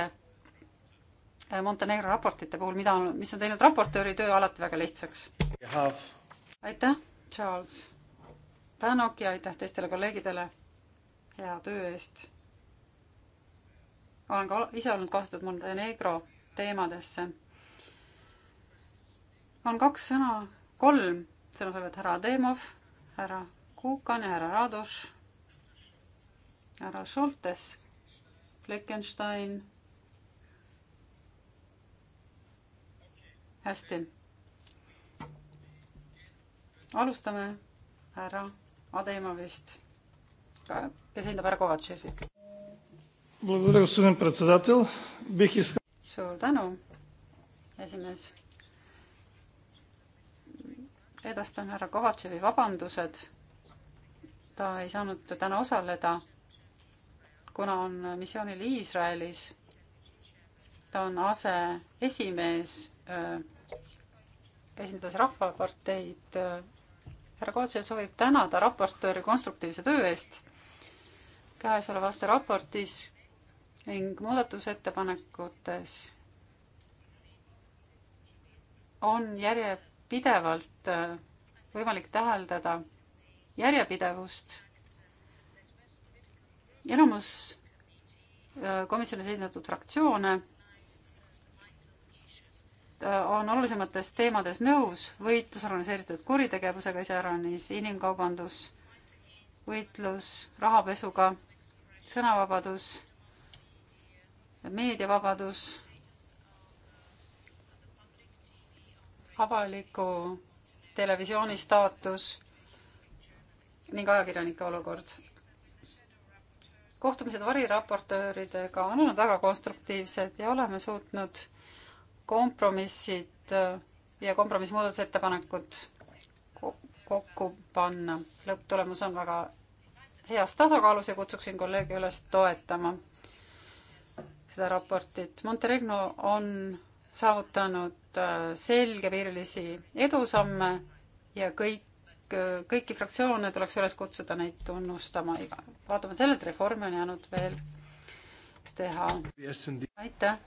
Montenegro raportite puhul, mida, mis on teinud raportööri töö alati väga lihtsaks. aitäh, Charles Tänok ja aitäh teistele kolleegidele hea töö eest. olen ka ise olnud kaasatud Montenegro teemadesse. on kaks sõna, kolm sõnasoovijat, härra Ademov, härra Kukan ja härra Radoš härra Šoltes, Fleckenstein. hästi. alustame härra Ademovist, kes hindab härra Kovatševi. suur tänu, esimees. edastan härra Kovatševi vabandused ta ei saanud täna osaleda, kuna on missioonil Iisraelis. ta on aseesimees, äh, esindades Rahvaparteid. Äh, härra Kootsev soovib tänada raportööri konstruktiivse töö eest käesoleva aasta raportis ning muudatusettepanekutes on järjepidevalt äh, võimalik täheldada järjepidevust enamus äh, komisjonis esindatud fraktsioone äh, on olulisemates teemades nõus, võitlus organiseeritud kuritegevusega, iseäranis inimkaubandus, võitlus rahapesuga, sõnavabadus, meediavabadus, avaliku televisiooni staatus ning ajakirjanike olukord kohtumised variraportööridega on olnud väga konstruktiivsed ja oleme suutnud kompromissid äh, ja kompromissmuudatusettepanekud kokku panna. lõpptulemus on väga heas tasakaalus ja kutsuksin kolleege üles toetama seda raportit. Montenegro on saavutanud äh, selgepiirilisi edusamme ja kõik kõiki fraktsioone tuleks üles kutsuda neid tunnustama. vaatame sellelt, reformi on jäänud veel teha. aitäh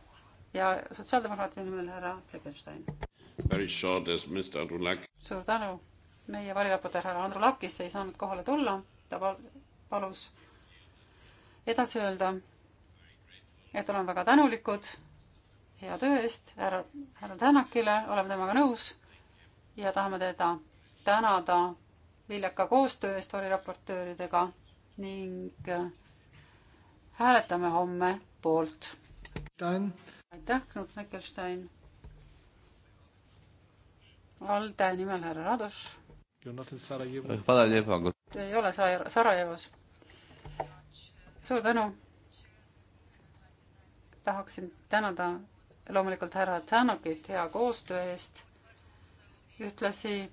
ja sotsiaaldemokraatide nimel härra Fleckenstein. suur tänu. meie variraportöör härra Andrulakis ei saanud kohale tulla, ta palus edasi öelda, et oleme väga tänulikud hea töö eest härra, härra Tänakile, oleme temaga nõus ja tahame teda tänada viljaka koostöö eest variraportööridega ning äh, hääletame homme poolt. aitäh, Knut Neckelstein. ALDE nimel härra Radoš. Eh, Te ei ole Sarajevos. suur tänu. tahaksin tänada loomulikult härra Tänakit hea koostöö eest. ühtlasi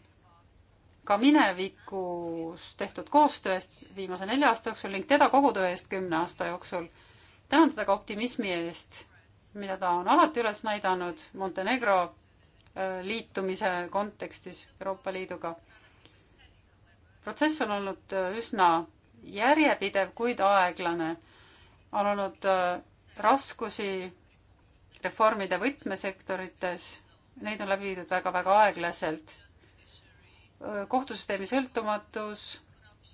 ka minevikus tehtud koostööst viimase nelja aasta jooksul ning teda kogutöö eest kümne aasta jooksul. tänan teda ka optimismi eest, mida ta on alati üles näidanud Montenegro äh, liitumise kontekstis Euroopa Liiduga. protsess on olnud äh, üsna järjepidev, kuid aeglane. on olnud äh, raskusi reformide võtmesektorites, neid on läbi viidud väga-väga aeglaselt kohtusüsteemi sõltumatus,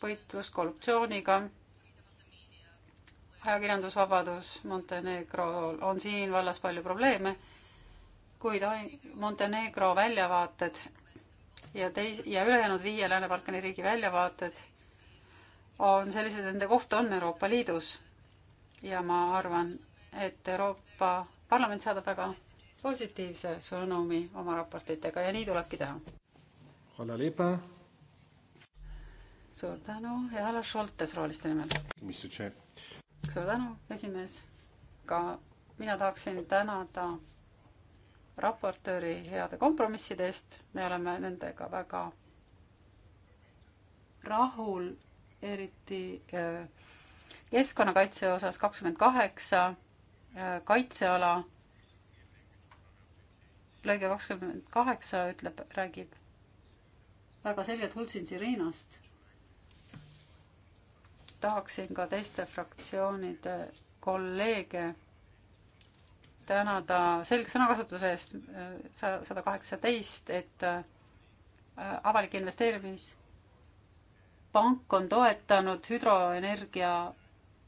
võitlus korruptsiooniga, ajakirjandusvabadus, Montenegrol on siin vallas palju probleeme, kuid Montenegro väljavaated ja teis- ja ülejäänud viie Lääne-Balkani riigi väljavaated on sellised, nende koht on Euroopa Liidus. ja ma arvan, et Euroopa Parlament saadab väga positiivse sõnumi oma raportitega ja nii tulebki teha. Hvala lepa. suur tänu ja härra Šoltes rooliste nimel. suur tänu, esimees. ka mina tahaksin tänada raportööri heade kompromisside eest, me oleme nendega väga rahul, eriti eh, keskkonnakaitse osas kakskümmend kaheksa, eh, kaitseala lõige kakskümmend kaheksa ütleb, räägib väga selgelt kuulsin Sirinast. tahaksin ka teiste fraktsioonide kolleege tänada selge sõnakasutuse eest sada kaheksateist, et äh, avalik investeerimispank on toetanud hüdroenergia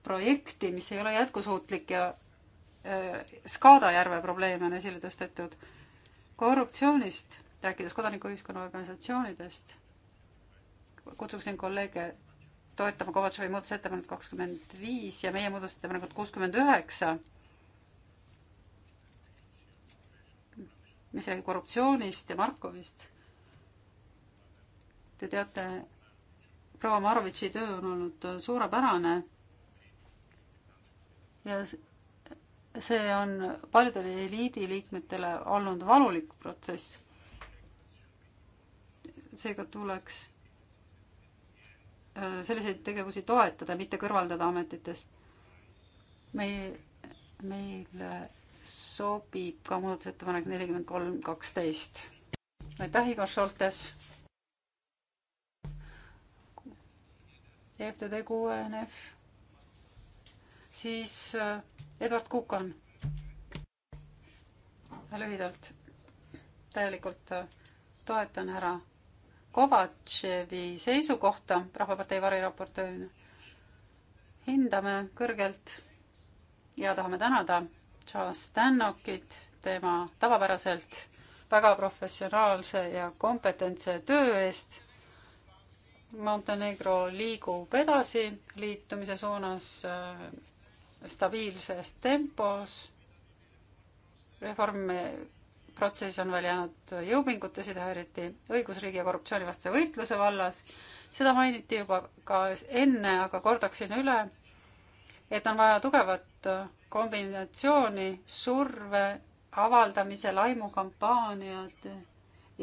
projekti, mis ei ole jätkusuutlik ja äh, Skaada järve probleeme on esile tõstetud. korruptsioonist rääkides kodanikuühiskonna organisatsioonidest, kutsuksin kolleege toetama Kovatšovi muudatusettepanekut kakskümmend viis ja meie muudatusettepanekut kuuskümmend üheksa, mis räägib korruptsioonist ja Markovist. Te teate, proua Marovitši töö on olnud suurepärane ja see on paljudele eliidi liikmetele olnud valulik protsess seega tuleks äh, selliseid tegevusi toetada, mitte kõrvaldada ametitest. meil, meil sobib ka muudatusettepanek nelikümmend kolm kaksteist. aitäh, Igor Šoltes. EFTD QNF. siis äh, Edward Kukan. lühidalt, täielikult äh, toetan härra Kovatševi seisukohta Rahvapartei variraportöörina. hindame kõrgelt ja tahame tänada Charles Stanokit tema tavapäraselt väga professionaalse ja kompetentse töö eest. Montenegro liigub edasi liitumise suunas äh, stabiilses tempos. reform protsess on veel jäänud jõupingutusi, ta harjuti õigusriigi ja korruptsioonivastase võitluse vallas. seda mainiti juba ka enne, aga kordaksin üle, et on vaja tugevat kombinatsiooni surve avaldamise, laimukampaaniad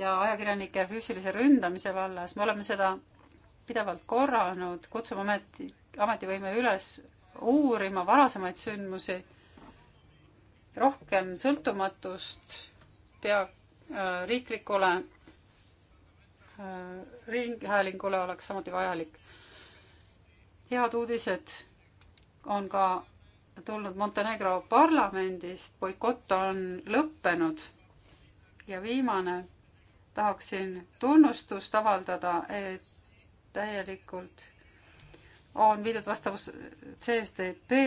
ja ajakirjanike füüsilise ründamise vallas. me oleme seda pidevalt korranud, kutsume ameti, ametivõime üles uurima varasemaid sündmusi rohkem sõltumatust pea äh, riiklikule äh, ringhäälingule oleks samuti vajalik. head uudised on ka tulnud Montenegro parlamendist, boikott on lõppenud ja viimane tahaksin tunnustust avaldada, et täielikult on viidud vastavus CSDP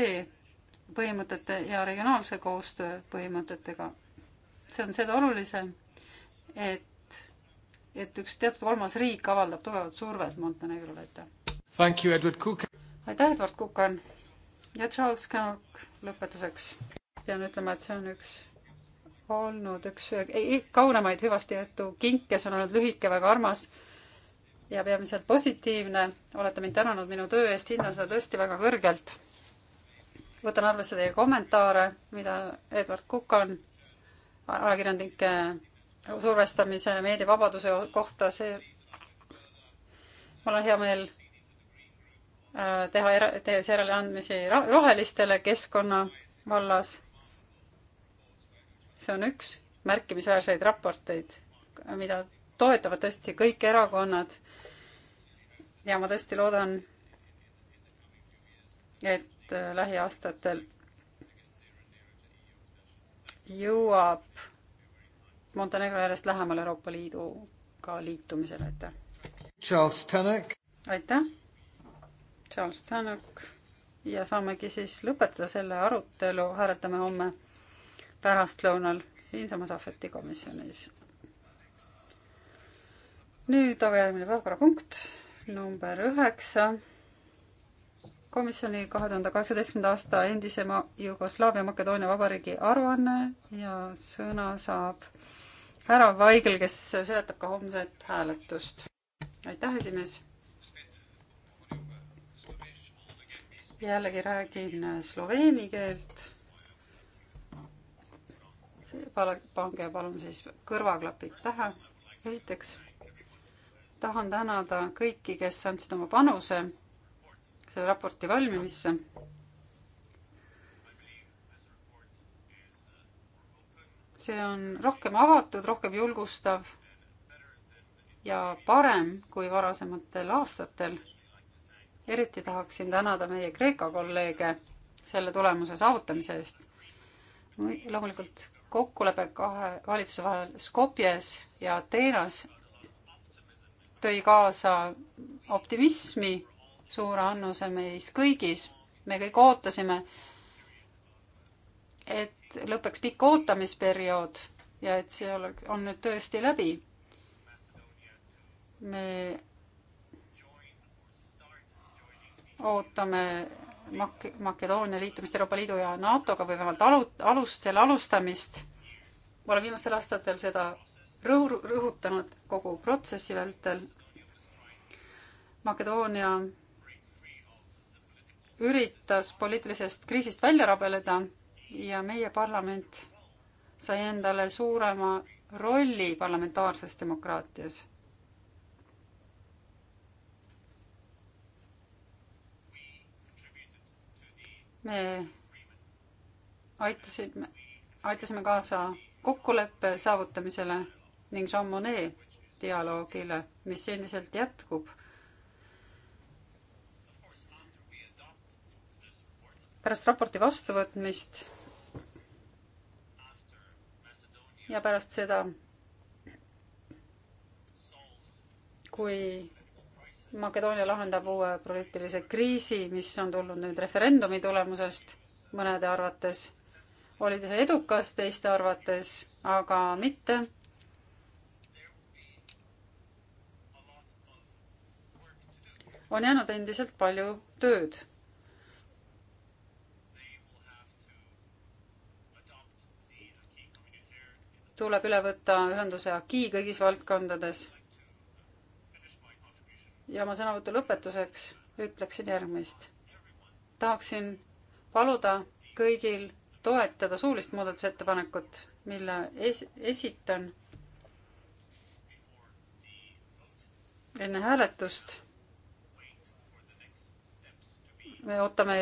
põhimõtete ja regionaalse koostöö põhimõtetega see on seda olulisem, et, et üks teatud kolmas riik avaldab tugevat survet Montenegrole, aitäh. aitäh, Edward Kukan. ja Charles Canuck lõpetuseks. pean ütlema, et see on üks olnud üks ei, kaunemaid hüvasti jäetu kinke, see on olnud lühike, väga armas ja peamiselt positiivne. olete mind tänanud minu töö eest, hindan seda tõesti väga kõrgelt. võtan arvesse teie kommentaare, mida Edward Kukan ajakirjanike äh, survestamise, meediavabaduse kohta, see, mul on hea meel äh, teha era-, tehes järeleandmisi rohelistele keskkonna vallas. see on üks märkimisväärseid raporteid, mida toetavad tõesti kõik erakonnad. ja ma tõesti loodan, et äh, lähiaastatel jõuab Montenegro järjest lähemale Euroopa Liiduga liitumisele, aitäh! Charles Tannock. aitäh, Charles Tannock ja saamegi siis lõpetada selle arutelu, hääletame homme pärastlõunal siinsamas Ahveti komisjonis. nüüd aga järgmine päevakorrapunkt number üheksa komisjoni kahe tuhande kaheksateistkümnenda aasta endise ma-, Jugoslaavia Makedoonia Vabariigi aruanne ja sõna saab härra Vaigel, kes seletab ka homset hääletust. aitäh, esimees! jällegi räägin sloveeni keelt. pange palun siis kõrvaklapid pähe. esiteks tahan tänada kõiki, kes andsid oma panuse selle raporti valmimisse. see on rohkem avatud, rohkem julgustav ja parem kui varasematel aastatel. eriti tahaksin tänada meie Kreeka kolleege selle tulemuse saavutamise eest. loomulikult kokkulepe kahe valitsuse vahel Skopjes ja Ateenas tõi kaasa optimismi suure annuse meis kõigis. me kõik ootasime, et lõpeks pikk ootamisperiood ja et see oleks, on nüüd tõesti läbi. me ootame Mak-, Makedoonia liitumist Euroopa Liidu ja NATO-ga või vähemalt alu-, alust, selle alustamist. ma olen viimastel aastatel seda rõhu-, rõhutanud kogu protsessi vältel. Makedoonia üritas poliitilisest kriisist välja rabeleda ja meie parlament sai endale suurema rolli parlamentaarses demokraatias. me aitasime, aitasime kaasa kokkuleppe saavutamisele ning Jean Monnet dialoogile, mis endiselt jätkub pärast raporti vastuvõtmist ja pärast seda, kui Makedoonia lahendab uue poliitilise kriisi, mis on tulnud nüüd referendumi tulemusest mõnede arvates, oli see edukas teiste arvates, aga mitte on jäänud endiselt palju tööd. tuleb üle võtta ühenduse AKI kõigis valdkondades. ja oma sõnavõtu lõpetuseks ütleksin järgmist. tahaksin paluda kõigil toetada suulist muudatusettepanekut, mille es-, esitan enne hääletust. me ootame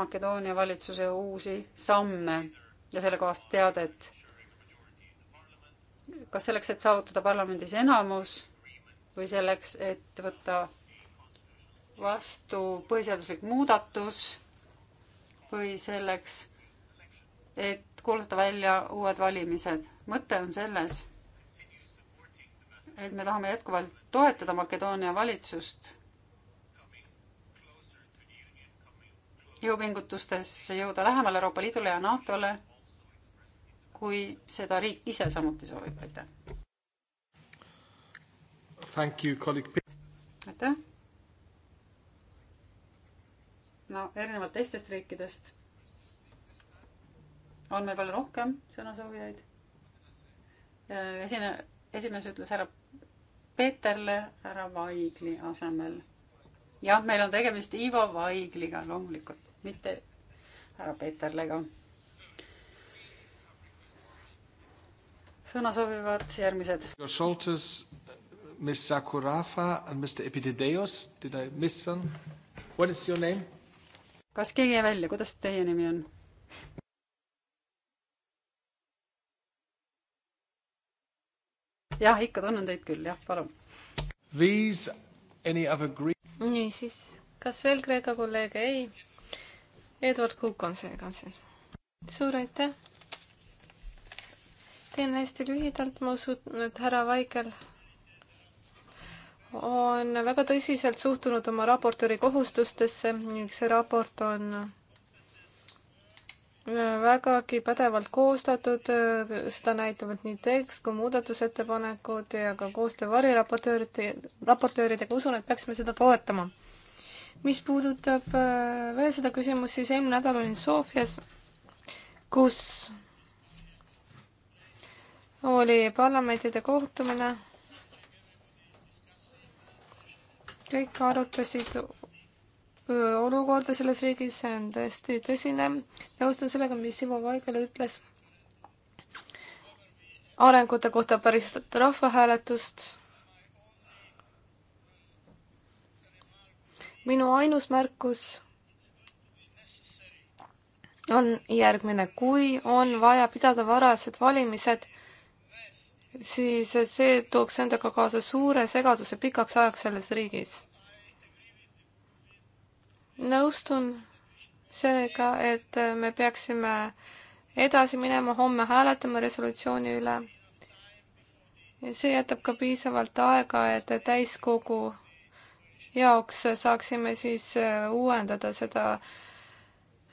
Makedoonia valitsuse uusi samme ja sellekohast teadet. kas selleks, et saavutada parlamendis enamus või selleks, et võtta vastu põhiseaduslik muudatus või selleks, et kuulutada välja uued valimised. mõte on selles, et me tahame jätkuvalt toetada Makedoonia valitsust jõupingutustes jõuda lähemale Euroopa Liidule ja NATO-le kui seda riik ise samuti soovib, aitäh. aitäh. no erinevalt teistest riikidest on meil palju rohkem sõnasoovijaid. esine, esimees ütles härra Peeterle härra Vaigli asemel. jah, meil on tegemist Ivo Vaigliga loomulikult, mitte härra Peeterlega sõna soovivad järgmised. Šoltes, Miss Sakurafa and Mr Epidideos, did I miss some? What is your name? kas keegi jäi välja, kuidas teie nimi on? jah, ikka tunnen teid küll, jah, palun. These any other Greek? niisiis, kas veel Kreeka kolleege ei? Edward Cook on see kantsler. suur aitäh teen hästi lühidalt, ma usun, et härra Vaigel on väga tõsiselt suhtunud oma raportööri kohustustesse ning see raport on vägagi pädevalt koostatud, seda näitavad nii tekst kui muudatusettepanekud ja ka koostöö variraportööride, raportööridega, usun, et peaksime seda toetama. mis puudutab äh, veel seda küsimust, siis eelmine nädal olin Sofias, kus oli parlamentide kohtumine. kõik arutasid olukorda selles riigis, see on tõesti tõsine. nõustun sellega, mis Ivo Vaigel ütles arengute kohta pärast rahvahääletust. minu ainus märkus on järgmine, kui on vaja pidada varajased valimised siis see tooks endaga kaasa suure segaduse pikaks ajaks selles riigis. nõustun seega, et me peaksime edasi minema, homme hääletama resolutsiooni üle. see jätab ka piisavalt aega, et täiskogu jaoks saaksime siis uuendada seda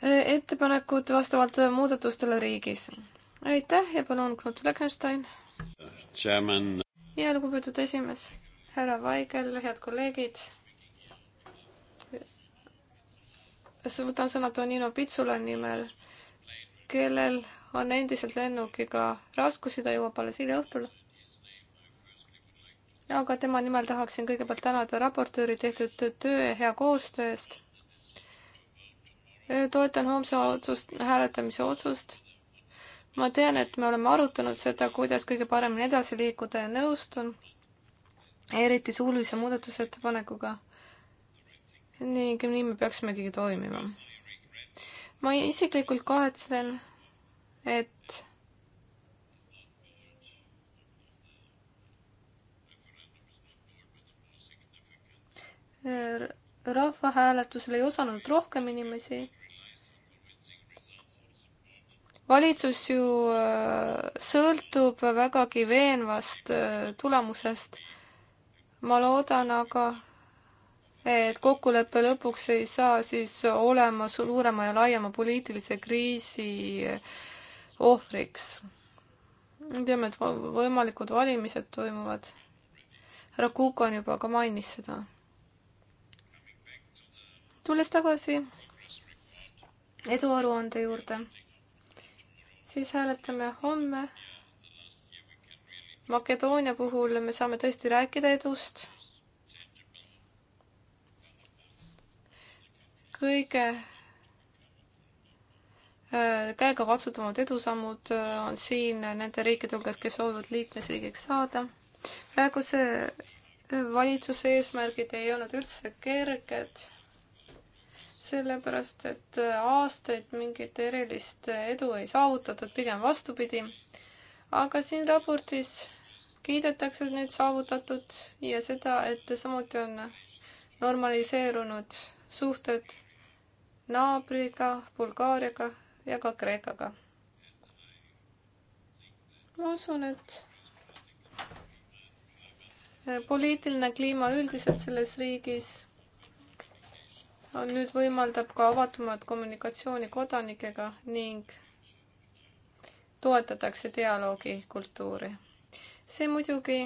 ettepanekut vastavalt muudatustele riigis. aitäh ja palun, Knut Fleckenstein ja lugupeetud esimees, härra Vaigel, head kolleegid. võtan sõna Tonino Pitsula nimel, kellel on endiselt lennukiga raskusi, ta jõuab alles hilja õhtul. aga tema nimel tahaksin kõigepealt tänada raportööri tehtud töö ja hea koostöö eest. toetan homse otsust, hääletamise otsust ma tean, et me oleme arutanud seda, kuidas kõige paremini edasi liikuda ja nõustun eriti suulise muudatusettepanekuga. ning nii me peaksimegi toimima. ma isiklikult kahetsen, et rahvahääletusel ei osanud rohkem inimesi valitsus ju äh, sõltub vägagi veenvast äh, tulemusest. ma loodan aga, et kokkulepe lõpuks ei saa siis olema suurema ja laiema poliitilise kriisi äh, ohvriks. me teame, et võimalikud valimised toimuvad. härra Kukan juba ka mainis seda. tulles tagasi eduaruande juurde siis hääletame homme. Makedoonia puhul me saame tõesti rääkida edust. kõige äh, käegakatsutavad edusammud äh, on siin nende riikide hulgas, kes soovivad liikmesriigiks saada. praeguse äh, valitsuse eesmärgid ei olnud üldse kerged sellepärast et äh, aastaid mingit erilist äh, edu ei saavutatud, pigem vastupidi. aga siin raportis kiidetakse nüüd saavutatud ja seda, et samuti on normaliseerunud suhted naabriga, Bulgaariaga ja ka Kreekaga. ma usun, et äh, poliitiline kliima üldiselt selles riigis on nüüd võimaldab ka avatumat kommunikatsiooni kodanikega ning toetatakse dialoogi kultuuri. see muidugi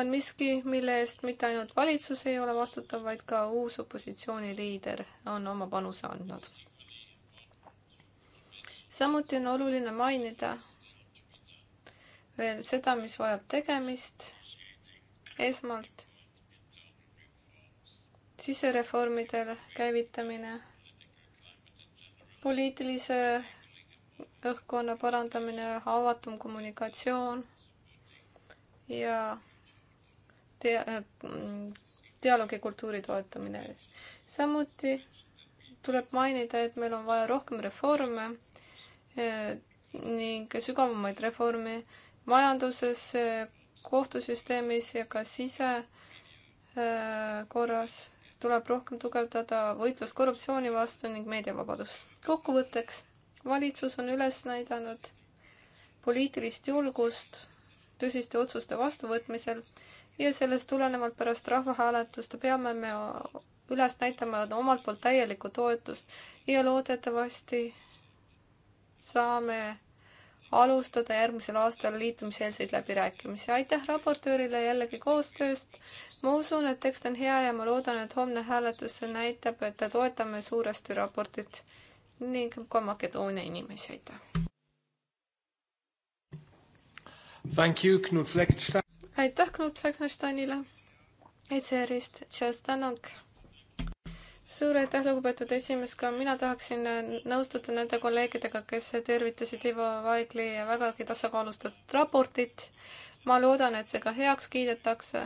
on miski, mille eest mitte ainult valitsus ei ole vastutav, vaid ka uus opositsiooniliider on oma panuse andnud. samuti on oluline mainida veel seda, mis vajab tegemist. esmalt sisereformide käivitamine, poliitilise õhkkonna parandamine, avatum kommunikatsioon ja dia-, dialoogikultuuri toetamine. samuti tuleb mainida, et meil on vaja rohkem reforme eh, ning sügavamaid reforme majanduses, eh, kohtusüsteemis ja ka sisekorras eh, tuleb rohkem tugevdada võitlust korruptsiooni vastu ning meediavabadust. kokkuvõtteks, valitsus on üles näidanud poliitilist julgust tõsiste otsuste vastuvõtmisel ja sellest tulenevalt pärast rahvahääletust peame me üles näitama omalt poolt täielikku toetust ja loodetavasti saame alustada järgmisel aastal liitumiseelseid läbirääkimisi. aitäh raportöörile jällegi koostööst. ma usun, et tekst on hea ja ma loodan, et homne hääletus näitab, et toetame suuresti raportit ning ka Makedoonia inimesi, aitäh. Thank you, Knut Fleckenstein. aitäh Knut Fleckensteinile. ECR-ist, Charles Tanok suur aitäh, lugupeetud esimees, ka mina tahaksin äh, nõustuda nende kolleegidega, kes tervitasid Ivo Vaigli vägagi tasakaalustatud raportit. ma loodan, et see ka heaks kiidetakse.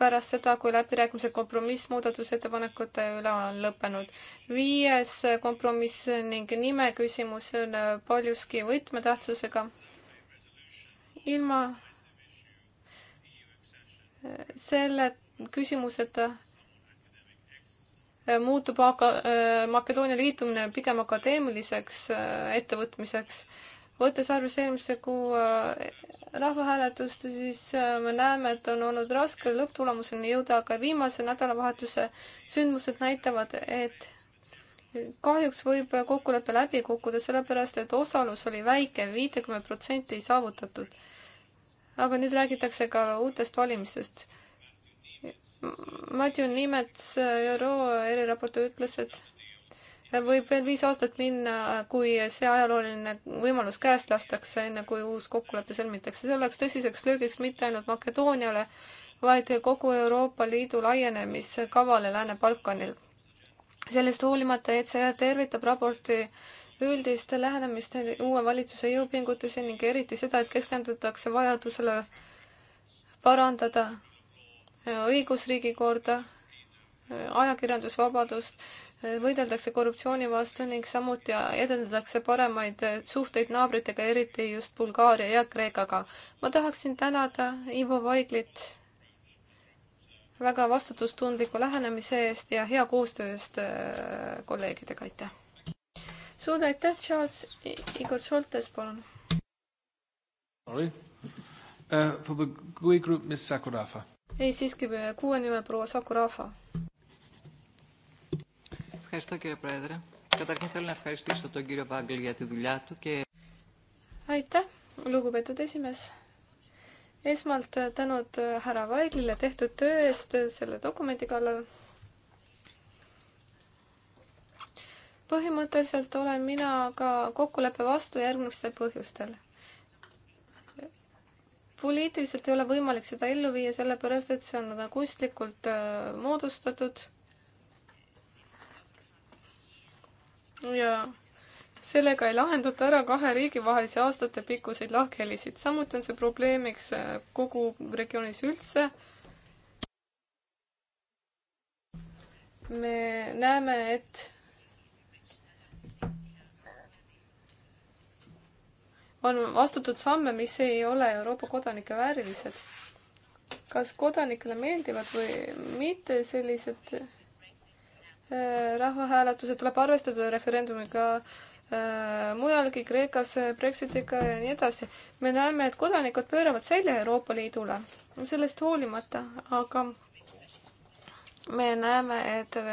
pärast seda, kui läbirääkimised kompromissmuudatusettepanekute üle on lõppenud. viies kompromiss ning nime küsimus on äh, paljuski võtmetähtsusega. ilma äh, selleta küsimuseta äh, muutub aga äh, Makedoonia liitumine pigem akadeemiliseks äh, ettevõtmiseks. võttes arvesse eelmise kuu rahvahääletust, siis me näeme, et on olnud raske lõpptulemuseni jõuda, aga viimase nädalavahetuse sündmused näitavad, et kahjuks võib kokkulepe läbi kukkuda, sellepärast et osalus oli väike, viitekümmet protsenti ei saavutatud. aga nüüd räägitakse ka uutest valimistest Matju Nimets, ÜRO eriraportöö ütles, et võib veel viis aastat minna, kui see ajalooline võimalus käest lastakse, enne kui uus kokkulepe sõlmitakse. see oleks tõsiseks löögiks mitte ainult Makedooniale, vaid kogu Euroopa Liidu laienemiskavale Lääne-Balkanil. sellest hoolimata ECR tervitab raporti üldist lähenemist uue valitsuse jõupingutusi ning eriti seda, et keskendutakse vajadusele parandada õigusriigi korda, ajakirjandusvabadust, võideldakse korruptsiooni vastu ning samuti edendatakse paremaid suhteid naabritega, eriti just Bulgaaria ja Kreekaga. ma tahaksin tänada Ivo Vaiglit väga vastutustundliku lähenemise eest ja hea koostöö eest äh, kolleegidega, aitäh! suur aitäh, Charles, Igor Šoltes, palun! Sorry uh,, for the GUI group, Miss Sakurafa ei, siiski kuue nime proua Sakurafa. aitäh, lugupeetud esimees. esmalt tänud härra Vaiglile tehtud töö eest selle dokumendi kallal. põhimõtteliselt olen mina ka kokkuleppe vastu järgmistel põhjustel poliitiliselt ei ole võimalik seda ellu viia, sellepärast et see on kunstlikult äh, moodustatud. ja sellega ei lahendata ära kahe riigi vahelisi aastatepikkuseid lahkhelisid, samuti on see probleemiks äh, kogu regioonis üldse. me näeme, et on astutud samme, mis ei ole Euroopa kodanike väärilised. kas kodanikele meeldivad või mitte sellised äh, rahvahääletused, tuleb arvestada referendumiga äh, mujalgi, Kreekas Brexitiga ja nii edasi. me näeme, et kodanikud pööravad selja Euroopa Liidule, sellest hoolimata, aga me näeme, et äh,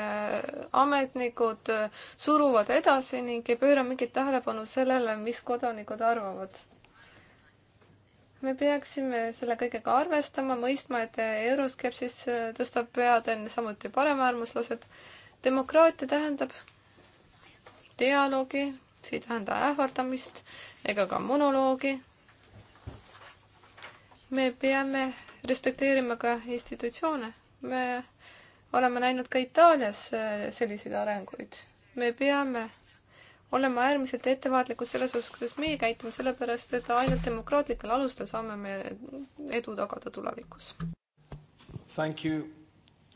ametnikud äh, suruvad edasi ning ei pööra mingit tähelepanu sellele, mis kodanikud arvavad. me peaksime selle kõigega arvestama, mõistma, et äh, euroskepsis tõstab pead enne samuti paremäärmuslased. demokraatia tähendab dialoogi, see ei tähenda ähvardamist ega ka monoloogi. me peame respekteerima ka institutsioone. me oleme näinud ka Itaalias äh, selliseid arenguid. me peame olema äärmiselt ettevaatlikud selles osas, kuidas meie käitume, sellepärast et ainult demokraatlikel alustel saame me edu tagada tulevikus. Thank you.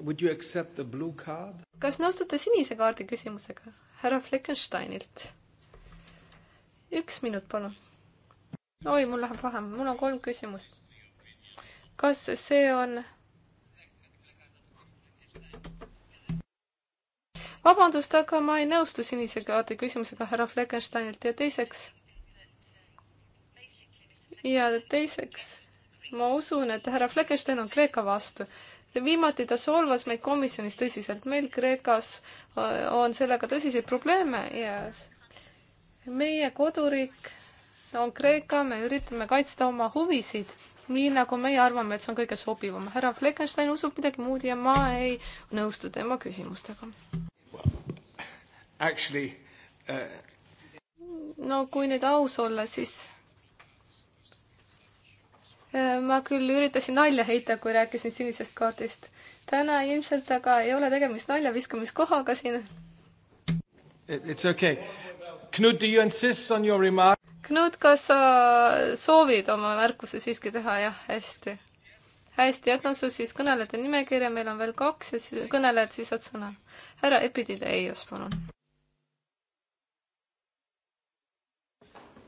Would you accept the blue card? kas nõustute sinise kaardi küsimusega härra Fleckensteinilt? üks minut, palun. oi, mul läheb vähem, mul on kolm küsimust. kas see on vabandust, aga ma ei nõustu sinise kaardi küsimusega härra Fleckensteinilt ja teiseks. ja teiseks, ma usun, et härra Fleckenstein on Kreeka vastu viimati ta solvas meid komisjonis tõsiselt, meil Kreekas äh, on sellega tõsiseid probleeme ja meie koduriik on Kreeka, me üritame kaitsta oma huvisid, nii nagu meie arvame, et see on kõige sobivam. härra Fleckenstein usub midagi muud ja ma ei nõustu tema küsimustega actually uh... no kui nüüd aus olla, siis äh, ma küll üritasin nalja heita, kui rääkisin sinisest kaardist. täna ilmselt aga ei ole tegemist naljaviskamiskohaga siin. It's okay. Knut, do you insist on your remark? Knut, kas sa soovid oma märkuse siiski teha, jah, hästi. hästi, jätan su siis kõnelejate nimekirja, meil on veel kaks ja siis kõnelejad, siis saad sõna. härra Epidideios, palun.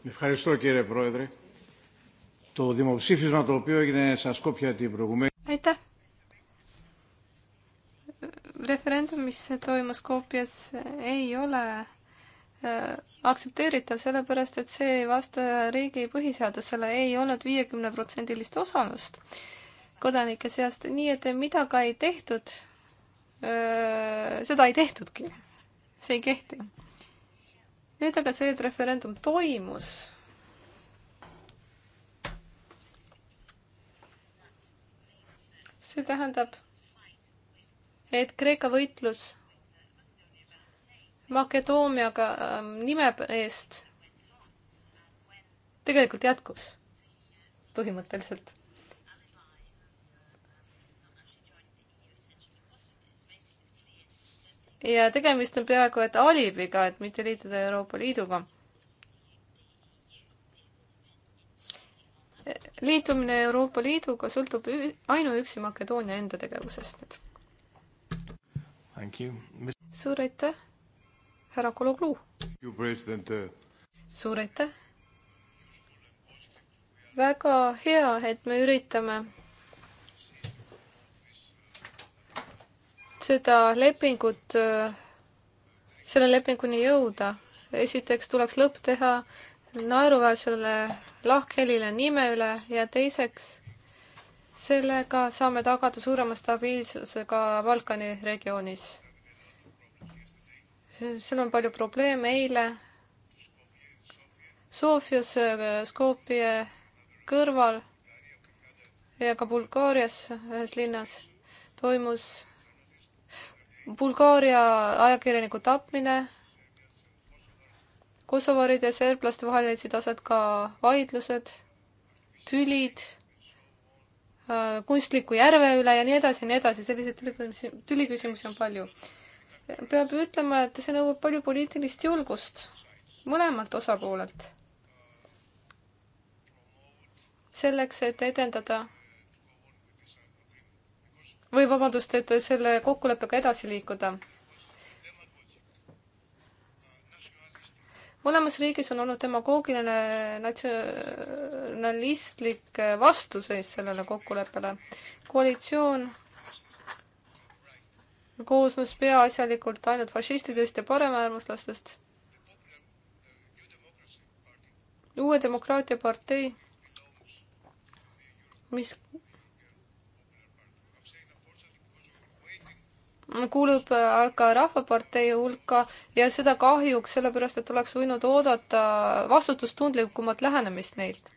Ευχαριστώ κύριε Πρόεδρε. Το δημοψήφισμα το οποίο έγινε στα Σκόπια την προηγουμένη... Aitäh! Referendum, mis toimus Skopjas, ei ole äh, aktsepteeritav, sellepärast et see ei vasta riigi põhiseadusele, ei olnud viiekümneprotsendilist osalust kodanike seast, nii et mida ka ei tehtud, äh, seda ei tehtudki. see ei kehti nüüd aga see, et referendum toimus. see tähendab, et Kreeka võitlus Makedooniaga ähm, nime eest tegelikult jätkus põhimõtteliselt ja tegemist on peaaegu et alibiga, et mitte liituda Euroopa Liiduga. liitumine Euroopa Liiduga sõltub ainuüksi Makedoonia enda tegevusest nüüd. suur aitäh, härra Kologlu. Uh, suur aitäh. väga hea, et me üritame seda lepingut, selle lepinguni jõuda. esiteks tuleks lõpp teha naeruväärsele lahkhelile nime üle ja teiseks sellega saame tagada suurema stabiilsuse ka Balkani regioonis. seal on palju probleeme, eile Sofias, Skopje kõrval ja ka Bulgaarias ühes linnas toimus Bulgaaria ajakirjaniku tapmine. Kosovaride ja serblaste vahel leidsid aset ka vaidlused, tülid, äh, kunstliku järve üle ja nii edasi ja nii edasi, selliseid tüliküsimusi, tüliküsimusi on palju. peab ütlema, et see nõuab palju poliitilist julgust mõlemalt osapoolelt. selleks, et edendada või vabandust, et selle kokkuleppega edasi liikuda. mõlemas riigis on olnud demagoogiline natsionalistlik vastuseis sellele kokkuleppele. koalitsioon koosnes peaasjalikult ainult fašistidest ja paremäärmuslastest. uue demokraatia partei, mis kuulub äh, aga Rahvapartei hulka ja seda kahjuks sellepärast, et oleks võinud oodata vastutustundlikumat lähenemist neilt.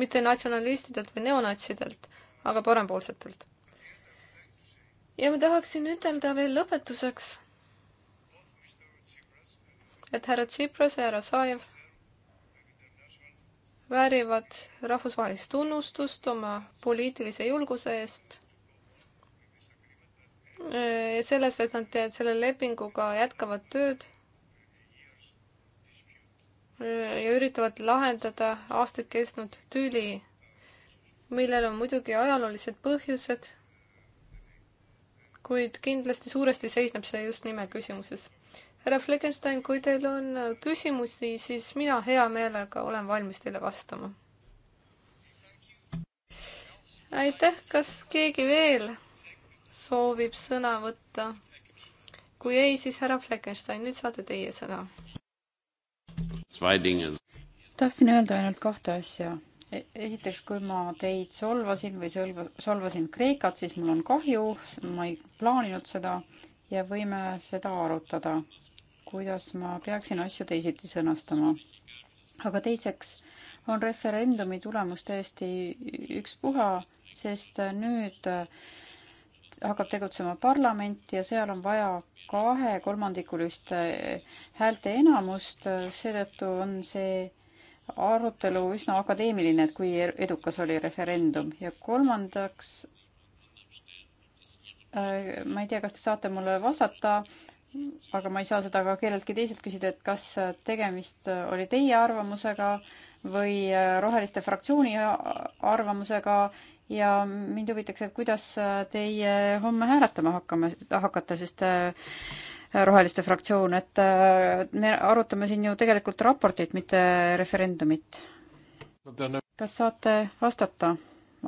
mitte natsionalistidelt või neonatsidelt, aga parempoolsetelt. ja ma tahaksin ütelda veel lõpetuseks, et härra Tsipras ja härra Saev väärivad rahvusvahelist tunnustust oma poliitilise julguse eest Äh, sellest, et nad teevad selle lepinguga, jätkavad tööd äh, ja üritavad lahendada aastaid kestnud tüli, millel on muidugi ajaloolised põhjused, kuid kindlasti suuresti seisneb see just nime küsimuses. härra Fleckenstein, kui teil on küsimusi, siis mina hea meelega olen valmis teile vastama. aitäh, kas keegi veel? soovib sõna võtta? kui ei, siis härra Fleckenstein, nüüd saate teie sõna. tahtsin öelda ainult kahte asja. E-, esiteks, kui ma teid solvasin või solva, solvasin Kreekat, siis mul on kahju, ma ei plaaninud seda ja võime seda arutada, kuidas ma peaksin asju teisiti sõnastama. aga teiseks on referendumi tulemus täiesti ükspuha, sest nüüd äh, hakkab tegutsema parlament ja seal on vaja kahekolmandikulist häälte enamust, seetõttu on see arutelu üsna akadeemiline, et kui edukas oli referendum ja kolmandaks äh, ma ei tea, kas te saate mulle vastata, aga ma ei saa seda ka kelleltki teiselt küsida, et kas tegemist oli teie arvamusega äh, või äh, Roheliste fraktsiooni äh, arvamusega ja mind huvitaks, et kuidas äh, teie homme hääletama hakkame, hakkate, sest Roheliste fraktsioon, et me arutame siin ju tegelikult raportit, mitte referendumit. kas saate vastata?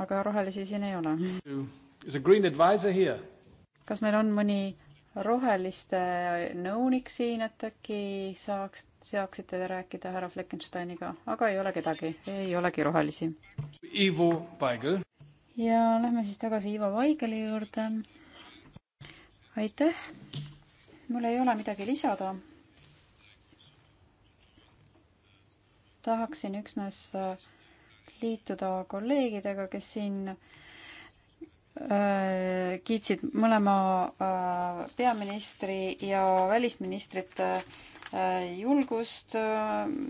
aga rohelisi siin ei ole. kas meil on mõni roheliste nõunik siin, et äkki saaks, saaksite te rääkida härra Fleckensteiniga, aga ei ole kedagi, ei olegi rohelisi. Ivo Vaigel. ja lähme siis tagasi Ivo Vaigeli juurde. aitäh, mul ei ole midagi lisada. tahaksin üksnes liituda kolleegidega, kes siin äh, Äh, kiitsid mõlema äh, peaministri ja välisministrite äh, julgust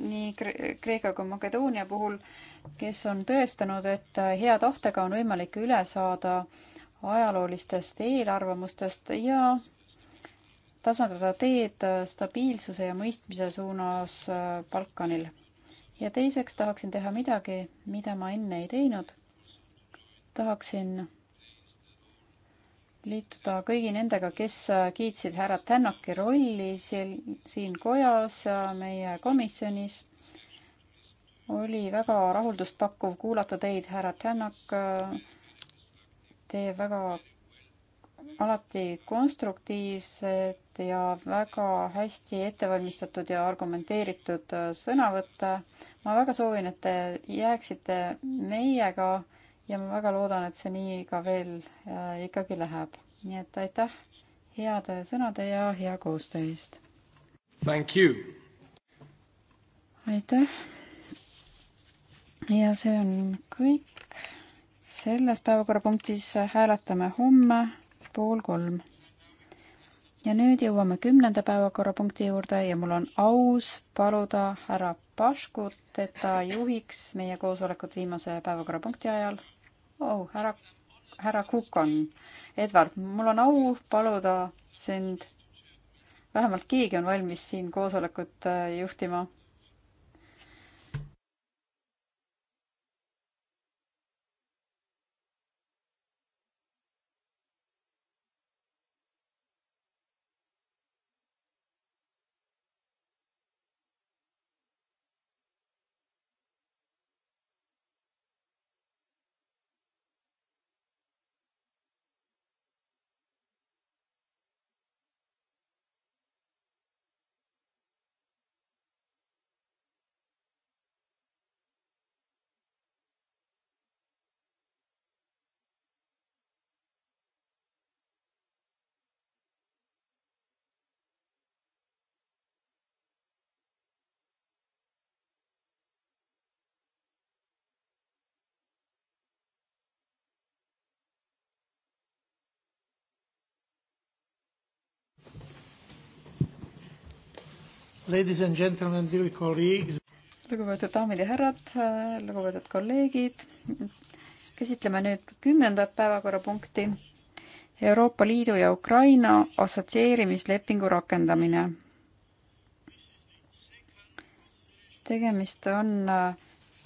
nii Kreeka kui Makedoonia puhul, kes on tõestanud, et hea tahtega on võimalik üle saada ajaloolistest eelarvamustest ja tasandada teed stabiilsuse ja mõistmise suunas Balkanil. ja teiseks tahaksin teha midagi, mida ma enne ei teinud. tahaksin liituda kõigi nendega, kes kiitsid härra Tännaki rolli siin kojas, meie komisjonis. oli väga rahuldustpakkuv kuulata teid, härra Tännak. Te väga alati konstruktiivsed ja väga hästi ettevalmistatud ja argumenteeritud sõnavõtte. ma väga soovin, et te jääksite meiega ja ma väga loodan, et see nii ka veel äh, ikkagi läheb. nii et aitäh heade sõnade ja hea koostöö eest! Thank you! aitäh! ja see on kõik. selles päevakorrapunktis hääletame homme pool kolm. ja nüüd jõuame kümnenda päevakorrapunkti juurde ja mul on aus paluda härra Paškut, et ta juhiks meie koosolekut viimase päevakorrapunkti ajal oh, härra, härra Kukan, Edward, mul on au paluda sind. vähemalt keegi on valmis siin koosolekut äh, juhtima Ladies and gentlemen, dear colleagues. lugupeetud daamid ja härrad, lugupeetud kolleegid, käsitleme nüüd kümnendat päevakorrapunkti. Euroopa Liidu ja Ukraina assotsieerimislepingu rakendamine. tegemist on äh,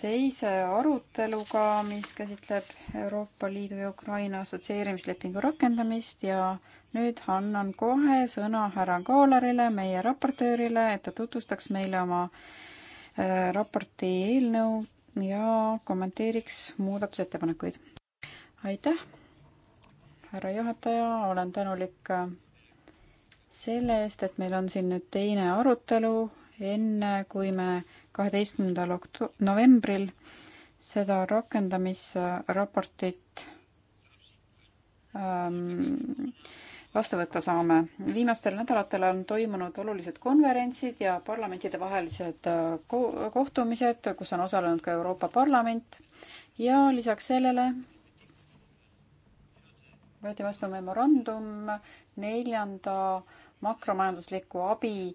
teise aruteluga, mis käsitleb Euroopa Liidu ja Ukraina assotsieerimislepingu rakendamist ja nüüd annan kohe sõna härra Kaalerile, meie raportöörile, et ta tutvustaks meile oma äh, raporti eelnõu ja kommenteeriks muudatusettepanekuid. aitäh, härra juhataja, olen tänulik äh, selle eest, et meil on siin nüüd teine arutelu, enne kui me kaheteistkümnendal okto-, novembril seda rakendamisraportit ähm, vastu võtta saame. viimastel nädalatel on toimunud olulised konverentsid ja parlamentidevahelised äh, ko-, kohtumised, kus on osalenud ka Euroopa Parlament ja lisaks sellele võeti vastu memorandum neljanda äh, makromajandusliku abi äh,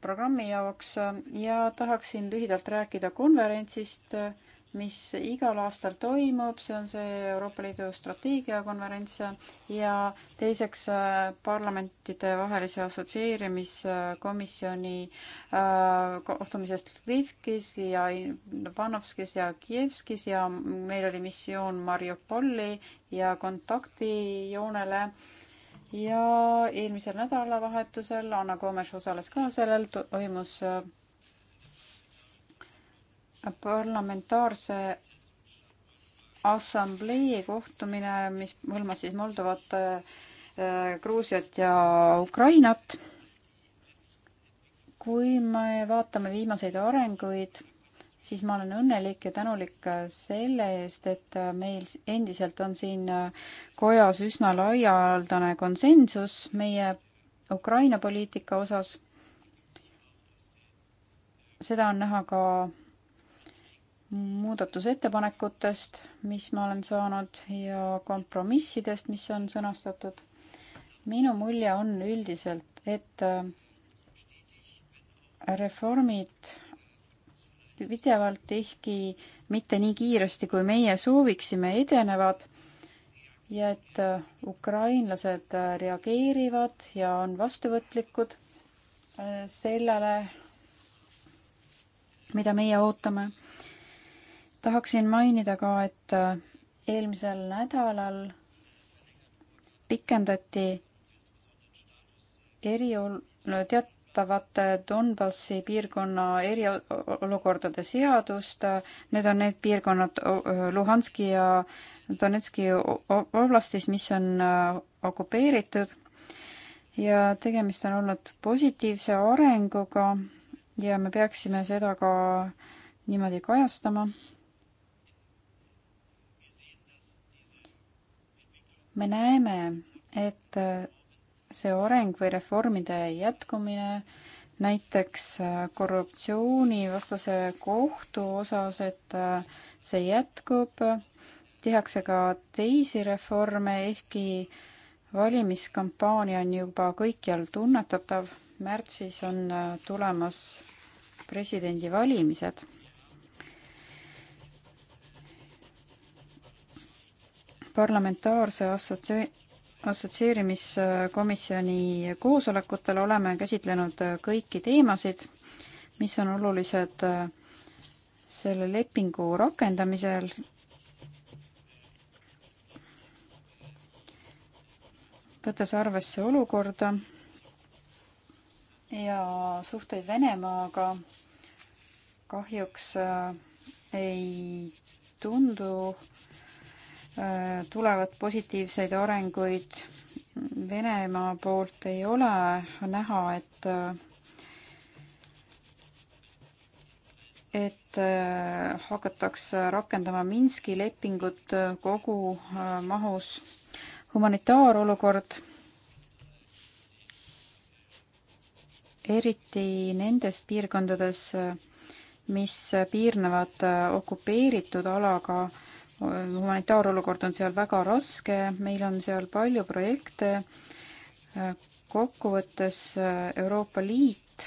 programmi jaoks ja tahaksin lühidalt rääkida konverentsist, mis igal aastal toimub, see on see Euroopa Liidu strateegiakonverents ja teiseks äh, parlamentidevahelise assotsieerimiskomisjoni äh, kohtumisest Lvivkis ja Vanovskis ja Kievskis ja meil oli missioon Mariupolli ja kontaktijoonele äh, ja eelmisel nädalavahetusel Anna Komes osales ka sellel, toimus äh, parlamentaarse assamblee kohtumine, mis hõlmas siis Moldovat, äh, Gruusiat ja Ukrainat. kui me vaatame viimaseid arenguid siis ma olen õnnelik ja tänulik selle eest, et meil endiselt on siin kojas üsna laialdane konsensus meie Ukraina poliitika osas. seda on näha ka muudatusettepanekutest, mis ma olen saanud ja kompromissidest, mis on sõnastatud. minu mulje on üldiselt, et reformid pidevalt, ehkki mitte nii kiiresti, kui meie sooviksime, edenevad ja et äh, ukrainlased äh, reageerivad ja on vastuvõtlikud äh, sellele, mida meie ootame. tahaksin mainida ka, et eelmisel nädalal pikendati eriol-, teat-, puudutavate Donbassi piirkonna eriolukordade seadust. Need on need piirkonnad Luhanski ja Donetski oblastis, mis on okupeeritud. ja tegemist on olnud positiivse arenguga ja me peaksime seda ka niimoodi kajastama. me näeme, et see areng või reformide jätkumine, näiteks äh, korruptsioonivastase kohtu osas, et äh, see jätkub, tehakse ka teisi reforme, ehkki valimiskampaania on juba kõikjal tunnetatav. märtsis on äh, tulemas presidendivalimised parlamentaarse assotsio-, assotsieerimiskomisjoni koosolekutel oleme käsitlenud kõiki teemasid, mis on olulised selle lepingu rakendamisel. võttes arvesse olukorda ja suhteid Venemaaga kahjuks äh, ei tundu äh, tulevad positiivseid arenguid. Venemaa poolt ei ole näha, et et äh, hakatakse rakendama Minski lepingut kogu äh, mahus. humanitaarolukord eriti nendes piirkondades, mis piirnevad äh, okupeeritud alaga äh, humanitaarolukord on seal väga raske, meil on seal palju projekte. kokkuvõttes äh, Euroopa Liit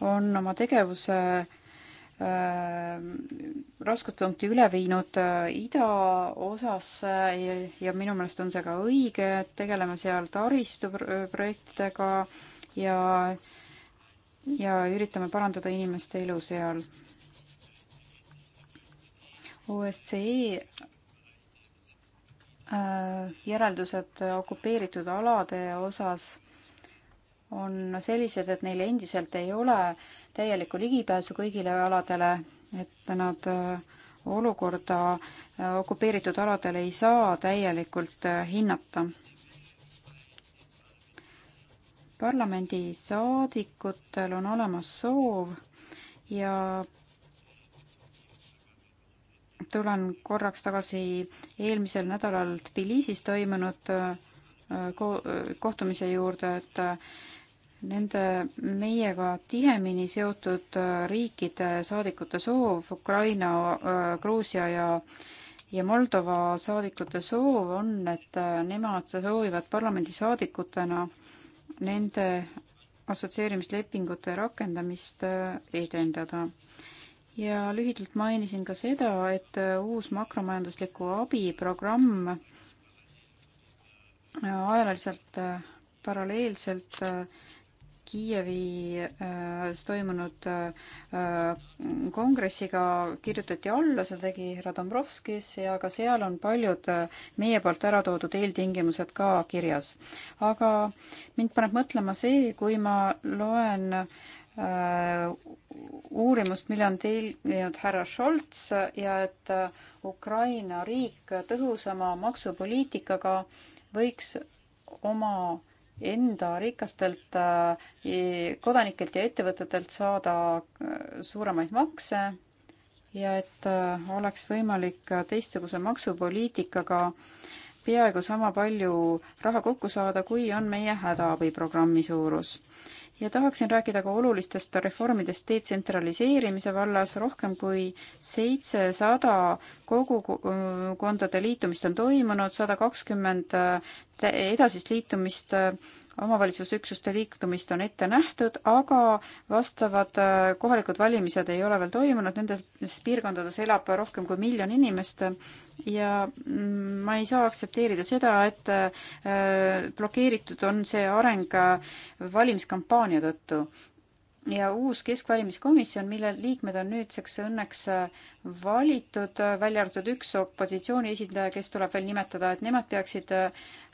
on oma tegevuse äh, raskuspunkti üle viinud äh, idaosasse ja minu meelest on see ka õige, et tegeleme seal taristuprojektidega ja, ja üritame parandada inimeste elu seal OSCE äh, järeldused okupeeritud alade osas on sellised, et neil endiselt ei ole täielikku ligipääsu kõigile aladele, et nad äh, olukorda äh, okupeeritud aladel ei saa täielikult hinnata. parlamendisaadikutel on olemas soov ja tulen korraks tagasi eelmisel nädalal Tbilisis toimunud äh, ko äh, kohtumise juurde, et äh, nende meiega tihemini seotud riikide saadikute soov, Ukraina, Gruusia ja ja Moldova saadikute soov on, et nemad soovivad parlamendisaadikutena nende assotsieerimislepingute rakendamist edendada ja lühidalt mainisin ka seda, et äh, uus makromajandusliku abi programm äh, ajaliselt äh, paralleelselt Kiievis toimunud kongressiga kirjutati alla, seda tegi härra Dombrovskis ja ka seal on paljud meie poolt ära toodud eeltingimused ka kirjas. aga mind paneb mõtlema see, kui ma loen äh, Äh, uurimust, mille on tellinud härra Scholz ja et äh, Ukraina riik tõhusama maksupoliitikaga võiks oma enda rikastelt äh, kodanikelt ja ettevõtetelt saada suuremaid makse ja et oleks võimalik teistsuguse maksupoliitikaga peaaegu sama palju raha kokku saada, kui on meie hädaabiprogrammi suurus ja tahaksin rääkida ka olulistest reformidest detsentraliseerimise vallas. rohkem kui seitsesada kogukondade liitumist on toimunud, sada kakskümmend edasist liitumist omavalitsusüksuste liikumist on ette nähtud, aga vastavad äh, kohalikud valimised ei ole veel toimunud, nendes piirkondades elab rohkem kui miljon inimest ja mm, ma ei saa aktsepteerida seda, et äh, blokeeritud on see areng äh, valimiskampaania tõttu. ja uus keskvalimiskomisjon, mille liikmed on nüüdseks õnneks valitud, välja arvatud üks opositsiooni esindaja, kes tuleb veel nimetada, et nemad peaksid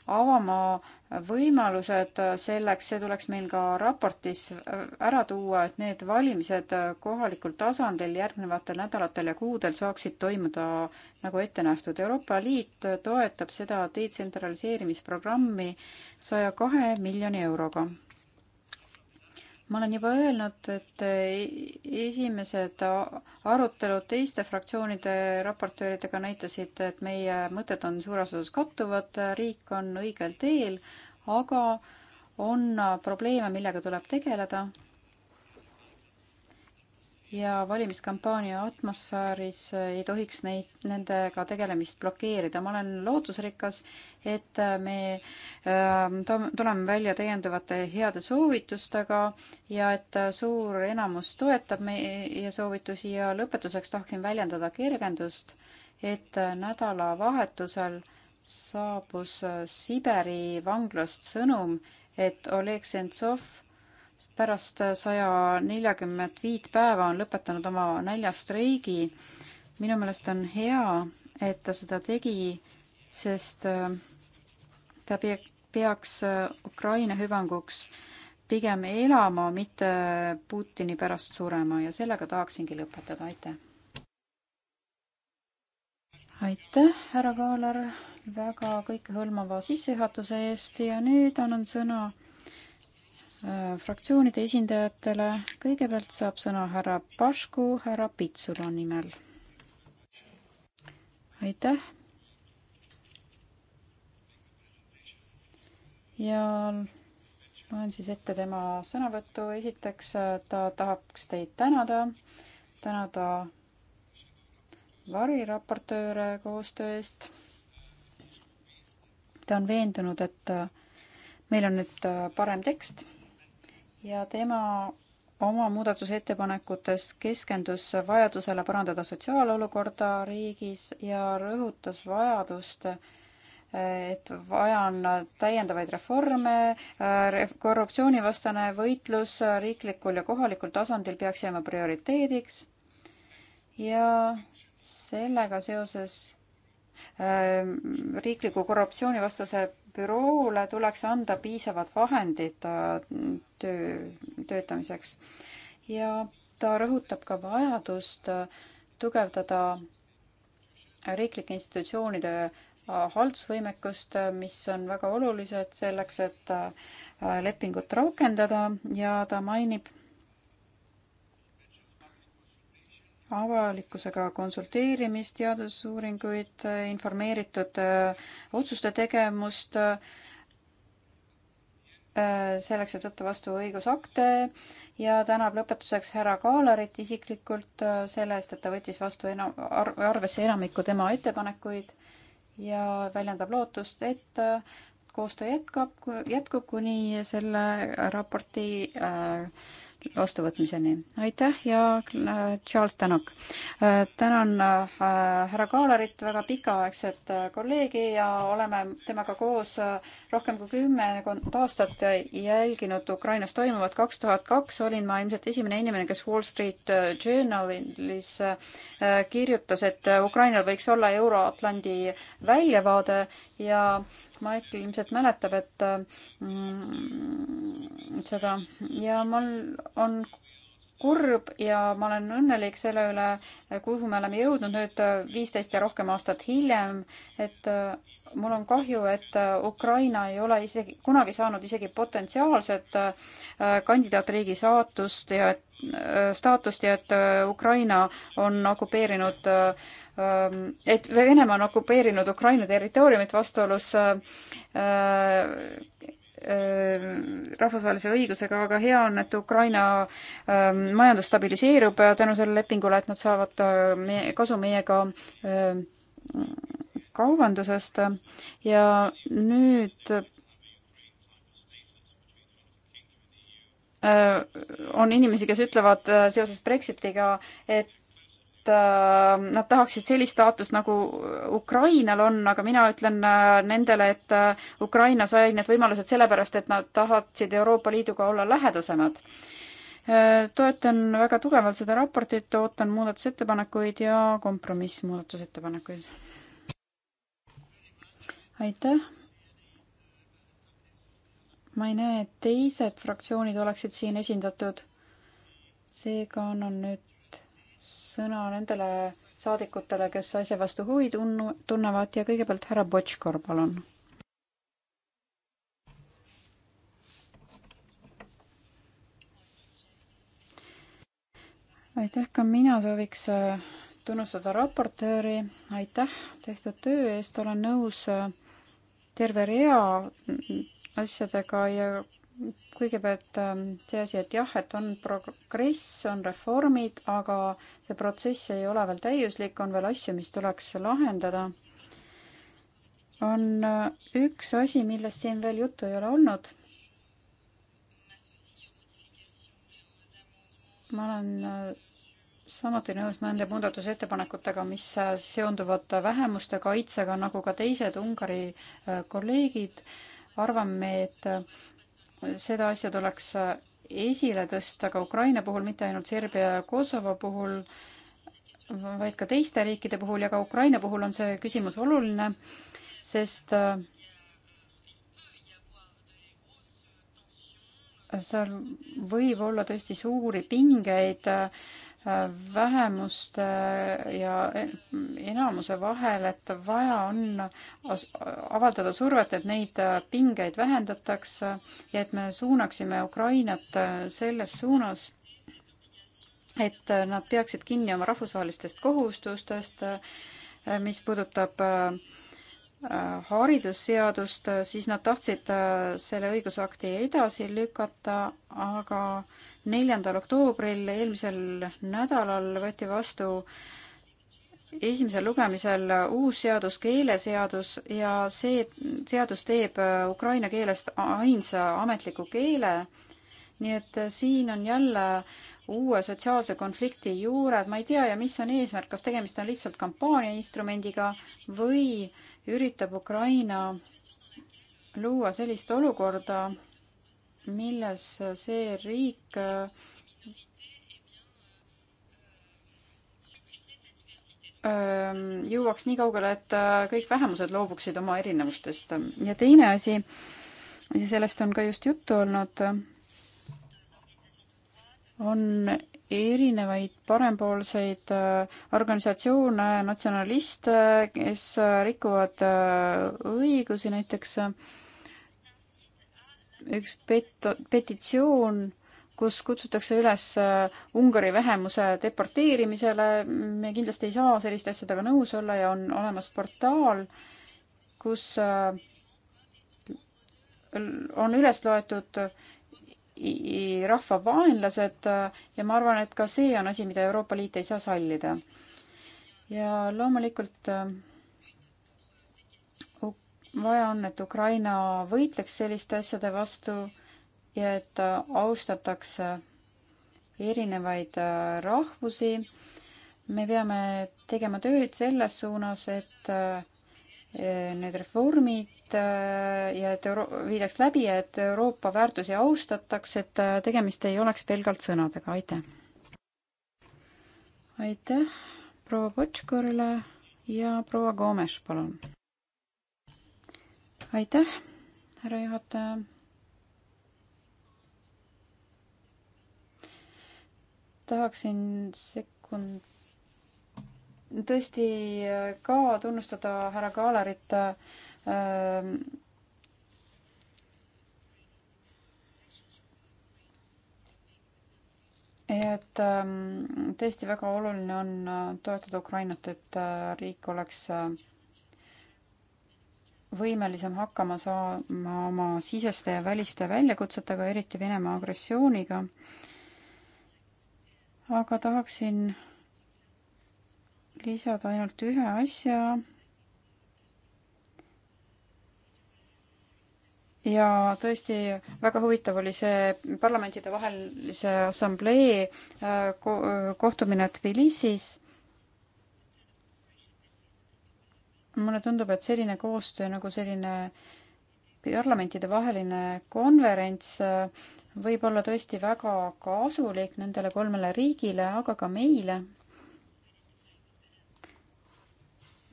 avama äh, võimalused selleks, see tuleks meil ka raportis äh, ära tuua, et need valimised äh, kohalikul tasandil järgnevatel nädalatel ja kuudel saaksid toimuda nagu ette nähtud. Euroopa Liit toetab seda detsentraliseerimisprogrammi saja kahe miljoni euroga ma olen juba öelnud, et e, esimesed arutelud teiste fraktsioonide raportööridega näitasid, et meie mõtted on suures osas kattuvad, riik on õigel teel, aga on probleeme, millega tuleb tegeleda ja valimiskampaania atmosfääris ei tohiks neid, nendega tegelemist blokeerida. ma olen lootusrikas, et me äh, tuleme välja täiendavate heade soovitustega ja et suur enamus toetab meie soovitusi ja lõpetuseks tahtsin väljendada kergendust, et nädalavahetusel saabus Siberi vanglast sõnum, et Oleg Sentsov pärast saja neljakümmet viit päeva on lõpetanud oma näljastreigi. minu meelest on hea, et ta seda tegi, sest äh, ta peaks äh, Ukraina hüvanguks pigem elama, mitte Putini pärast surema ja sellega tahaksingi lõpetada, aitäh. aitäh, härra Kaaler, väga kõikehõlmava sissejuhatuse eest ja nüüd annan sõna Äh, fraktsioonide esindajatele. kõigepealt saab sõna härra Pašku härra Pitsula nimel. aitäh. ja loen siis ette tema sõnavõttu. esiteks äh, ta tahaks teid tänada, tänada variraportööre koostöö eest. ta on veendunud, et äh, meil on nüüd parem tekst ja tema oma muudatusettepanekutes keskendus vajadusele parandada sotsiaalolukorda riigis ja rõhutas vajadust et vaja on täiendavaid reforme, korruptsioonivastane võitlus riiklikul ja kohalikul tasandil peaks jääma prioriteediks ja sellega seoses ehm, riikliku korruptsioonivastase büroole tuleks anda piisavad vahendid äh, töö, töötamiseks. ja ta rõhutab ka vajadust äh, tugevdada riiklike institutsioonide äh, haldusvõimekust, mis on väga olulised selleks, et lepingut rakendada ja ta mainib avalikkusega konsulteerimist, teadusuuringuid, informeeritud äh, otsuste tegemust, äh, selleks, et võtta vastu õigusakte ja tänab lõpetuseks härra Kaalarit isiklikult äh, selle eest, et ta võttis vastu enam, arvesse enamikku tema ettepanekuid ja väljendab lootust, et koostöö jätkab, jätkub kuni selle raporti äh, vastuvõtmiseni. aitäh ja äh, Charles Tänak. Äh, tänan äh, härra Kaalerit, väga pikaaegset kolleegi ja oleme temaga koos rohkem kui kümme aastat jälginud Ukrainas toimuvat. kaks tuhat kaks olin ma ilmselt esimene inimene, kes Wall Street Journalis kirjutas, et Ukrainal võiks olla Euro-Atlandi väljavaade ja Michael ilmselt mäletab, et mm, seda ja mul on kurb ja ma olen õnnelik selle üle, kuhu me oleme jõudnud nüüd viisteist ja rohkem aastat hiljem, et mul on kahju, et Ukraina ei ole isegi kunagi saanud isegi potentsiaalset eh, kandidaatriigi saatust ja et staatust ja et äh, Ukraina on okupeerinud, äh, äh, et Venemaa on okupeerinud Ukraina territooriumit vastuolus rahvusvahelise õigusega, aga hea on, et Ukraina majandus stabiliseerub tänu sellele lepingule, et nad saavad meie, kasu meiega kaubandusest ja nüüd Äh, on inimesi, kes ütlevad äh, seoses Brexitiga, et äh, nad tahaksid sellist staatust, nagu Ukrainal on, aga mina ütlen nendele, et Ukraina sai need võimalused sellepärast, et nad tahtsid Euroopa Liiduga olla lähedasemad. toetan väga tugevalt seda raportit, ootan muudatusettepanekuid ja kompromissmuudatusettepanekuid. aitäh, ma ei näe, et teised fraktsioonid oleksid siin esindatud. seega annan nüüd sõna nendele saadikutele, kes asja vastu huvi tunnu, tunnevad ja kõigepealt härra Botškor, palun. aitäh, ka mina sooviks äh, tunnustada raportööri, aitäh tehtud töö eest, olen nõus äh, terve rea asjadega ja kõigepealt ähm, see asi, et jah, et on progress, on reformid, aga see protsess ei ole veel täiuslik, on veel asju, mis tuleks lahendada. on äh, üks asi, millest siin veel juttu ei ole olnud. ma olen äh, samuti nõus nende muudatusettepanekutega, mis äh, seonduvad vähemuste kaitsega, nagu ka teised Ungari kolleegid arvame, et äh, seda asja tuleks äh, esile tõsta ka Ukraina puhul, mitte ainult Serbia ja Kosovo puhul, vaid ka teiste riikide puhul ja ka Ukraina puhul on see küsimus oluline, sest äh, seal võib olla tõesti suuri pingeid äh, vähemuste ja enamuse vahel, et vaja on avaldada survet, et neid pingeid vähendataks ja et me suunaksime Ukrainat selles suunas, et nad peaksid kinni oma rahvusvahelistest kohustustest, mis puudutab äh, haridusseadust, siis nad tahtsid äh, selle õigusakti edasi lükata, aga äh, neljandal oktoobril eelmisel nädalal võeti vastu esimesel lugemisel uus seadus, keeleseadus ja see seadus teeb ukraina keelest ainsa ametliku keele. nii et siin on jälle uue sotsiaalse konflikti juured, ma ei tea ja mis on eesmärk, kas tegemist on lihtsalt kampaania instrumendiga või üritab Ukraina luua sellist olukorda, milles see riik ähm, jõuaks nii kaugele, et äh, kõik vähemused loobuksid oma erinevustest. ja teine asi, sellest on ka just juttu olnud, on erinevaid parempoolseid äh, organisatsioone, natsionaliste, kes äh, rikuvad õigusi näiteks äh, üks pet-, petitsioon, kus kutsutakse üles äh, Ungari vähemuse deporteerimisele. me kindlasti ei saa selliste asjadega nõus olla ja on olemas portaal, kus äh, on üles loetud rahvavaenlased äh, ja ma arvan, et ka see on asi, mida Euroopa Liit ei saa sallida. ja loomulikult äh, vaja on, et Ukraina võitleks selliste asjade vastu ja et austatakse erinevaid äh, rahvusi. me peame tegema tööd selles suunas, et äh, need reformid äh, ja et Euro-, viidaks läbi ja et Euroopa väärtusi austataks, et tegemist ei oleks pelgalt sõnadega, aitäh! aitäh proua Potškorile ja proua Gomes, palun! aitäh, härra juhataja. tahaksin sekund-, tõesti äh, ka tunnustada härra Kaalarit äh, et ähm, tõesti väga oluline on äh, toetada Ukrainat, et äh, riik oleks äh, võimelisem hakkama saama oma siseste ja väliste väljakutsetega, eriti Venemaa agressiooniga. aga tahaksin lisada ainult ühe asja. ja tõesti väga huvitav oli see parlamentidevahelise assamblee äh, kohtumine Tbilisis mulle tundub, et selline koostöö nagu selline parlamentidevaheline konverents äh, võib olla tõesti väga kasulik nendele kolmele riigile, aga ka meile.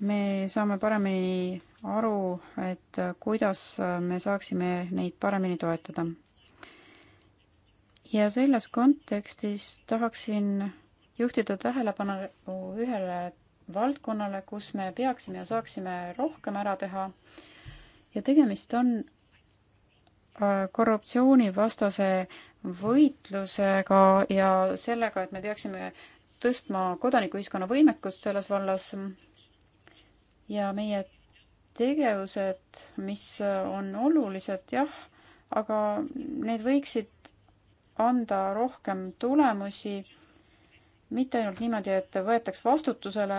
me saame paremini aru, et äh, kuidas äh, me saaksime neid paremini toetada. ja selles kontekstis tahaksin juhtida tähelepanu ühele valdkonnale, kus me peaksime ja saaksime rohkem ära teha. ja tegemist on äh, korruptsioonivastase võitlusega ja sellega, et me peaksime tõstma kodanikuühiskonna võimekust selles vallas. ja meie tegevused, mis on olulised, jah, aga need võiksid anda rohkem tulemusi mitte ainult niimoodi, et võetaks vastutusele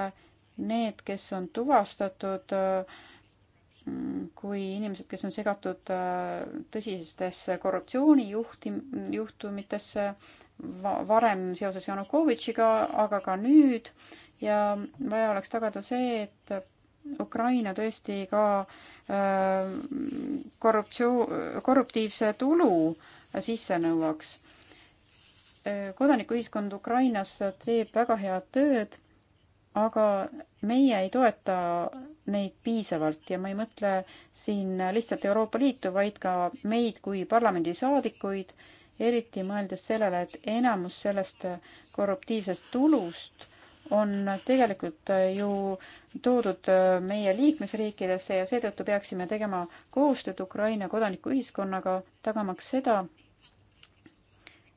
need, kes on tuvastatud mm, kui inimesed, kes on segatud äh, tõsistesse korruptsioonijuhti, juhtumitesse varem seoses Janukovitšiga, aga ka nüüd ja vaja oleks tagada see, et Ukraina tõesti ka äh, korruptsioon, korruptiivse tulu sisse nõuaks kodanikuühiskond Ukrainas teeb väga head tööd, aga meie ei toeta neid piisavalt ja ma ei mõtle siin lihtsalt Euroopa Liitu, vaid ka meid kui parlamendisaadikuid, eriti mõeldes sellele, et enamus sellest korruptiivsest tulust on tegelikult ju toodud meie liikmesriikidesse ja seetõttu peaksime tegema koostööd Ukraina kodanikuühiskonnaga, tagamaks seda,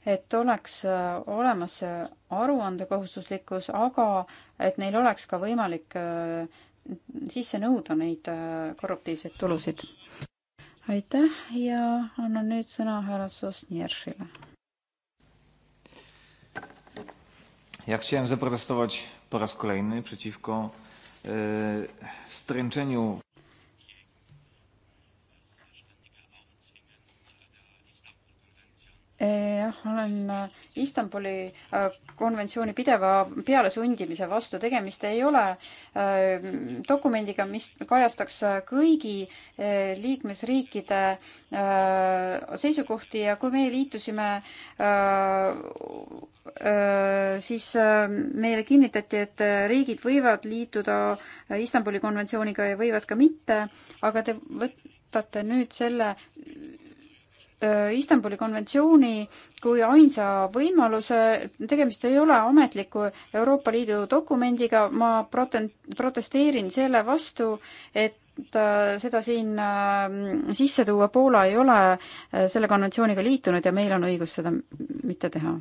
et oleks äh, olemas aruandekohustuslikkus, aga et neil oleks ka võimalik äh, sisse nõuda neid äh, korruptiivseid tulusid. aitäh ja annan nüüd sõna härra Sosnjeršile. Ja chciałem zaprotestować po raz kolejny przeciwko e, stręczeniu jah, olen äh, Istanbuli äh, konventsiooni pideva pealesundimise vastu. tegemist ei ole äh, dokumendiga, mis kajastaks kõigi liikmesriikide seisukohti ja kui meie liitusime, siis meile kinnitati, et riigid võivad liituda Istanbuli konventsiooniga ja võivad ka mitte, aga te võtate nüüd selle Äh, Istanbuli konventsiooni kui ainsa võimaluse, tegemist ei ole ametliku Euroopa Liidu dokumendiga, ma proten-, protesteerin selle vastu, et äh, seda siin äh, sisse tuua, Poola ei ole selle konventsiooniga liitunud ja meil on õigus seda mitte teha.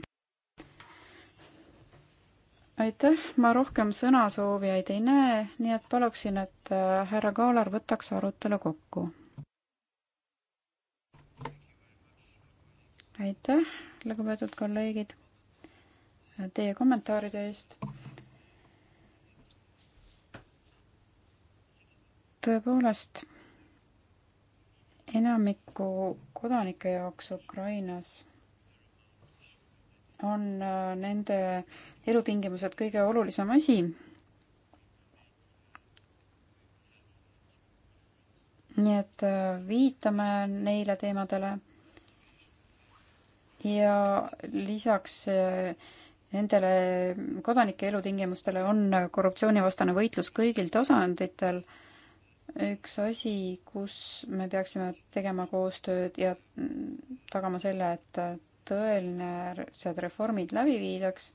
aitäh, ma rohkem sõnasoovijaid ei näe, nii et paluksin, et härra Kaalar võtaks arutelu kokku aitäh, lugupeetud kolleegid, teie kommentaaride eest. tõepoolest, enamiku kodanike jaoks Ukrainas on äh, nende elutingimused kõige olulisem asi. nii et äh, viitame neile teemadele ja lisaks eh, nendele kodanike elutingimustele on korruptsioonivastane võitlus kõigil tasanditel üks asi, kus me peaksime tegema koostööd ja mm, tagama selle, et tõelised reformid läbi viidaks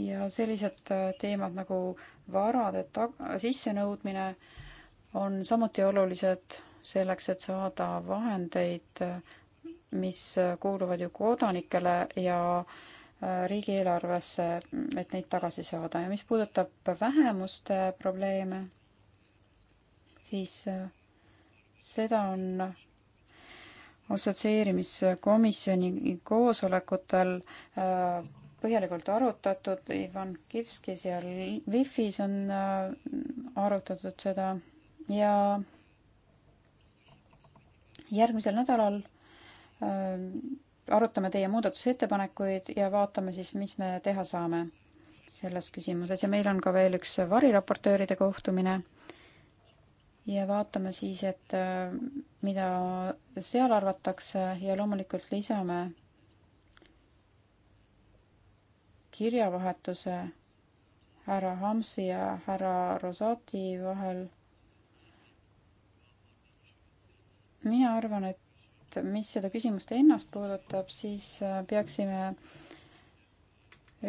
ja sellised eh, teemad nagu varade tag-, sissenõudmine on samuti olulised selleks, et saada vahendeid eh, mis äh, kuuluvad ju kodanikele ja äh, riigieelarvesse, et neid tagasi saada ja mis puudutab vähemuste probleeme, siis äh, seda on assotsieerimiskomisjoni koosolekutel põhjalikult arutatud, Ivan Kivskis ja WIFis on arutatud seda ja järgmisel nädalal Äh, arutame teie muudatusettepanekuid ja vaatame siis, mis me teha saame selles küsimuses ja meil on ka veel üks variraportööride kohtumine. ja vaatame siis, et äh, mida seal arvatakse ja loomulikult lisame kirjavahetuse härra Hamsi ja härra Rosati vahel. mina arvan, et et mis seda küsimust ennast puudutab, siis äh, peaksime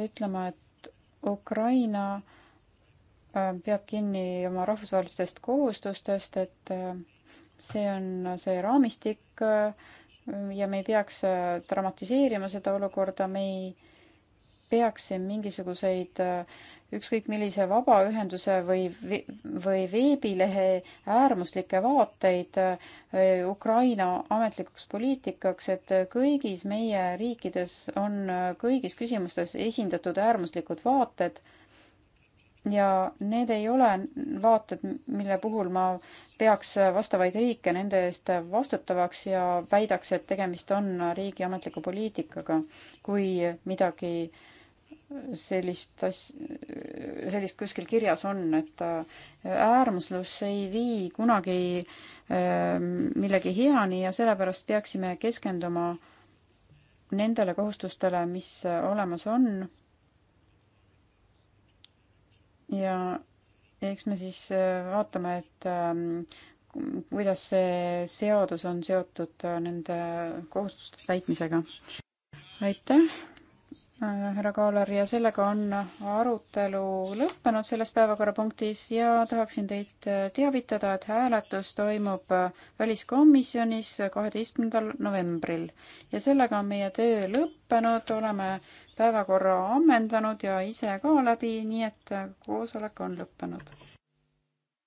ütlema, et Ukraina äh, peab kinni oma rahvusvahelistest kohustustest, et äh, see on see raamistik ja me ei peaks dramatiseerima seda olukorda, me ei peaks siin mingisuguseid äh, ükskõik millise vabaühenduse või, või veebilehe äärmuslikke vaateid eh, Ukraina ametlikuks poliitikaks, et kõigis meie riikides on eh, kõigis küsimustes esindatud äärmuslikud vaated ja need ei ole vaated, mille puhul ma peaks vastavaid riike nende eest vastutavaks ja väidaks, et tegemist on riigi ametliku poliitikaga, kui midagi äh, sellist as-, sellist kuskil kirjas on, et äh, äärmuslus ei vii kunagi äh, millegi heani ja sellepärast peaksime keskenduma nendele kohustustele, mis äh, olemas on. ja eks me siis vaatame, et kuidas see seadus on seotud nende kohustuste täitmisega. aitäh! Äh, härra Kaaler ja sellega on arutelu lõppenud selles päevakorrapunktis ja tahaksin teid äh, teavitada, et hääletus toimub äh, väliskomisjonis kaheteistkümnendal novembril ja sellega on meie töö lõppenud, oleme päevakorra ammendanud ja ise ka läbi, nii et koosolek on lõppenud.